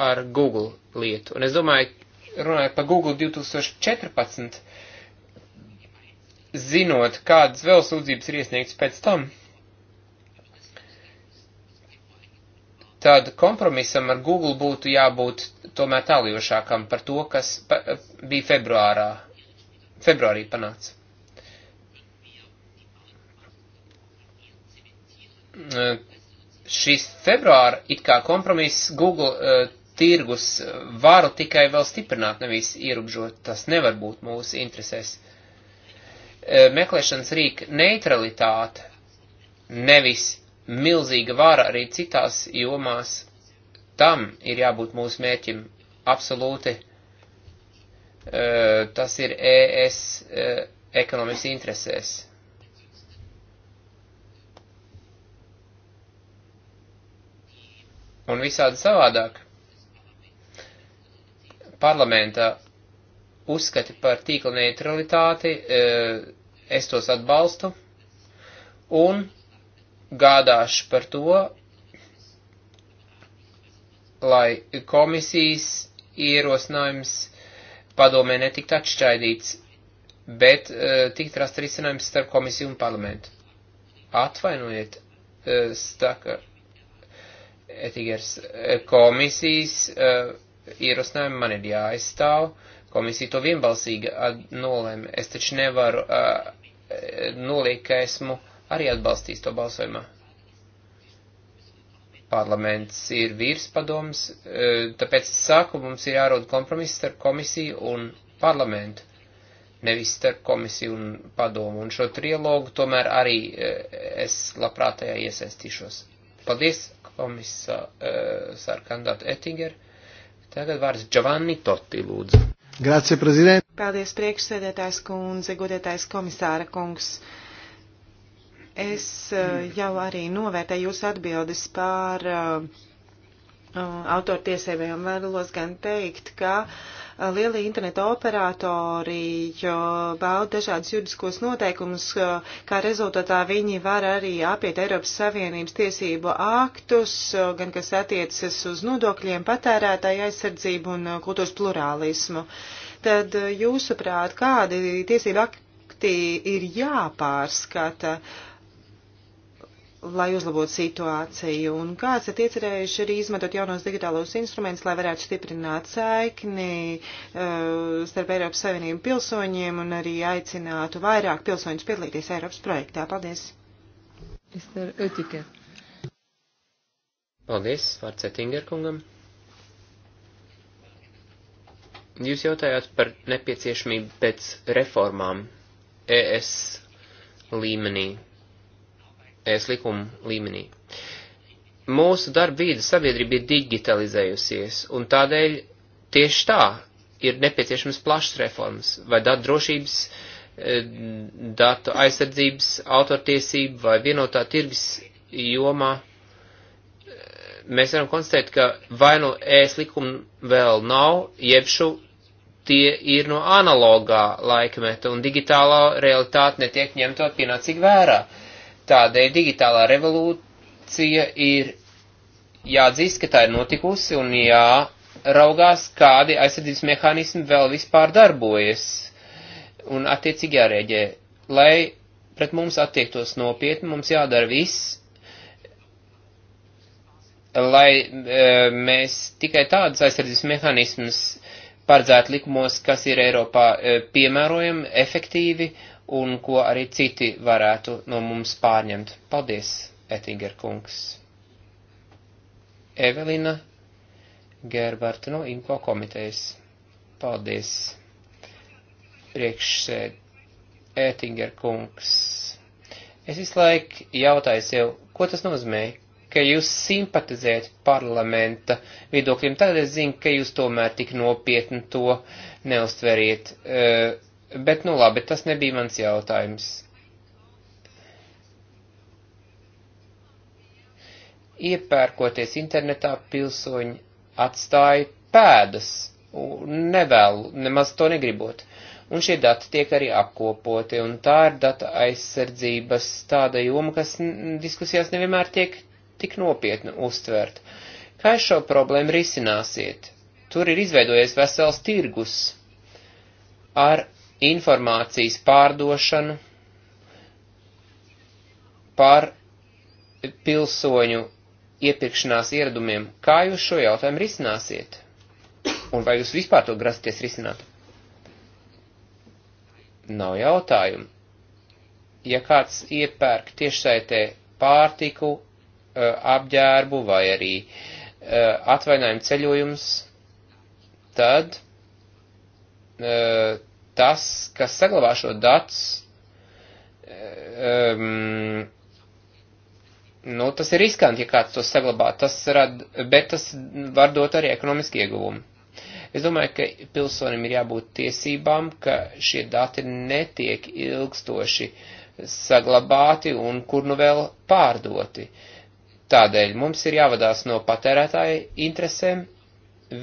ar Google lietu. Un es domāju, runājot par Google 2014, zinot, kādas vēl sūdzības ir iesniegts pēc tam, tad kompromisam ar Google būtu jābūt tomēr tālijošākam par to, kas pa, bija februārā, februārī panāca. Šis februāra it kā kompromiss Google uh, tirgus varu tikai vēl stiprināt, nevis ierobžot. Tas nevar būt mūsu interesēs. Uh, meklēšanas rīka neutralitāte, nevis milzīga vara arī citās jomās. Tam ir jābūt mūsu mērķim absolūti. Tas ir ES ekonomikas interesēs. Un visādi savādāk. Parlamentā uzskati par tīkla neutralitāti, es tos atbalstu. Un gādāšu par to, lai komisijas ierosinājums padomē netikt atšķaidīts, bet uh, e, tikt rast risinājums starp komisiju un parlamentu. Atvainojiet, uh, e, staka Etigers, e, komisijas uh, ierosinājumi man ir jāaizstāv, komisija to vienbalsīgi nolēma. Es taču nevaru uh, e, e, noliekt, ka esmu uh, arī atbalstīs to balsojumā. Parlaments ir virspadoms, e, tāpēc es saku, mums ir jārod kompromiss starp komisiju un parlamentu, nevis starp komisiju un padomu. Un šo trilogu tomēr arī e, es labprāt tajā iesaistīšos. Paldies, komisāra e, kandidāta Ettinger. Tagad vārds Giovanni Totti, lūdzu. Grazie, prezident. Paldies, priekšsēdētājs kundze, godētājs komisāra kungs. Uh, Es eh, jau arī novērtēju jūsu atbildes pār eh, eh, autortiesībām. Vēlos gan teikt, ka lielie interneta operatori bauda dažādas juridiskos noteikumus, kā rezultātā viņi var arī apiet Eiropas Savienības tiesību aktus, gan kas attiecas uz nodokļiem, patērētāju aizsardzību un kultūras plurālismu. Tad jūsuprāt, kādi tiesību akti ir jāpārskata? Uh, lai uzlabotu situāciju. Un kāds ir iecerējuši arī izmantot jaunos digitālos instrumentus, lai varētu stiprināt saikni uh, starp Eiropas Savienību pilsoņiem un arī aicinātu vairāk pilsoņus piedalīties Eiropas projektā. Paldies! Paldies, vārds Ettinger kungam. Jūs jautājāt par nepieciešamību pēc reformām ES līmenī es likumu līmenī. Mūsu darba vīda sabiedrība ir digitalizējusies, un tādēļ tieši tā ir nepieciešams plašs reformas, vai datu drošības, e, datu aizsardzības, autortiesību vai vienotā tirgus jomā. E, mēs varam konstatēt, ka vai nu ēs likuma vēl nav, jeb šo tie ir no analogā laikmeta, un digitālā realitāte netiek ņemta pienācīgi vērā. Uh, Tādēļ digitālā revolūcija ir jāatzīst, ka tā ir notikusi un jāraugās, kādi aizsardzības mehānismi vēl vispār darbojas un attiecīgi jārēģē. Lai pret mums attiektos nopietni, mums jādara viss, lai e, mēs tikai tādas aizsardzības mehānismas paredzētu likumos, kas ir Eiropā e, piemērojami, efektīvi un ko arī citi varētu no mums pārņemt. Paldies, Ettinger kungs. Evelina Gerbarta no Inko komitejas. Paldies, priekšsēd Ettinger kungs. Es visu laiku jautāju sev, ko tas nozīmē, ka jūs simpatizējat parlamenta viedokļiem. Tagad es zinu, ka jūs tomēr tik nopietni to neustveriet. Uh, Bet, nu labi, tas nebija mans jautājums. Iepērkoties internetā, pilsoņi atstāja pēdas, nevēlu, nemaz to negribot. Un šie dati tiek arī apkopoti, un tā ir data aizsardzības tāda joma, kas diskusijās nevienmēr tiek tik nopietni uztvert. Kā šo problēmu risināsiet? Tur ir izveidojies vesels tirgus ar informācijas pārdošanu par pilsoņu iepirkšanās ieradumiem. Kā jūs šo jautājumu risināsiet? Un vai jūs vispār to grasties risināt? Nav jautājumu. Ja kāds iepērk tiešsaitē pārtiku, eh, apģērbu vai arī eh, atvainājumu ceļojums, tad eh, tas, kas saglabā šo datus, um, ehm, nu, tas ir riskanti, ja kāds to saglabā, tas rad, bet tas var dot arī ekonomiski ieguvumu. Es domāju, ka pilsonim ir jābūt tiesībām, ka šie dati netiek ilgstoši saglabāti un kur nu vēl pārdoti. Tādēļ mums ir jāvadās no patērētāja interesēm,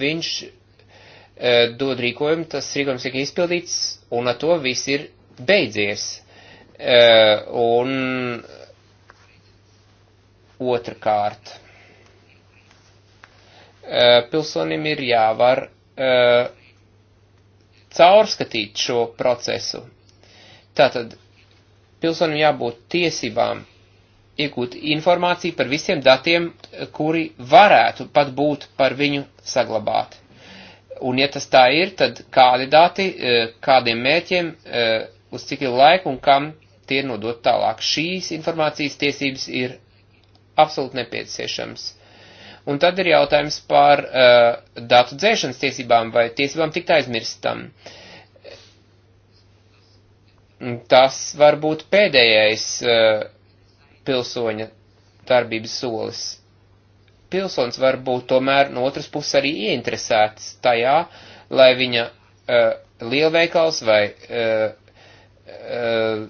viņš Eh, dod rīkojumu, tas rīkojums tiek izpildīts, un ar to viss ir beidzies. Eh, un otrkārt, eh, pilsonim ir jāvar caurskatīt šo procesu. Tātad pilsonim jābūt tiesībām iegūt informāciju par visiem datiem, kuri varētu pat būt par viņu saglabāti. Un ja tas tā ir, tad kandidāti, e, kādiem mērķiem, e, uz cik ilgu laiku un kam tie ir nodot tālāk. Šīs informācijas tiesības ir absolūti nepieciešams. Un tad ir jautājums par uh, datu dzēšanas tiesībām vai tiesībām tikt aizmirstam. Tas var būt pēdējais uh, pilsoņa darbības solis pilsonis var būt tomēr no otras puses arī ieinteresēts tajā, lai viņa uh, lielveikals vai uh, uh,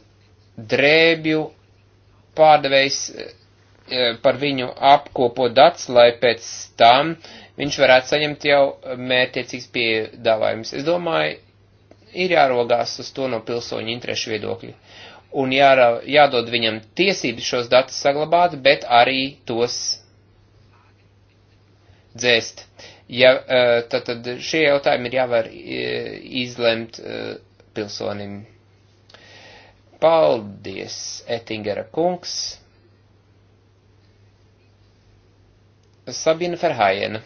drēbju pārdevējs uh, par viņu apkopo dats, lai pēc tam viņš varētu saņemt jau mērķiecīgs piedāvājums. Es domāju, ir jārogās uz to no pilsoņu interešu viedokļa. Un jārā, jādod viņam tiesības šos datus saglabāt, bet arī tos dzēst. Ja, eh, tad, tad šie jautājumi ir jāvar eh, izlemt eh, pilsonim. Paldies, Ettingera kungs. Sabina Ferhājena.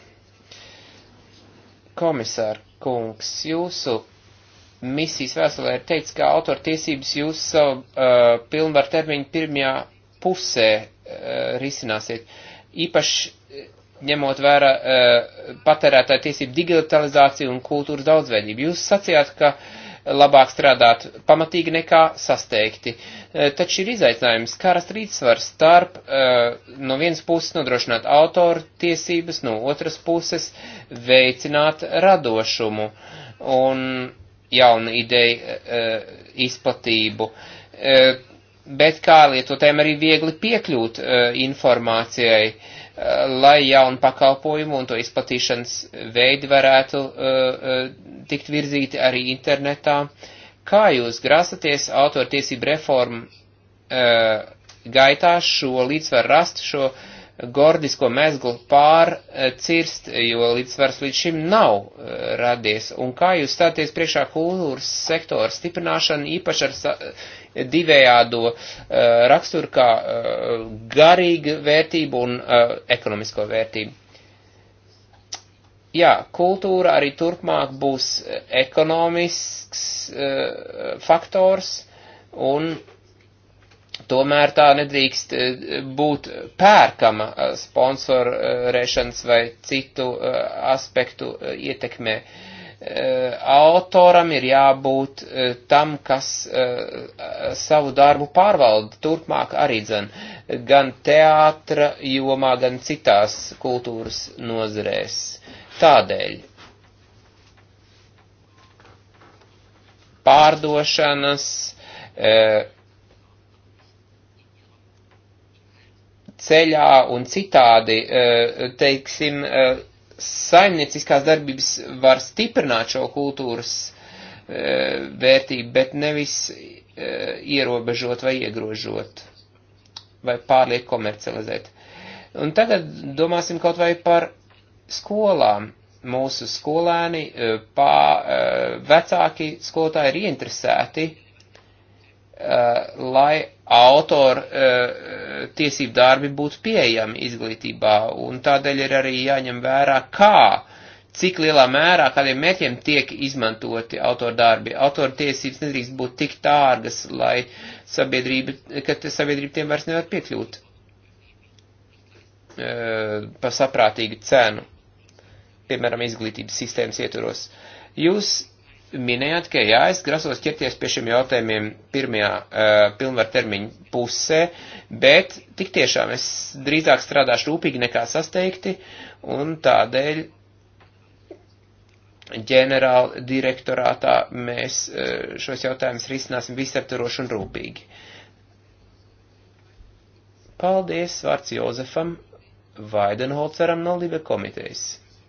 Komisār kungs, jūsu misijas vēstulē ir teikts, ka autortiesības jūs savu uh, pilnvar termiņu pirmajā pusē uh, risināsiet. Īpaši ņemot vērā e, patērētāju tiesību digitalizāciju un kultūras daudzveidību. Jūs sacījāt, ka labāk strādāt pamatīgi nekā sasteigti. E, taču ir izaicinājums, kā rast līdzsvaru starp e, no vienas puses nodrošināt autoru tiesības, no otras puses veicināt radošumu un jaunu ideju e, izplatību. E, bet kā lietotēm arī viegli piekļūt e, informācijai. E, Uh, lai jaunu pakalpojumu un to izplatīšanas veidi varētu uh, uh, tikt virzīti arī internetā. Kā jūs grasaties autortiesību reformu uh, gaitā šo līdzsvaru rast, šo gordisko mezglu pārcirst, uh, jo līdzsvars līdz šim nav uh, radies? Un kā jūs stāties priekšā kultūras sektora stiprināšanu, īpaši ar divējādo uh, raksturu kā uh, eh, garīga vērtība un uh, ekonomisko vērtību. Jā, kultūra arī turpmāk būs ekonomisks uh, faktors un tomēr tā nedrīkst būt pērkama sponsorēšanas vai citu aspektu ietekmē. Uh, Eh, autoram ir jābūt eh, tam, kas eh, savu darbu pārvalda turpmāk arī dzen, gan teātra jomā, gan citās kultūras nozarēs. Tādēļ pārdošanas, ceļā un citādi, teiksim, saimnieciskās darbības var stiprināt šo kultūras e, vērtību, bet nevis e, ierobežot vai iegrožot vai pārliek komercializēt. Un tagad domāsim kaut vai par skolām. Mūsu skolēni, e, pā, e, vecāki skolotāji ir ieinteresēti, e, lai autora e, e, tiesību darbi būtu pieejami izglītībā, un tādēļ ir arī jāņem vērā, kā, cik lielā mērā, kādiem mērķiem tiek izmantoti autora darbi. Autora tiesības nedrīkst būt tik tārgas, lai sabiedrība, ka sabiedrība tiem vairs nevar piekļūt e, pa saprātīgu cenu, piemēram, izglītības sistēmas ietvaros. Jūs minējāt, ka jā, es grasos ķerties pie šiem jautājumiem pirmajā uh, pilnvartermiņa pusē, bet tik tiešām es drīzāk strādāšu rūpīgi nekā sasteigti, un tādēļ ģenerāla direktorātā mēs uh, šos jautājumus risināsim visaptaroši un rūpīgi. Paldies, vārds Jozefam Vaidenholceram no Libe komitejas.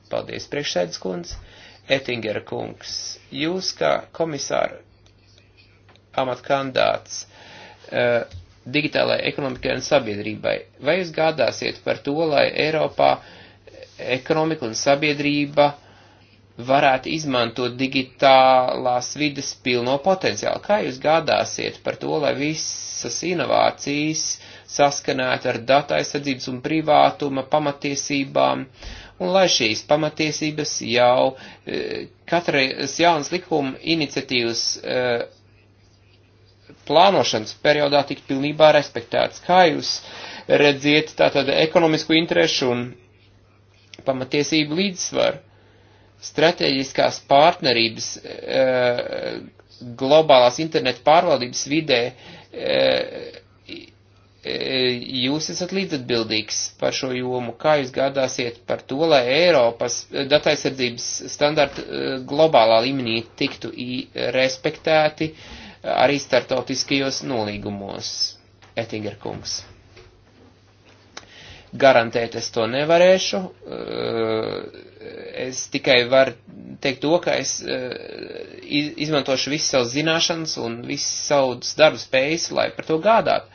Paldies, priekšsēdus kundze. Ettingera kungs, jūs kā komisāra amatkandāts uh, eh, digitālajai ekonomikai un sabiedrībai, vai jūs gādāsiet par to, lai Eiropā ekonomika un sabiedrība varētu izmantot digitālās vides pilno potenciālu? Kā jūs gādāsiet par to, lai visas inovācijas saskanētu ar datu aizsardzības un privātuma pamatiesībām? Uh, un lai šīs pamatiesības jau e, katras jaunas likuma iniciatīvas e, plānošanas periodā tik pilnībā respektēts. Kā jūs redziet tātad ekonomisku interešu un pamatiesību līdzsvaru? Stratēģiskās partnerības e, globālās internetu pārvaldības vidē E, jūs esat līdzatbildīgs par šo jomu, kā jūs gādāsiet par to, lai Eiropas e, dataizsardzības standarti e, globālā līmenī tiktu respektēti arī startautiskajos nolīgumos, Ettinger kungs. Garantēt es to nevarēšu, es tikai varu teikt to, ka es izmantošu visu savu zināšanas un visu savus darbu spējas, lai par to gādātu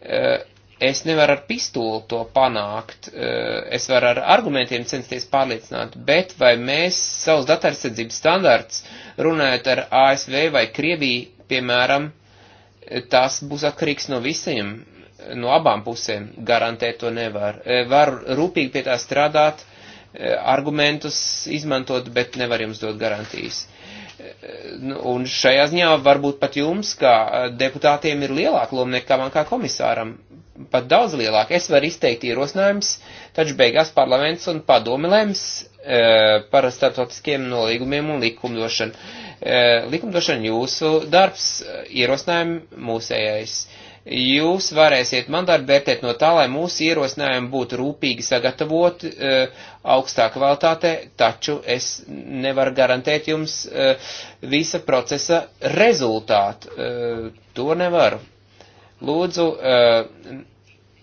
Eh, es nevaru ar pistoli to panākt, eh, es varu ar argumentiem censties pārliecināt, bet vai mēs savus datarsardzības standārts runājot ar ASV vai Krieviju, piemēram, eh, tas būs atkarīgs no visiem, no abām pusēm, garantēt to nevar. Var rūpīgi pie tā strādāt, argumentus izmantot, bet nevar jums dot garantijas. Nu, un šajā ziņā varbūt pat jums, kā eh, deputātiem, ir lielāka loma nekā man kā komisāram. Pat daudz lielāka. Es varu izteikt ierosinājums, taču beigās parlaments un padome lems e, par starptautiskiem nolīgumiem un likumdošanu. E, likumdošana jūsu darbs, ierosinājumi mūsējais. E, jūs varēsiet mandātu vērtēt no tā, lai mūsu ierosinājumi būtu rūpīgi sagatavoti e, augstā kvalitātē, taču es nevaru garantēt jums e, visa procesa rezultātu. E, to nevaru. Lūdzu, e,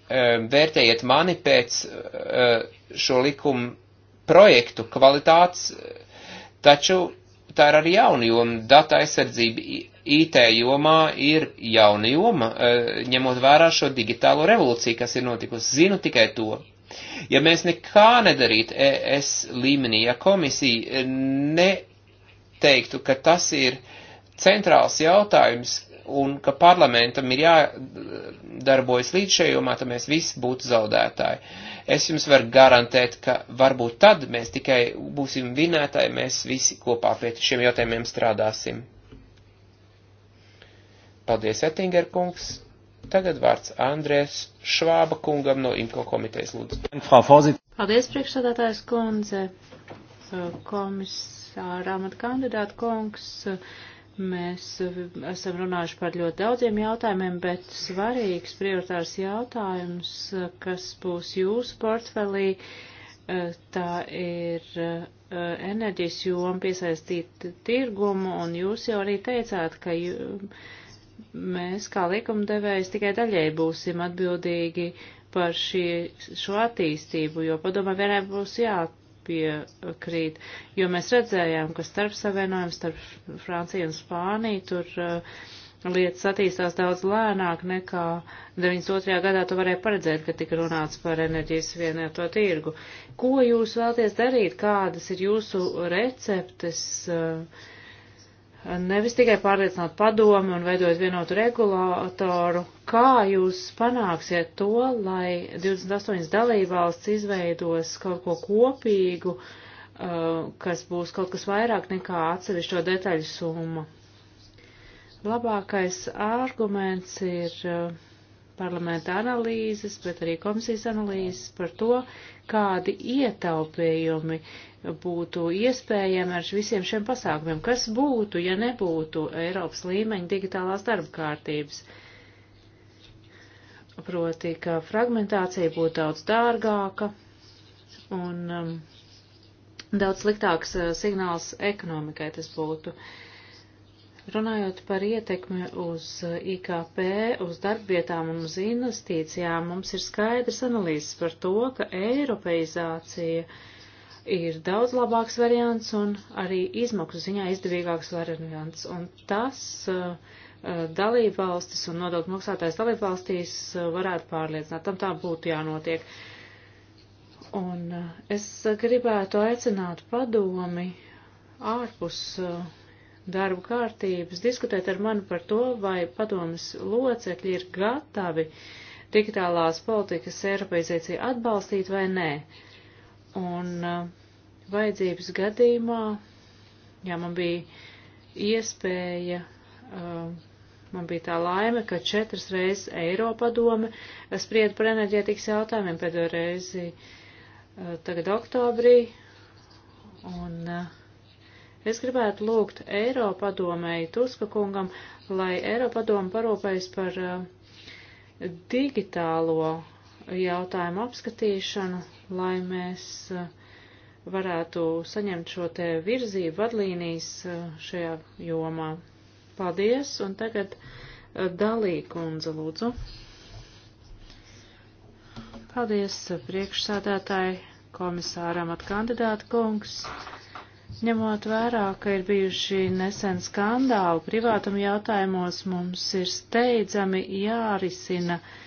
e, vērtējiet mani pēc e, šo likumu projektu kvalitātes, taču tā ir arī jauna joma - data aizsardzība, IT jomā ir jauna joma, e, ņemot vērā šo digitālo revolūciju, kas ir notikusi. Zinu tikai to. Ja mēs nekā nedarītu ES līmenī, ja komisija e, neteiktu, ka tas ir centrāls jautājums un ka parlamentam ir jādarbojas līdz šajā jomā, tad mēs visi būtu zaudētāji. Es jums varu garantēt, ka varbūt tad mēs tikai būsim vinētāji, mēs visi kopā pie šiem jautājumiem strādāsim. Paldies, Ettinger kungs. Tagad vārds Andrēs Švāba kungam no Inko komitejas lūdzu. Paldies, priekšsādātājs kundze, komisāra amata kandidāta kungs. Mēs esam runājuši par ļoti daudziem jautājumiem, bet svarīgs prioritārs jautājums, kas būs jūsu portfelī, tā ir eh, enerģijas joma piesaistīt tirgumu, un jūs jau arī teicāt, ka. Jū, mēs kā likumdevējs tikai daļai būsim atbildīgi par šī, šo attīstību, jo padomā vienai būs jāpiekrīt, jo mēs redzējām, ka starp savienojumu, starp Franciju un Spāniju tur uh, lietas attīstās daudz lēnāk nekā 92. gadā to varēja paredzēt, kad tika runāts par enerģijas vienoto tirgu. Ko jūs vēlties darīt, kādas ir jūsu receptes? Uh, nevis tikai pārliecināt padomi un veidot vienotu regulātoru, kā jūs panāksiet to, lai 28 dalībvalsts izveidos kaut ko kopīgu, uh, kas būs kaut kas vairāk nekā atsevišķo detaļu summa. Labākais arguments ir uh, parlamenta analīzes, bet arī komisijas analīzes par to, kādi ietaupījumi uh, būtu iespējami ar visiem šiem pasākumiem. Kas būtu, ja nebūtu Eiropas līmeņa digitālās darba kārtības? Proti, ka fragmentācija būtu daudz dārgāka un um, daudz sliktāks uh, signāls ekonomikai tas būtu. Runājot par ietekmi uz uh, IKP, uz darbvietām un uz investīcijām, mums ir skaidrs analīzes par to, ka eiropeizācija uh, ir daudz labāks variants un arī izmaksu ziņā izdevīgāks variants. Un tas uh, uh dalību valstis un nodokļu maksātājs dalību valstīs uh, varētu pārliecināt. Tam tā būtu jānotiek. Un uh, es gribētu aicināt padomi ārpus uh, darbu kārtības, diskutēt ar mani par to, vai padomas locekļi ir gatavi digitālās politikas Eiropaizāciju atbalstīt vai nē. Uh, Un uh, vajadzības gadījumā, jā, man bija iespēja, uh, man bija tā laime, ka četras reizes Eiropadome spried par enerģētikas jautājumiem pēdējo reizi uh, tagad oktobrī. Un es gribētu lūgt Eiropadomēji Tuska kungam, lai Eiropadome parūpējas par digitālo jautājumu apskatīšanu lai mēs eh, varētu saņemt šo te virzību vadlīnijas eh, šajā jomā. Paldies, un tagad eh, Dalī kundze lūdzu. Paldies priekšsādātāji komisāram at kandidāta kungs. Ņemot vērā, ka ir bijuši nesen skandāli privātuma jautājumos, mums ir steidzami jārisina uh,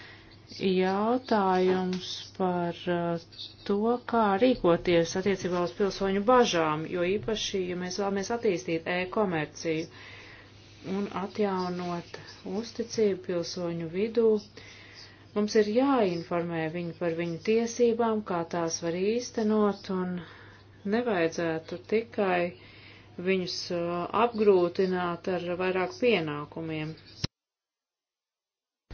jautājums par uh, to, kā rīkoties attiecībā uz pilsoņu bažām, jo īpaši, ja mēs vēlamies attīstīt e-komerciju un atjaunot uzticību pilsoņu vidū, mums ir jāinformē viņu par viņu tiesībām, kā tās var īstenot, un nevajadzētu tikai viņus uh, apgrūtināt ar vairāk pienākumiem.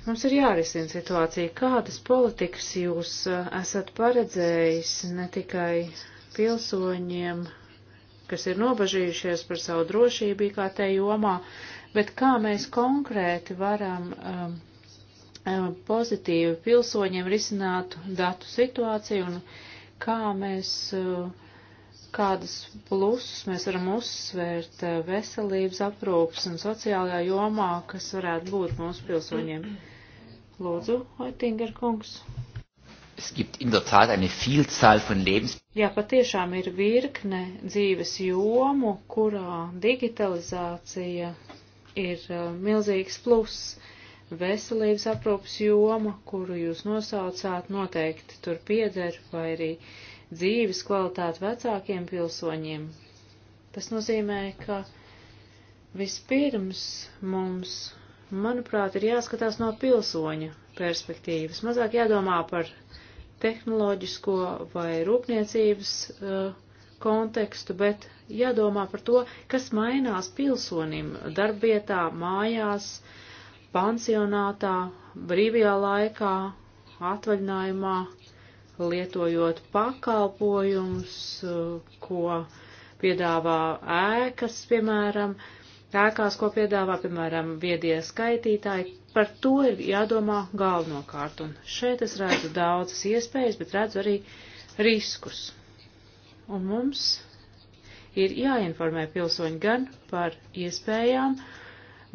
Mums ir jārisina situācija, kādas politikas jūs eh, esat paredzējis ne tikai pilsoņiem, kas ir nobažījušies par savu drošību IKT jomā, bet kā mēs konkrēti varam um, um, pozitīvi pilsoņiem risināt datu situāciju un kā mēs, uh, kādas plusus mēs varam uzsvērt uh, veselības aprūpas un sociālajā jomā, kas varētu būt mūsu pilsoņiem. Mm -hmm. Lūdzu, Oitinger kungs. Es gibt in der Tat eine Vielzahl von Lebens. Jā, patiešām ir virkne dzīves jomu, kurā digitalizācija ir uh, milzīgs pluss. Veselības aprūpas joma, kuru jūs nosaucāt, noteikti tur pieder, vai arī dzīves kvalitāte vecākiem pilsoņiem. Tas nozīmē, ka vispirms mums manuprāt, ir jāskatās no pilsoņa perspektīvas. Mazāk jādomā par tehnoloģisko vai rūpniecības uh, kontekstu, bet jādomā par to, kas mainās pilsonim darbietā, mājās, pansionātā, brīvajā laikā, atvaļinājumā, lietojot pakalpojumus, uh, ko piedāvā ēkas, piemēram, uh, ēkās, ko piedāvā, piemēram, viedie skaitītāji, par to ir jādomā galvenokārt. Un šeit es redzu daudzas iespējas, bet redzu arī riskus. Un mums ir jāinformē pilsoņi gan par iespējām,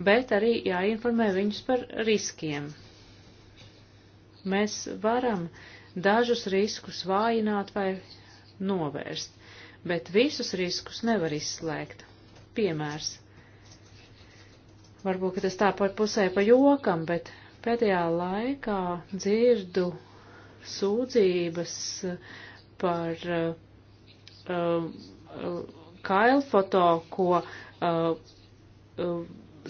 bet arī jāinformē viņus par riskiem. Mēs varam dažus riskus vājināt vai novērst, bet visus riskus nevar izslēgt. Piemērs Varbūt, ka tas tā par pusē pa jokam, bet pēdējā laikā dzirdu sūdzības eh, par uh, eh, eh, kailfoto, ko uh,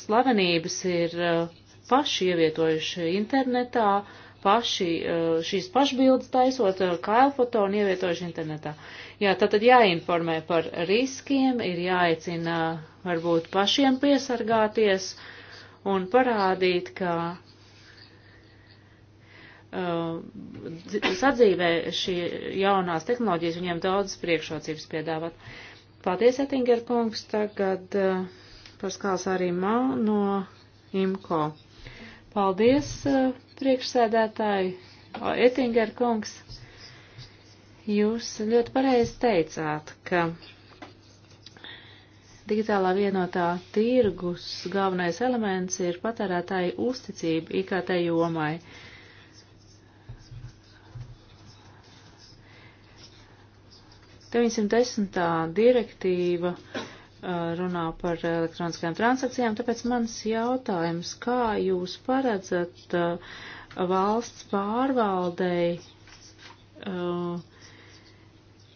slavenības ir uh, paši ievietojuši internetā, uh, paši eh, šīs pašbildes taisot, eh, kailfotonu ievietojuši internetā. Jā, tātad jāinformē par riskiem, ir jāicina varbūt pašiem piesargāties un parādīt, ka uh, sadzīvē šī jaunās tehnoloģijas viņiem daudz priekšrocības piedāvāt. Paldies, Ettinger kungs, tagad uh, Paskāls arī man no IMCO. Paldies, eh, priekšsēdētāji, Ettinger kungs. Jūs ļoti pareizi teicāt, ka digitālā vienotā tirgus galvenais elements ir patērētāju uzticība IKT jomai. Deviņsimtdesmitā direktīva uh, runā par elektroniskajām transakcijām, tāpēc mans jautājums, kā jūs paredzat valsts pārvaldei uh,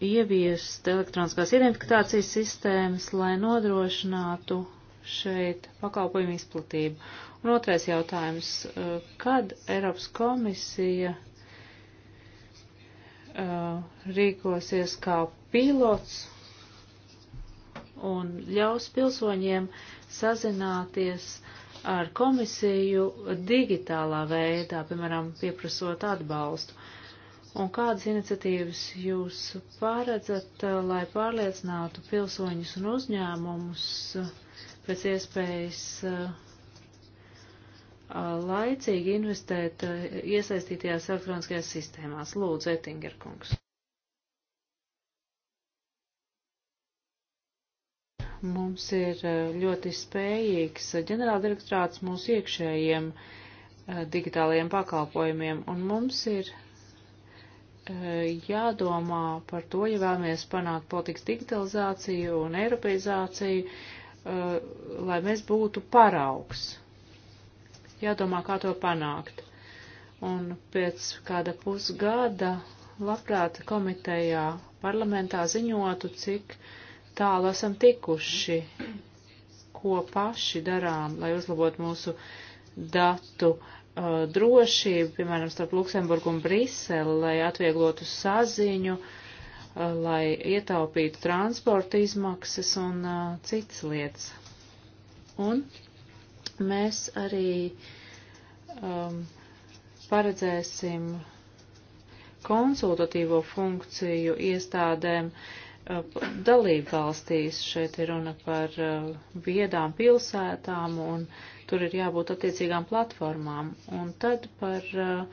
ieviest elektroniskās identifikācijas sistēmas, lai nodrošinātu šeit pakalpojumu izplatību? Un otrais jautājums, kad Eiropas komisija uh, rīkosies kā pilots un ļaus pilsoņiem sazināties ar komisiju digitālā veidā, piemēram, pieprasot atbalstu. Un kādas iniciatīvas jūs pāredzat, eh, lai pārliecinātu pilsoņus un uzņēmumus eh, pēc iespējas eh, laicīgi investēt iesaistītajās elektroniskajās sistēmās? Lūdzu, Etingerkungs. mums ir eh, ļoti spējīgs ģenerāldirektorāts mūsu iekšējiem eh, digitālajiem pakalpojumiem, un mums ir eh, jādomā par to, ja vēlamies panākt politikas digitalizāciju un eiropeizāciju, lai mēs būtu paraugs. Jādomā, kā to panākt. Un pēc kāda pusgada labprāt komitejā parlamentā ziņotu, cik uh, tālu esam tikuši, ko paši darām, lai uzlabot mūsu datu uh, drošību, piemēram, starp Luksemburgu un Briseli, lai atvieglotu saziņu, uh, lai ietaupītu transporta izmaksas un uh, citas lietas. Un mēs arī um, paredzēsim konsultatīvo funkciju iestādēm uh, dalību valstīs. Šeit ir runa par uh, viedām pilsētām un tur ir jābūt attiecīgām platformām. Un tad par uh,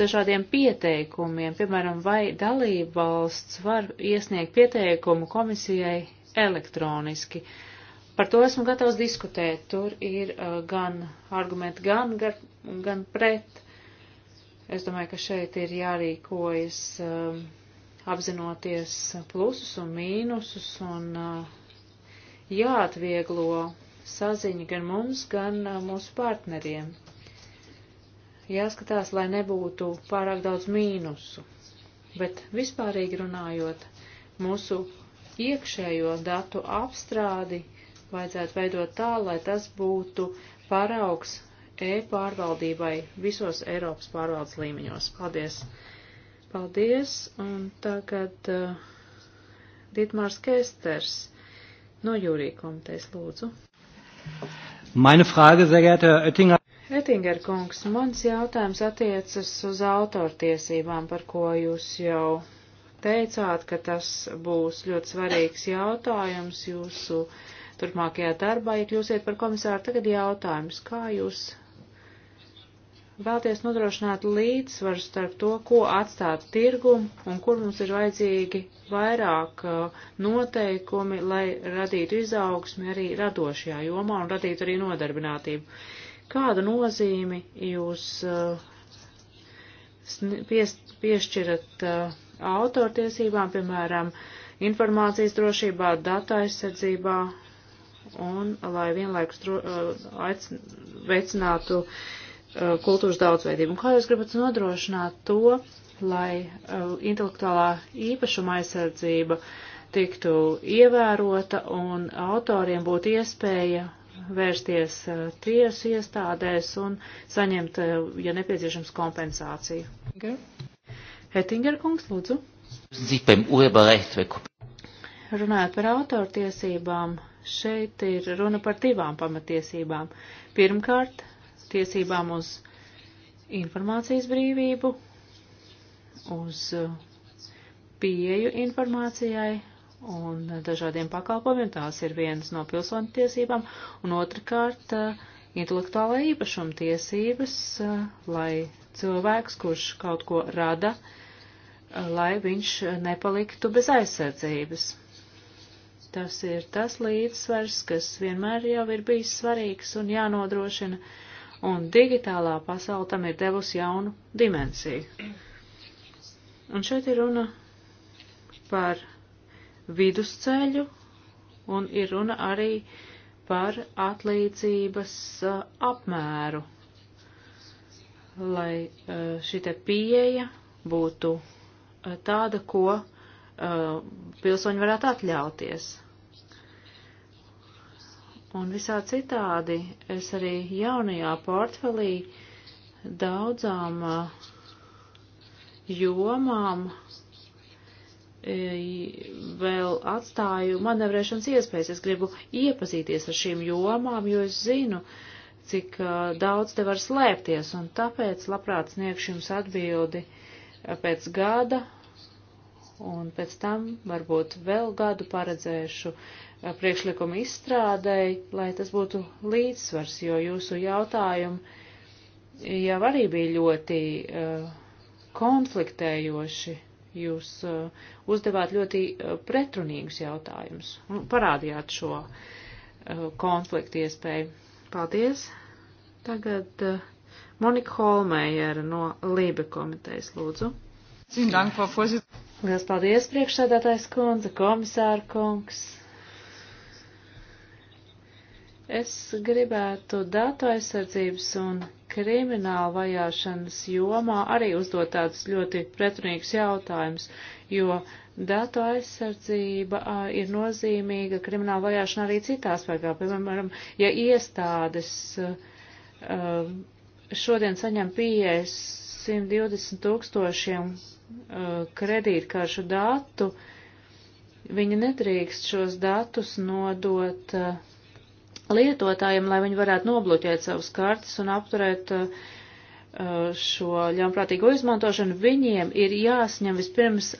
dažādiem pieteikumiem, piemēram, vai dalību valsts var iesniegt pieteikumu komisijai elektroniski. Par to esmu gatavs diskutēt. Tur ir uh, gan argumenti, gan, gan pret. Es domāju, ka šeit ir jārīkojas. Um, apzinoties plusus un mīnusus un jāatvieglo saziņa gan mums, gan mūsu partneriem. Jāskatās, lai nebūtu pārāk daudz mīnusu, bet vispārīgi runājot, mūsu iekšējo datu apstrādi vajadzētu veidot tā, lai tas būtu paraugs e-pārvaldībai visos Eiropas pārvaldes līmeņos. Paldies! Paldies, un tagad uh, Dietmārs Kēsters no jūrija komitejas lūdzu. Meine Frage, sehr geehrter Herr Oettinger. Oettinger kungs, mans jautājums attiecas uz autortiesībām, par ko jūs jau teicāt, ka tas būs ļoti svarīgs jautājums jūsu turpmākajā darbā, ja kļūsiet par komisāru. Tagad jautājums, kā jūs vēlties nodrošināt līdzsvaru starp to, ko atstāt tirgumu un kur mums ir vajadzīgi vairāk uh, noteikumi, lai radītu izaugsmi arī radošajā jomā un radītu arī nodarbinātību. Kādu nozīmi jūs uh, piešķirat uh, autortiesībām, piemēram, informācijas drošībā, datu aizsardzībā un lai vienlaikus dro, aic, veicinātu uh, Uh, kultūras daudzveidību. Un kā jūs gribat nodrošināt to, lai uh, intelektuālā īpašuma aizsardzība tiktu ievērota un autoriem būtu iespēja vērsties uh, tiesu iestādēs un saņemt, ja nepieciešams, kompensāciju. Hettinger kungs, lūdzu. Runājot par autortiesībām, šeit ir runa par divām pamatiesībām. Pirmkārt, tiesībām uz informācijas brīvību, uz uh, pieju informācijai un dažādiem pakalpojumiem. Tās ir vienas no pilsoņu tiesībām. Un otrkārt, uh, intelektuālā īpašuma tiesības, uh, lai cilvēks, kurš kaut ko rada, lai viņš nepaliktu bez aizsardzības. Tas ir tas līdzsvars, kas vienmēr jau ir bijis svarīgs un jānodrošina un digitālā pasaule tam ir devusi jaunu dimensiju. Un šeit ir runa par vidusceļu, un ir runa arī par atlīdzības uh, apmēru, lai uh, šī te pieeja būtu uh, tāda, ko uh, pilsoņi varētu atļauties un visā citādi. Es arī jaunajā portfelī daudzām eh, jomām eh, vēl atstāju manevrēšanas iespējas. Es gribu iepazīties ar šīm jomām, jo es zinu, cik eh, daudz te var slēpties, un tāpēc labprāt sniegšu jums atbildi pēc gada, un pēc tam varbūt vēl gadu paredzēšu Eh, priekšlikuma izstrādēji, lai tas būtu līdzsvars, jo jūsu jautājumi jau arī bija ļoti uh, konfliktējoši. Jūs uh, uzdevāt ļoti uh, pretrunīgus jautājumus un parādījāt šo konfliktu iespēju. Paldies! Tagad Monika Holmējera no Lībe komitejas lūdzu. Liels paldies, priekšsēdētājs kundze, komisāra kungs! Es gribētu datu aizsardzības un krimināla vajāšanas jomā arī uzdot tādus ļoti pretrunīgus jautājumus, jo datu aizsardzība ir nozīmīga krimināla vajāšana arī citās vajā. Piemēram, ja iestādes šodien saņem pieejas 120 tūkstošiem kredītkaršu datu, viņi nedrīkst šos datus nodot uh, lietotājiem, lai viņi varētu nobloķēt savus kartes un apturēt uh, uh šo ļaunprātīgo izmantošanu, viņiem ir jāsņem vispirms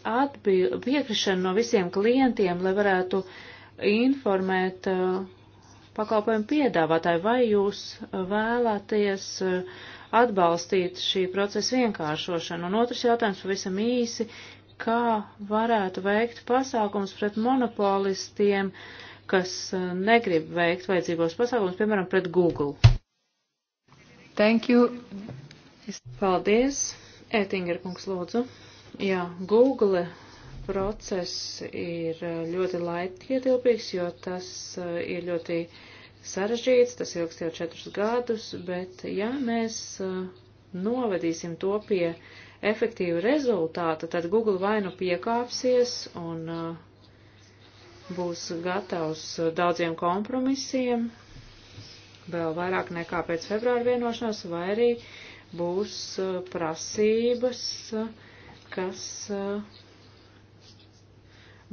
piekrišana no visiem klientiem, lai varētu informēt uh, pakalpojumu piedāvātāju, vai jūs uh, vēlaties uh, atbalstīt šī procesa vienkāršošanu. Un otrs jautājums pavisam īsi, kā varētu veikt pasākums pret monopolistiem, uh, kas eh, negrib veikt vajadzīgos pasākumus, piemēram, pret Google. Thank you. Paldies. Ētinger kungs lūdzu. Jā, Google process ir eh, ļoti laikietilpīgs, jo tas eh, ir ļoti sarežģīts, tas ilgst jau četrus gadus, bet ja mēs novedīsim to pie efektīva rezultāta, tad Google vainu piekāpsies un uh, būs gatavs daudziem kompromisiem, vēl vairāk nekā pēc februāra vienošanās, vai arī būs uh, prasības, uh, kas uh,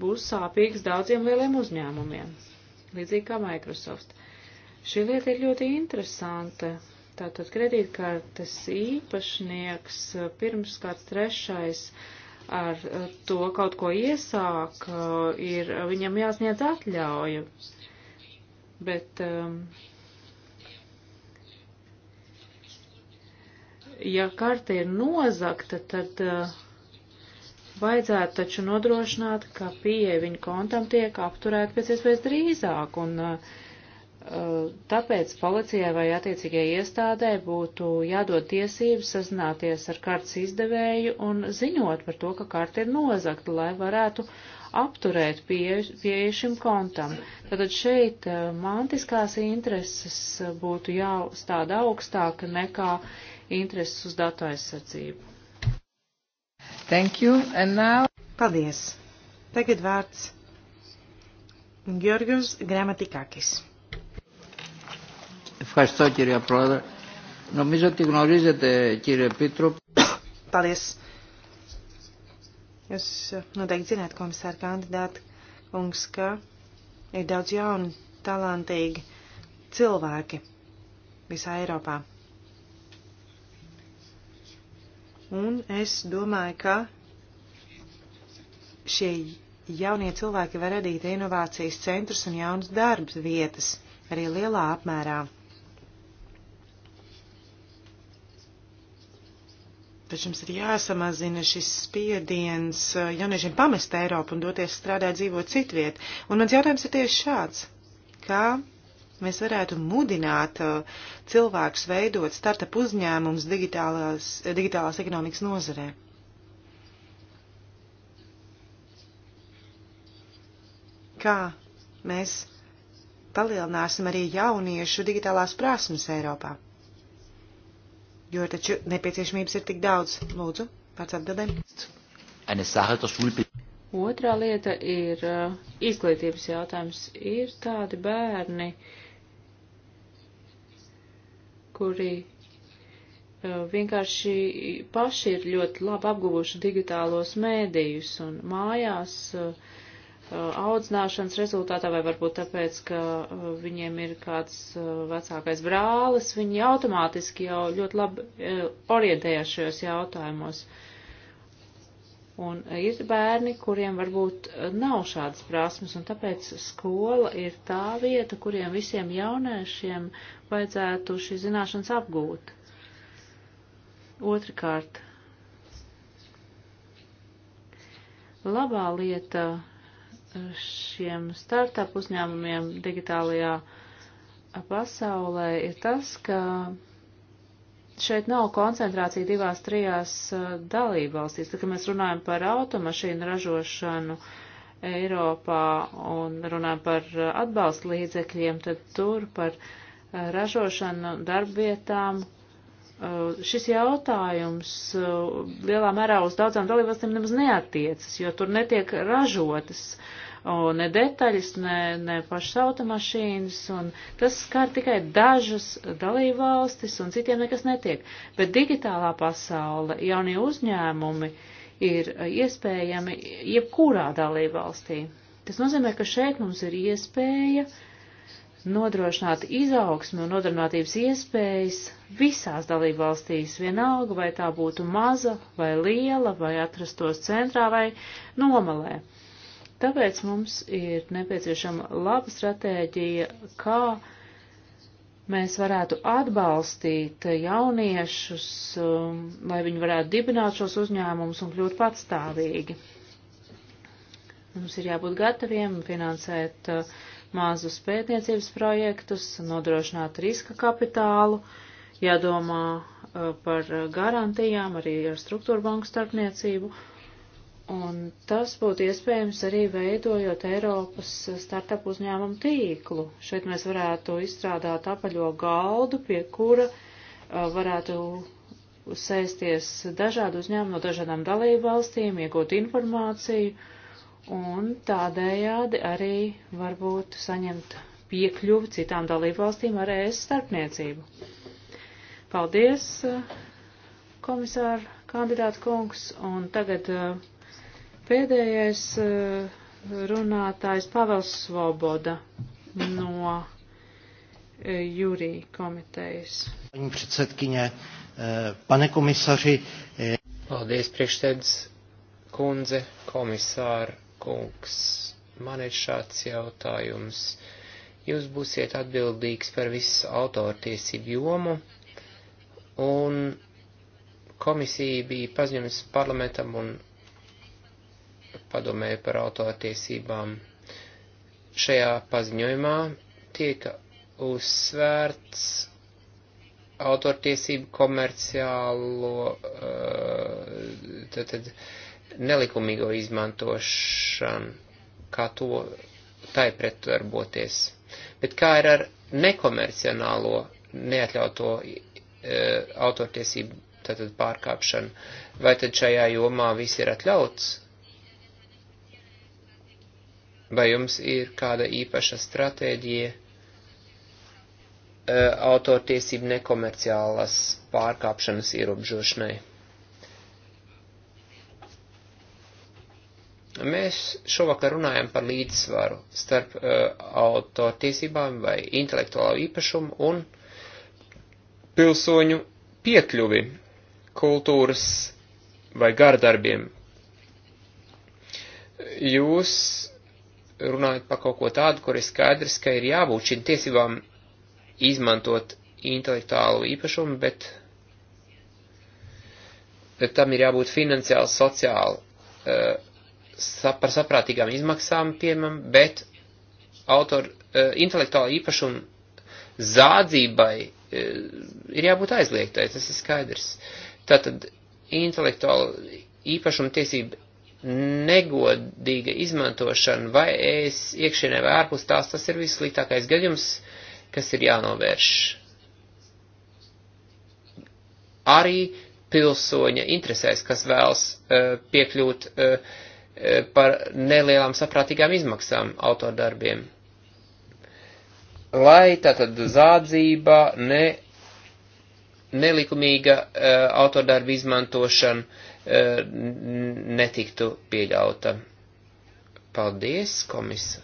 būs sāpīgas daudziem lieliem uzņēmumiem, līdzīgi kā Microsoft. Šī lieta ir ļoti interesanta. Tātad kredītkartes īpašnieks pirms kāds trešais uh, ar eh, to kaut ko iesāk, eh, ir eh, viņam jāsniedz atļauju. Bet, ehm, ja karte ir nozakta, tad vajadzētu taču nodrošināt, ka pieeja viņa kontam tiek apturēta pēc iespējas drīzāk. Un, uh, Tāpēc policijai vai attiecīgajai iestādē būtu jādod tiesības sazināties ar kartes izdevēju un ziņot par to, ka karte ir nozagta, lai varētu apturēt pieeju pie šim kontam. Tātad šeit eh, mantiskās intereses būtu jāstāda augstāk nekā intereses uz datu aizsardzību. Thank you, and now... Paldies. Tagad vārds Georgios Gramatikakis. Ευχαριστώ κυρία Πρόεδρε. Νομίζω ότι γνωρίζετε κύριε Επίτροπο. Paldies. Jūs noteikti zināt, komisāra kandidāti, kungs, ka ir daudz jauni, talantīgi cilvēki visā Eiropā. Un es domāju, ka šie jaunie cilvēki var radīt inovācijas centrus un jaunas darbas vietas arī lielā apmērā. Taču mums ir jāsamazina šis spiediens eh, jauniešiem pamest Eiropu un doties strādāt, dzīvot citviet. Un mans jautājums ir tieši šāds. Kā mēs varētu mudināt eh, cilvēkus veidot startup uzņēmums digitālās, eh, digitālās ekonomikas nozarē? Kā mēs palielināsim arī jauniešu digitālās prasmes Eiropā? jo taču nepieciešamības ir tik daudz. Lūdzu, pārts atbildēm. Otrā lieta ir uh, izglītības jautājums. Ir tādi bērni, kuri uh, vienkārši paši ir ļoti labi apguvuši digitālos mēdījus un mājās uh, Uh, audzināšanas rezultātā, vai varbūt tāpēc, ka uh, viņiem ir kāds uh, vecākais brālis, viņi automātiski jau ļoti labi orientējās šajos jautājumos. Un ir bērni, kuriem varbūt nav šādas prasmes, un tāpēc skola ir tā vieta, kuriem visiem jauniešiem vajadzētu šīs zināšanas apgūt. Otrakārt, labā lieta šiem startup uzņēmumiem digitālajā pasaulē ir tas, ka šeit nav koncentrācija divās, trijās uh, dalībvalstīs. Tad, kad mēs runājam par automašīnu ražošanu Eiropā un runājam par uh, atbalstu līdzekļiem, tad tur par uh, ražošanu darbvietām šis jautājums lielā mērā uz daudzām dalībvalstīm nemaz neatiecas, jo tur netiek ražotas uh, un ne detaļas, ne, ne pašas automašīnas, un tas skar tikai dažas dalībvalstis, un citiem nekas netiek. Bet digitālā pasaule, jaunie uzņēmumi ir iespējami jebkurā dalībvalstī. Tas nozīmē, ka šeit mums ir iespēja nodrošināt izaugsmi un nodarbinātības iespējas visās dalībvalstīs, vienalga vai tā būtu maza vai liela, vai atrastos centrā vai nomalē. Uh, Tāpēc mums ir nepieciešama laba stratēģija, kā mēs varētu atbalstīt jauniešus, um, lai viņi varētu dibināt šos uzņēmumus un kļūt patstāvīgi. Mums ir jābūt gataviem finansēt uh, mazus pētniecības projektus, nodrošināt riska kapitālu, jādomā uh, par garantijām arī ar struktūra banku starpniecību Un tas būtu iespējams arī veidojot Eiropas startup uzņēmumu tīklu. Šeit mēs varētu izstrādāt apaļo galdu, pie kura uh, varētu sēsties dažādu uzņēmumu no dažādām dalību valstīm, iegūt informāciju un tādējādi arī varbūt saņemt piekļuvi citām dalību valstīm ar ES starpniecību. Paldies, uh, komisāra kandidāta kungs, un tagad uh, Pēdējais eh, runātājs Pavels Svoboda no eh, Jurī komitejas. Paņu predsedkiņē, eh, pane komisāri. Paldies, priekšsēdz kundze, komisāra kungs. Man ir šāds jautājums. Jūs būsiet atbildīgs par visu autortiesību jomu, un komisija bija paziņojusi parlamentam un padomē par autortiesībām. Šajā paziņojumā tiek uzsvērts autortiesību komerciālo, eh, tad, tad nelikumīgo izmantošanu, kā to tai pretdarboties. Bet kā ir ar nekomercionālo, neatļauto e, autortiesību tātad pārkāpšanu? Vai tad šajā jomā viss ir atļauts? Vai jums ir kāda īpaša stratēģija eh, autortiesību nekomerciālas pārkāpšanas ierobežošanai? Mēs šovakar runājam par līdzsvaru starp uh, autortiesībām vai intelektuālo īpašumu un pilsoņu piekļuvi kultūras vai gardarbiem. Jūs runājat par kaut ko tādu, kur ir skaidrs, ka ir jābūt šīm tiesībām izmantot intelektuālu īpašumu, bet, bet tam ir jābūt finansiāli, sociāli, uh, par saprātīgām izmaksām piemēram, bet autor uh, intelektuāla īpašuma zādzībai uh, ir jābūt aizliegtai, tas ir skaidrs. Tātad intelektuāla īpašuma tiesība negodīga izmantošana vai es iekšienē vai ārpus tās, tas ir vissliktākais gadījums, kas ir jānovērš. Arī pilsoņa interesēs, kas vēlas uh, piekļūt uh, par nelielām saprātīgām izmaksām autodarbiem. Lai tātad zādzība, ne, nelikumīga uh, autodarba izmantošana, E, netiktu pieļauta. Paldies, komisār!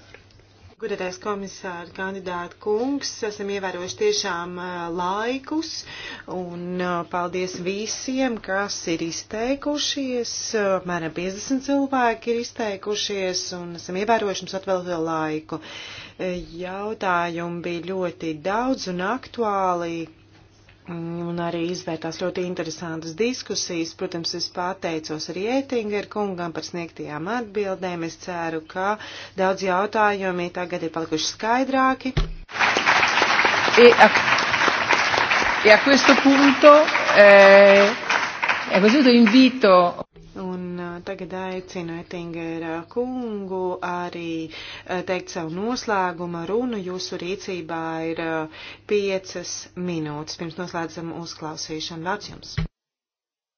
Gudētais komisāra kandidāta kungs, esam ievērojuši tiešām e, laikus un e, paldies visiem, kas ir izteikušies. Apmēram 50 cilvēki ir izteikušies un esam ievērojuši mums atvēl vēl laiku. Jautājumi bija ļoti daudz un aktuāli Mm, un arī izvērtās ļoti interesantas diskusijas. Protams, es pateicos arī Ētingeru kungam par sniegtajām atbildēm. Es ceru, ka daudz jautājumi tagad ir palikuši skaidrāki. E a, e a questo punto eh, è questo invito. Un tagad aicinu Ettingera kungu arī teikt savu noslēguma runu. Jūsu rīcībā ir piecas minūtes. Pirms noslēdzam uzklausīšanu. Vārds jums!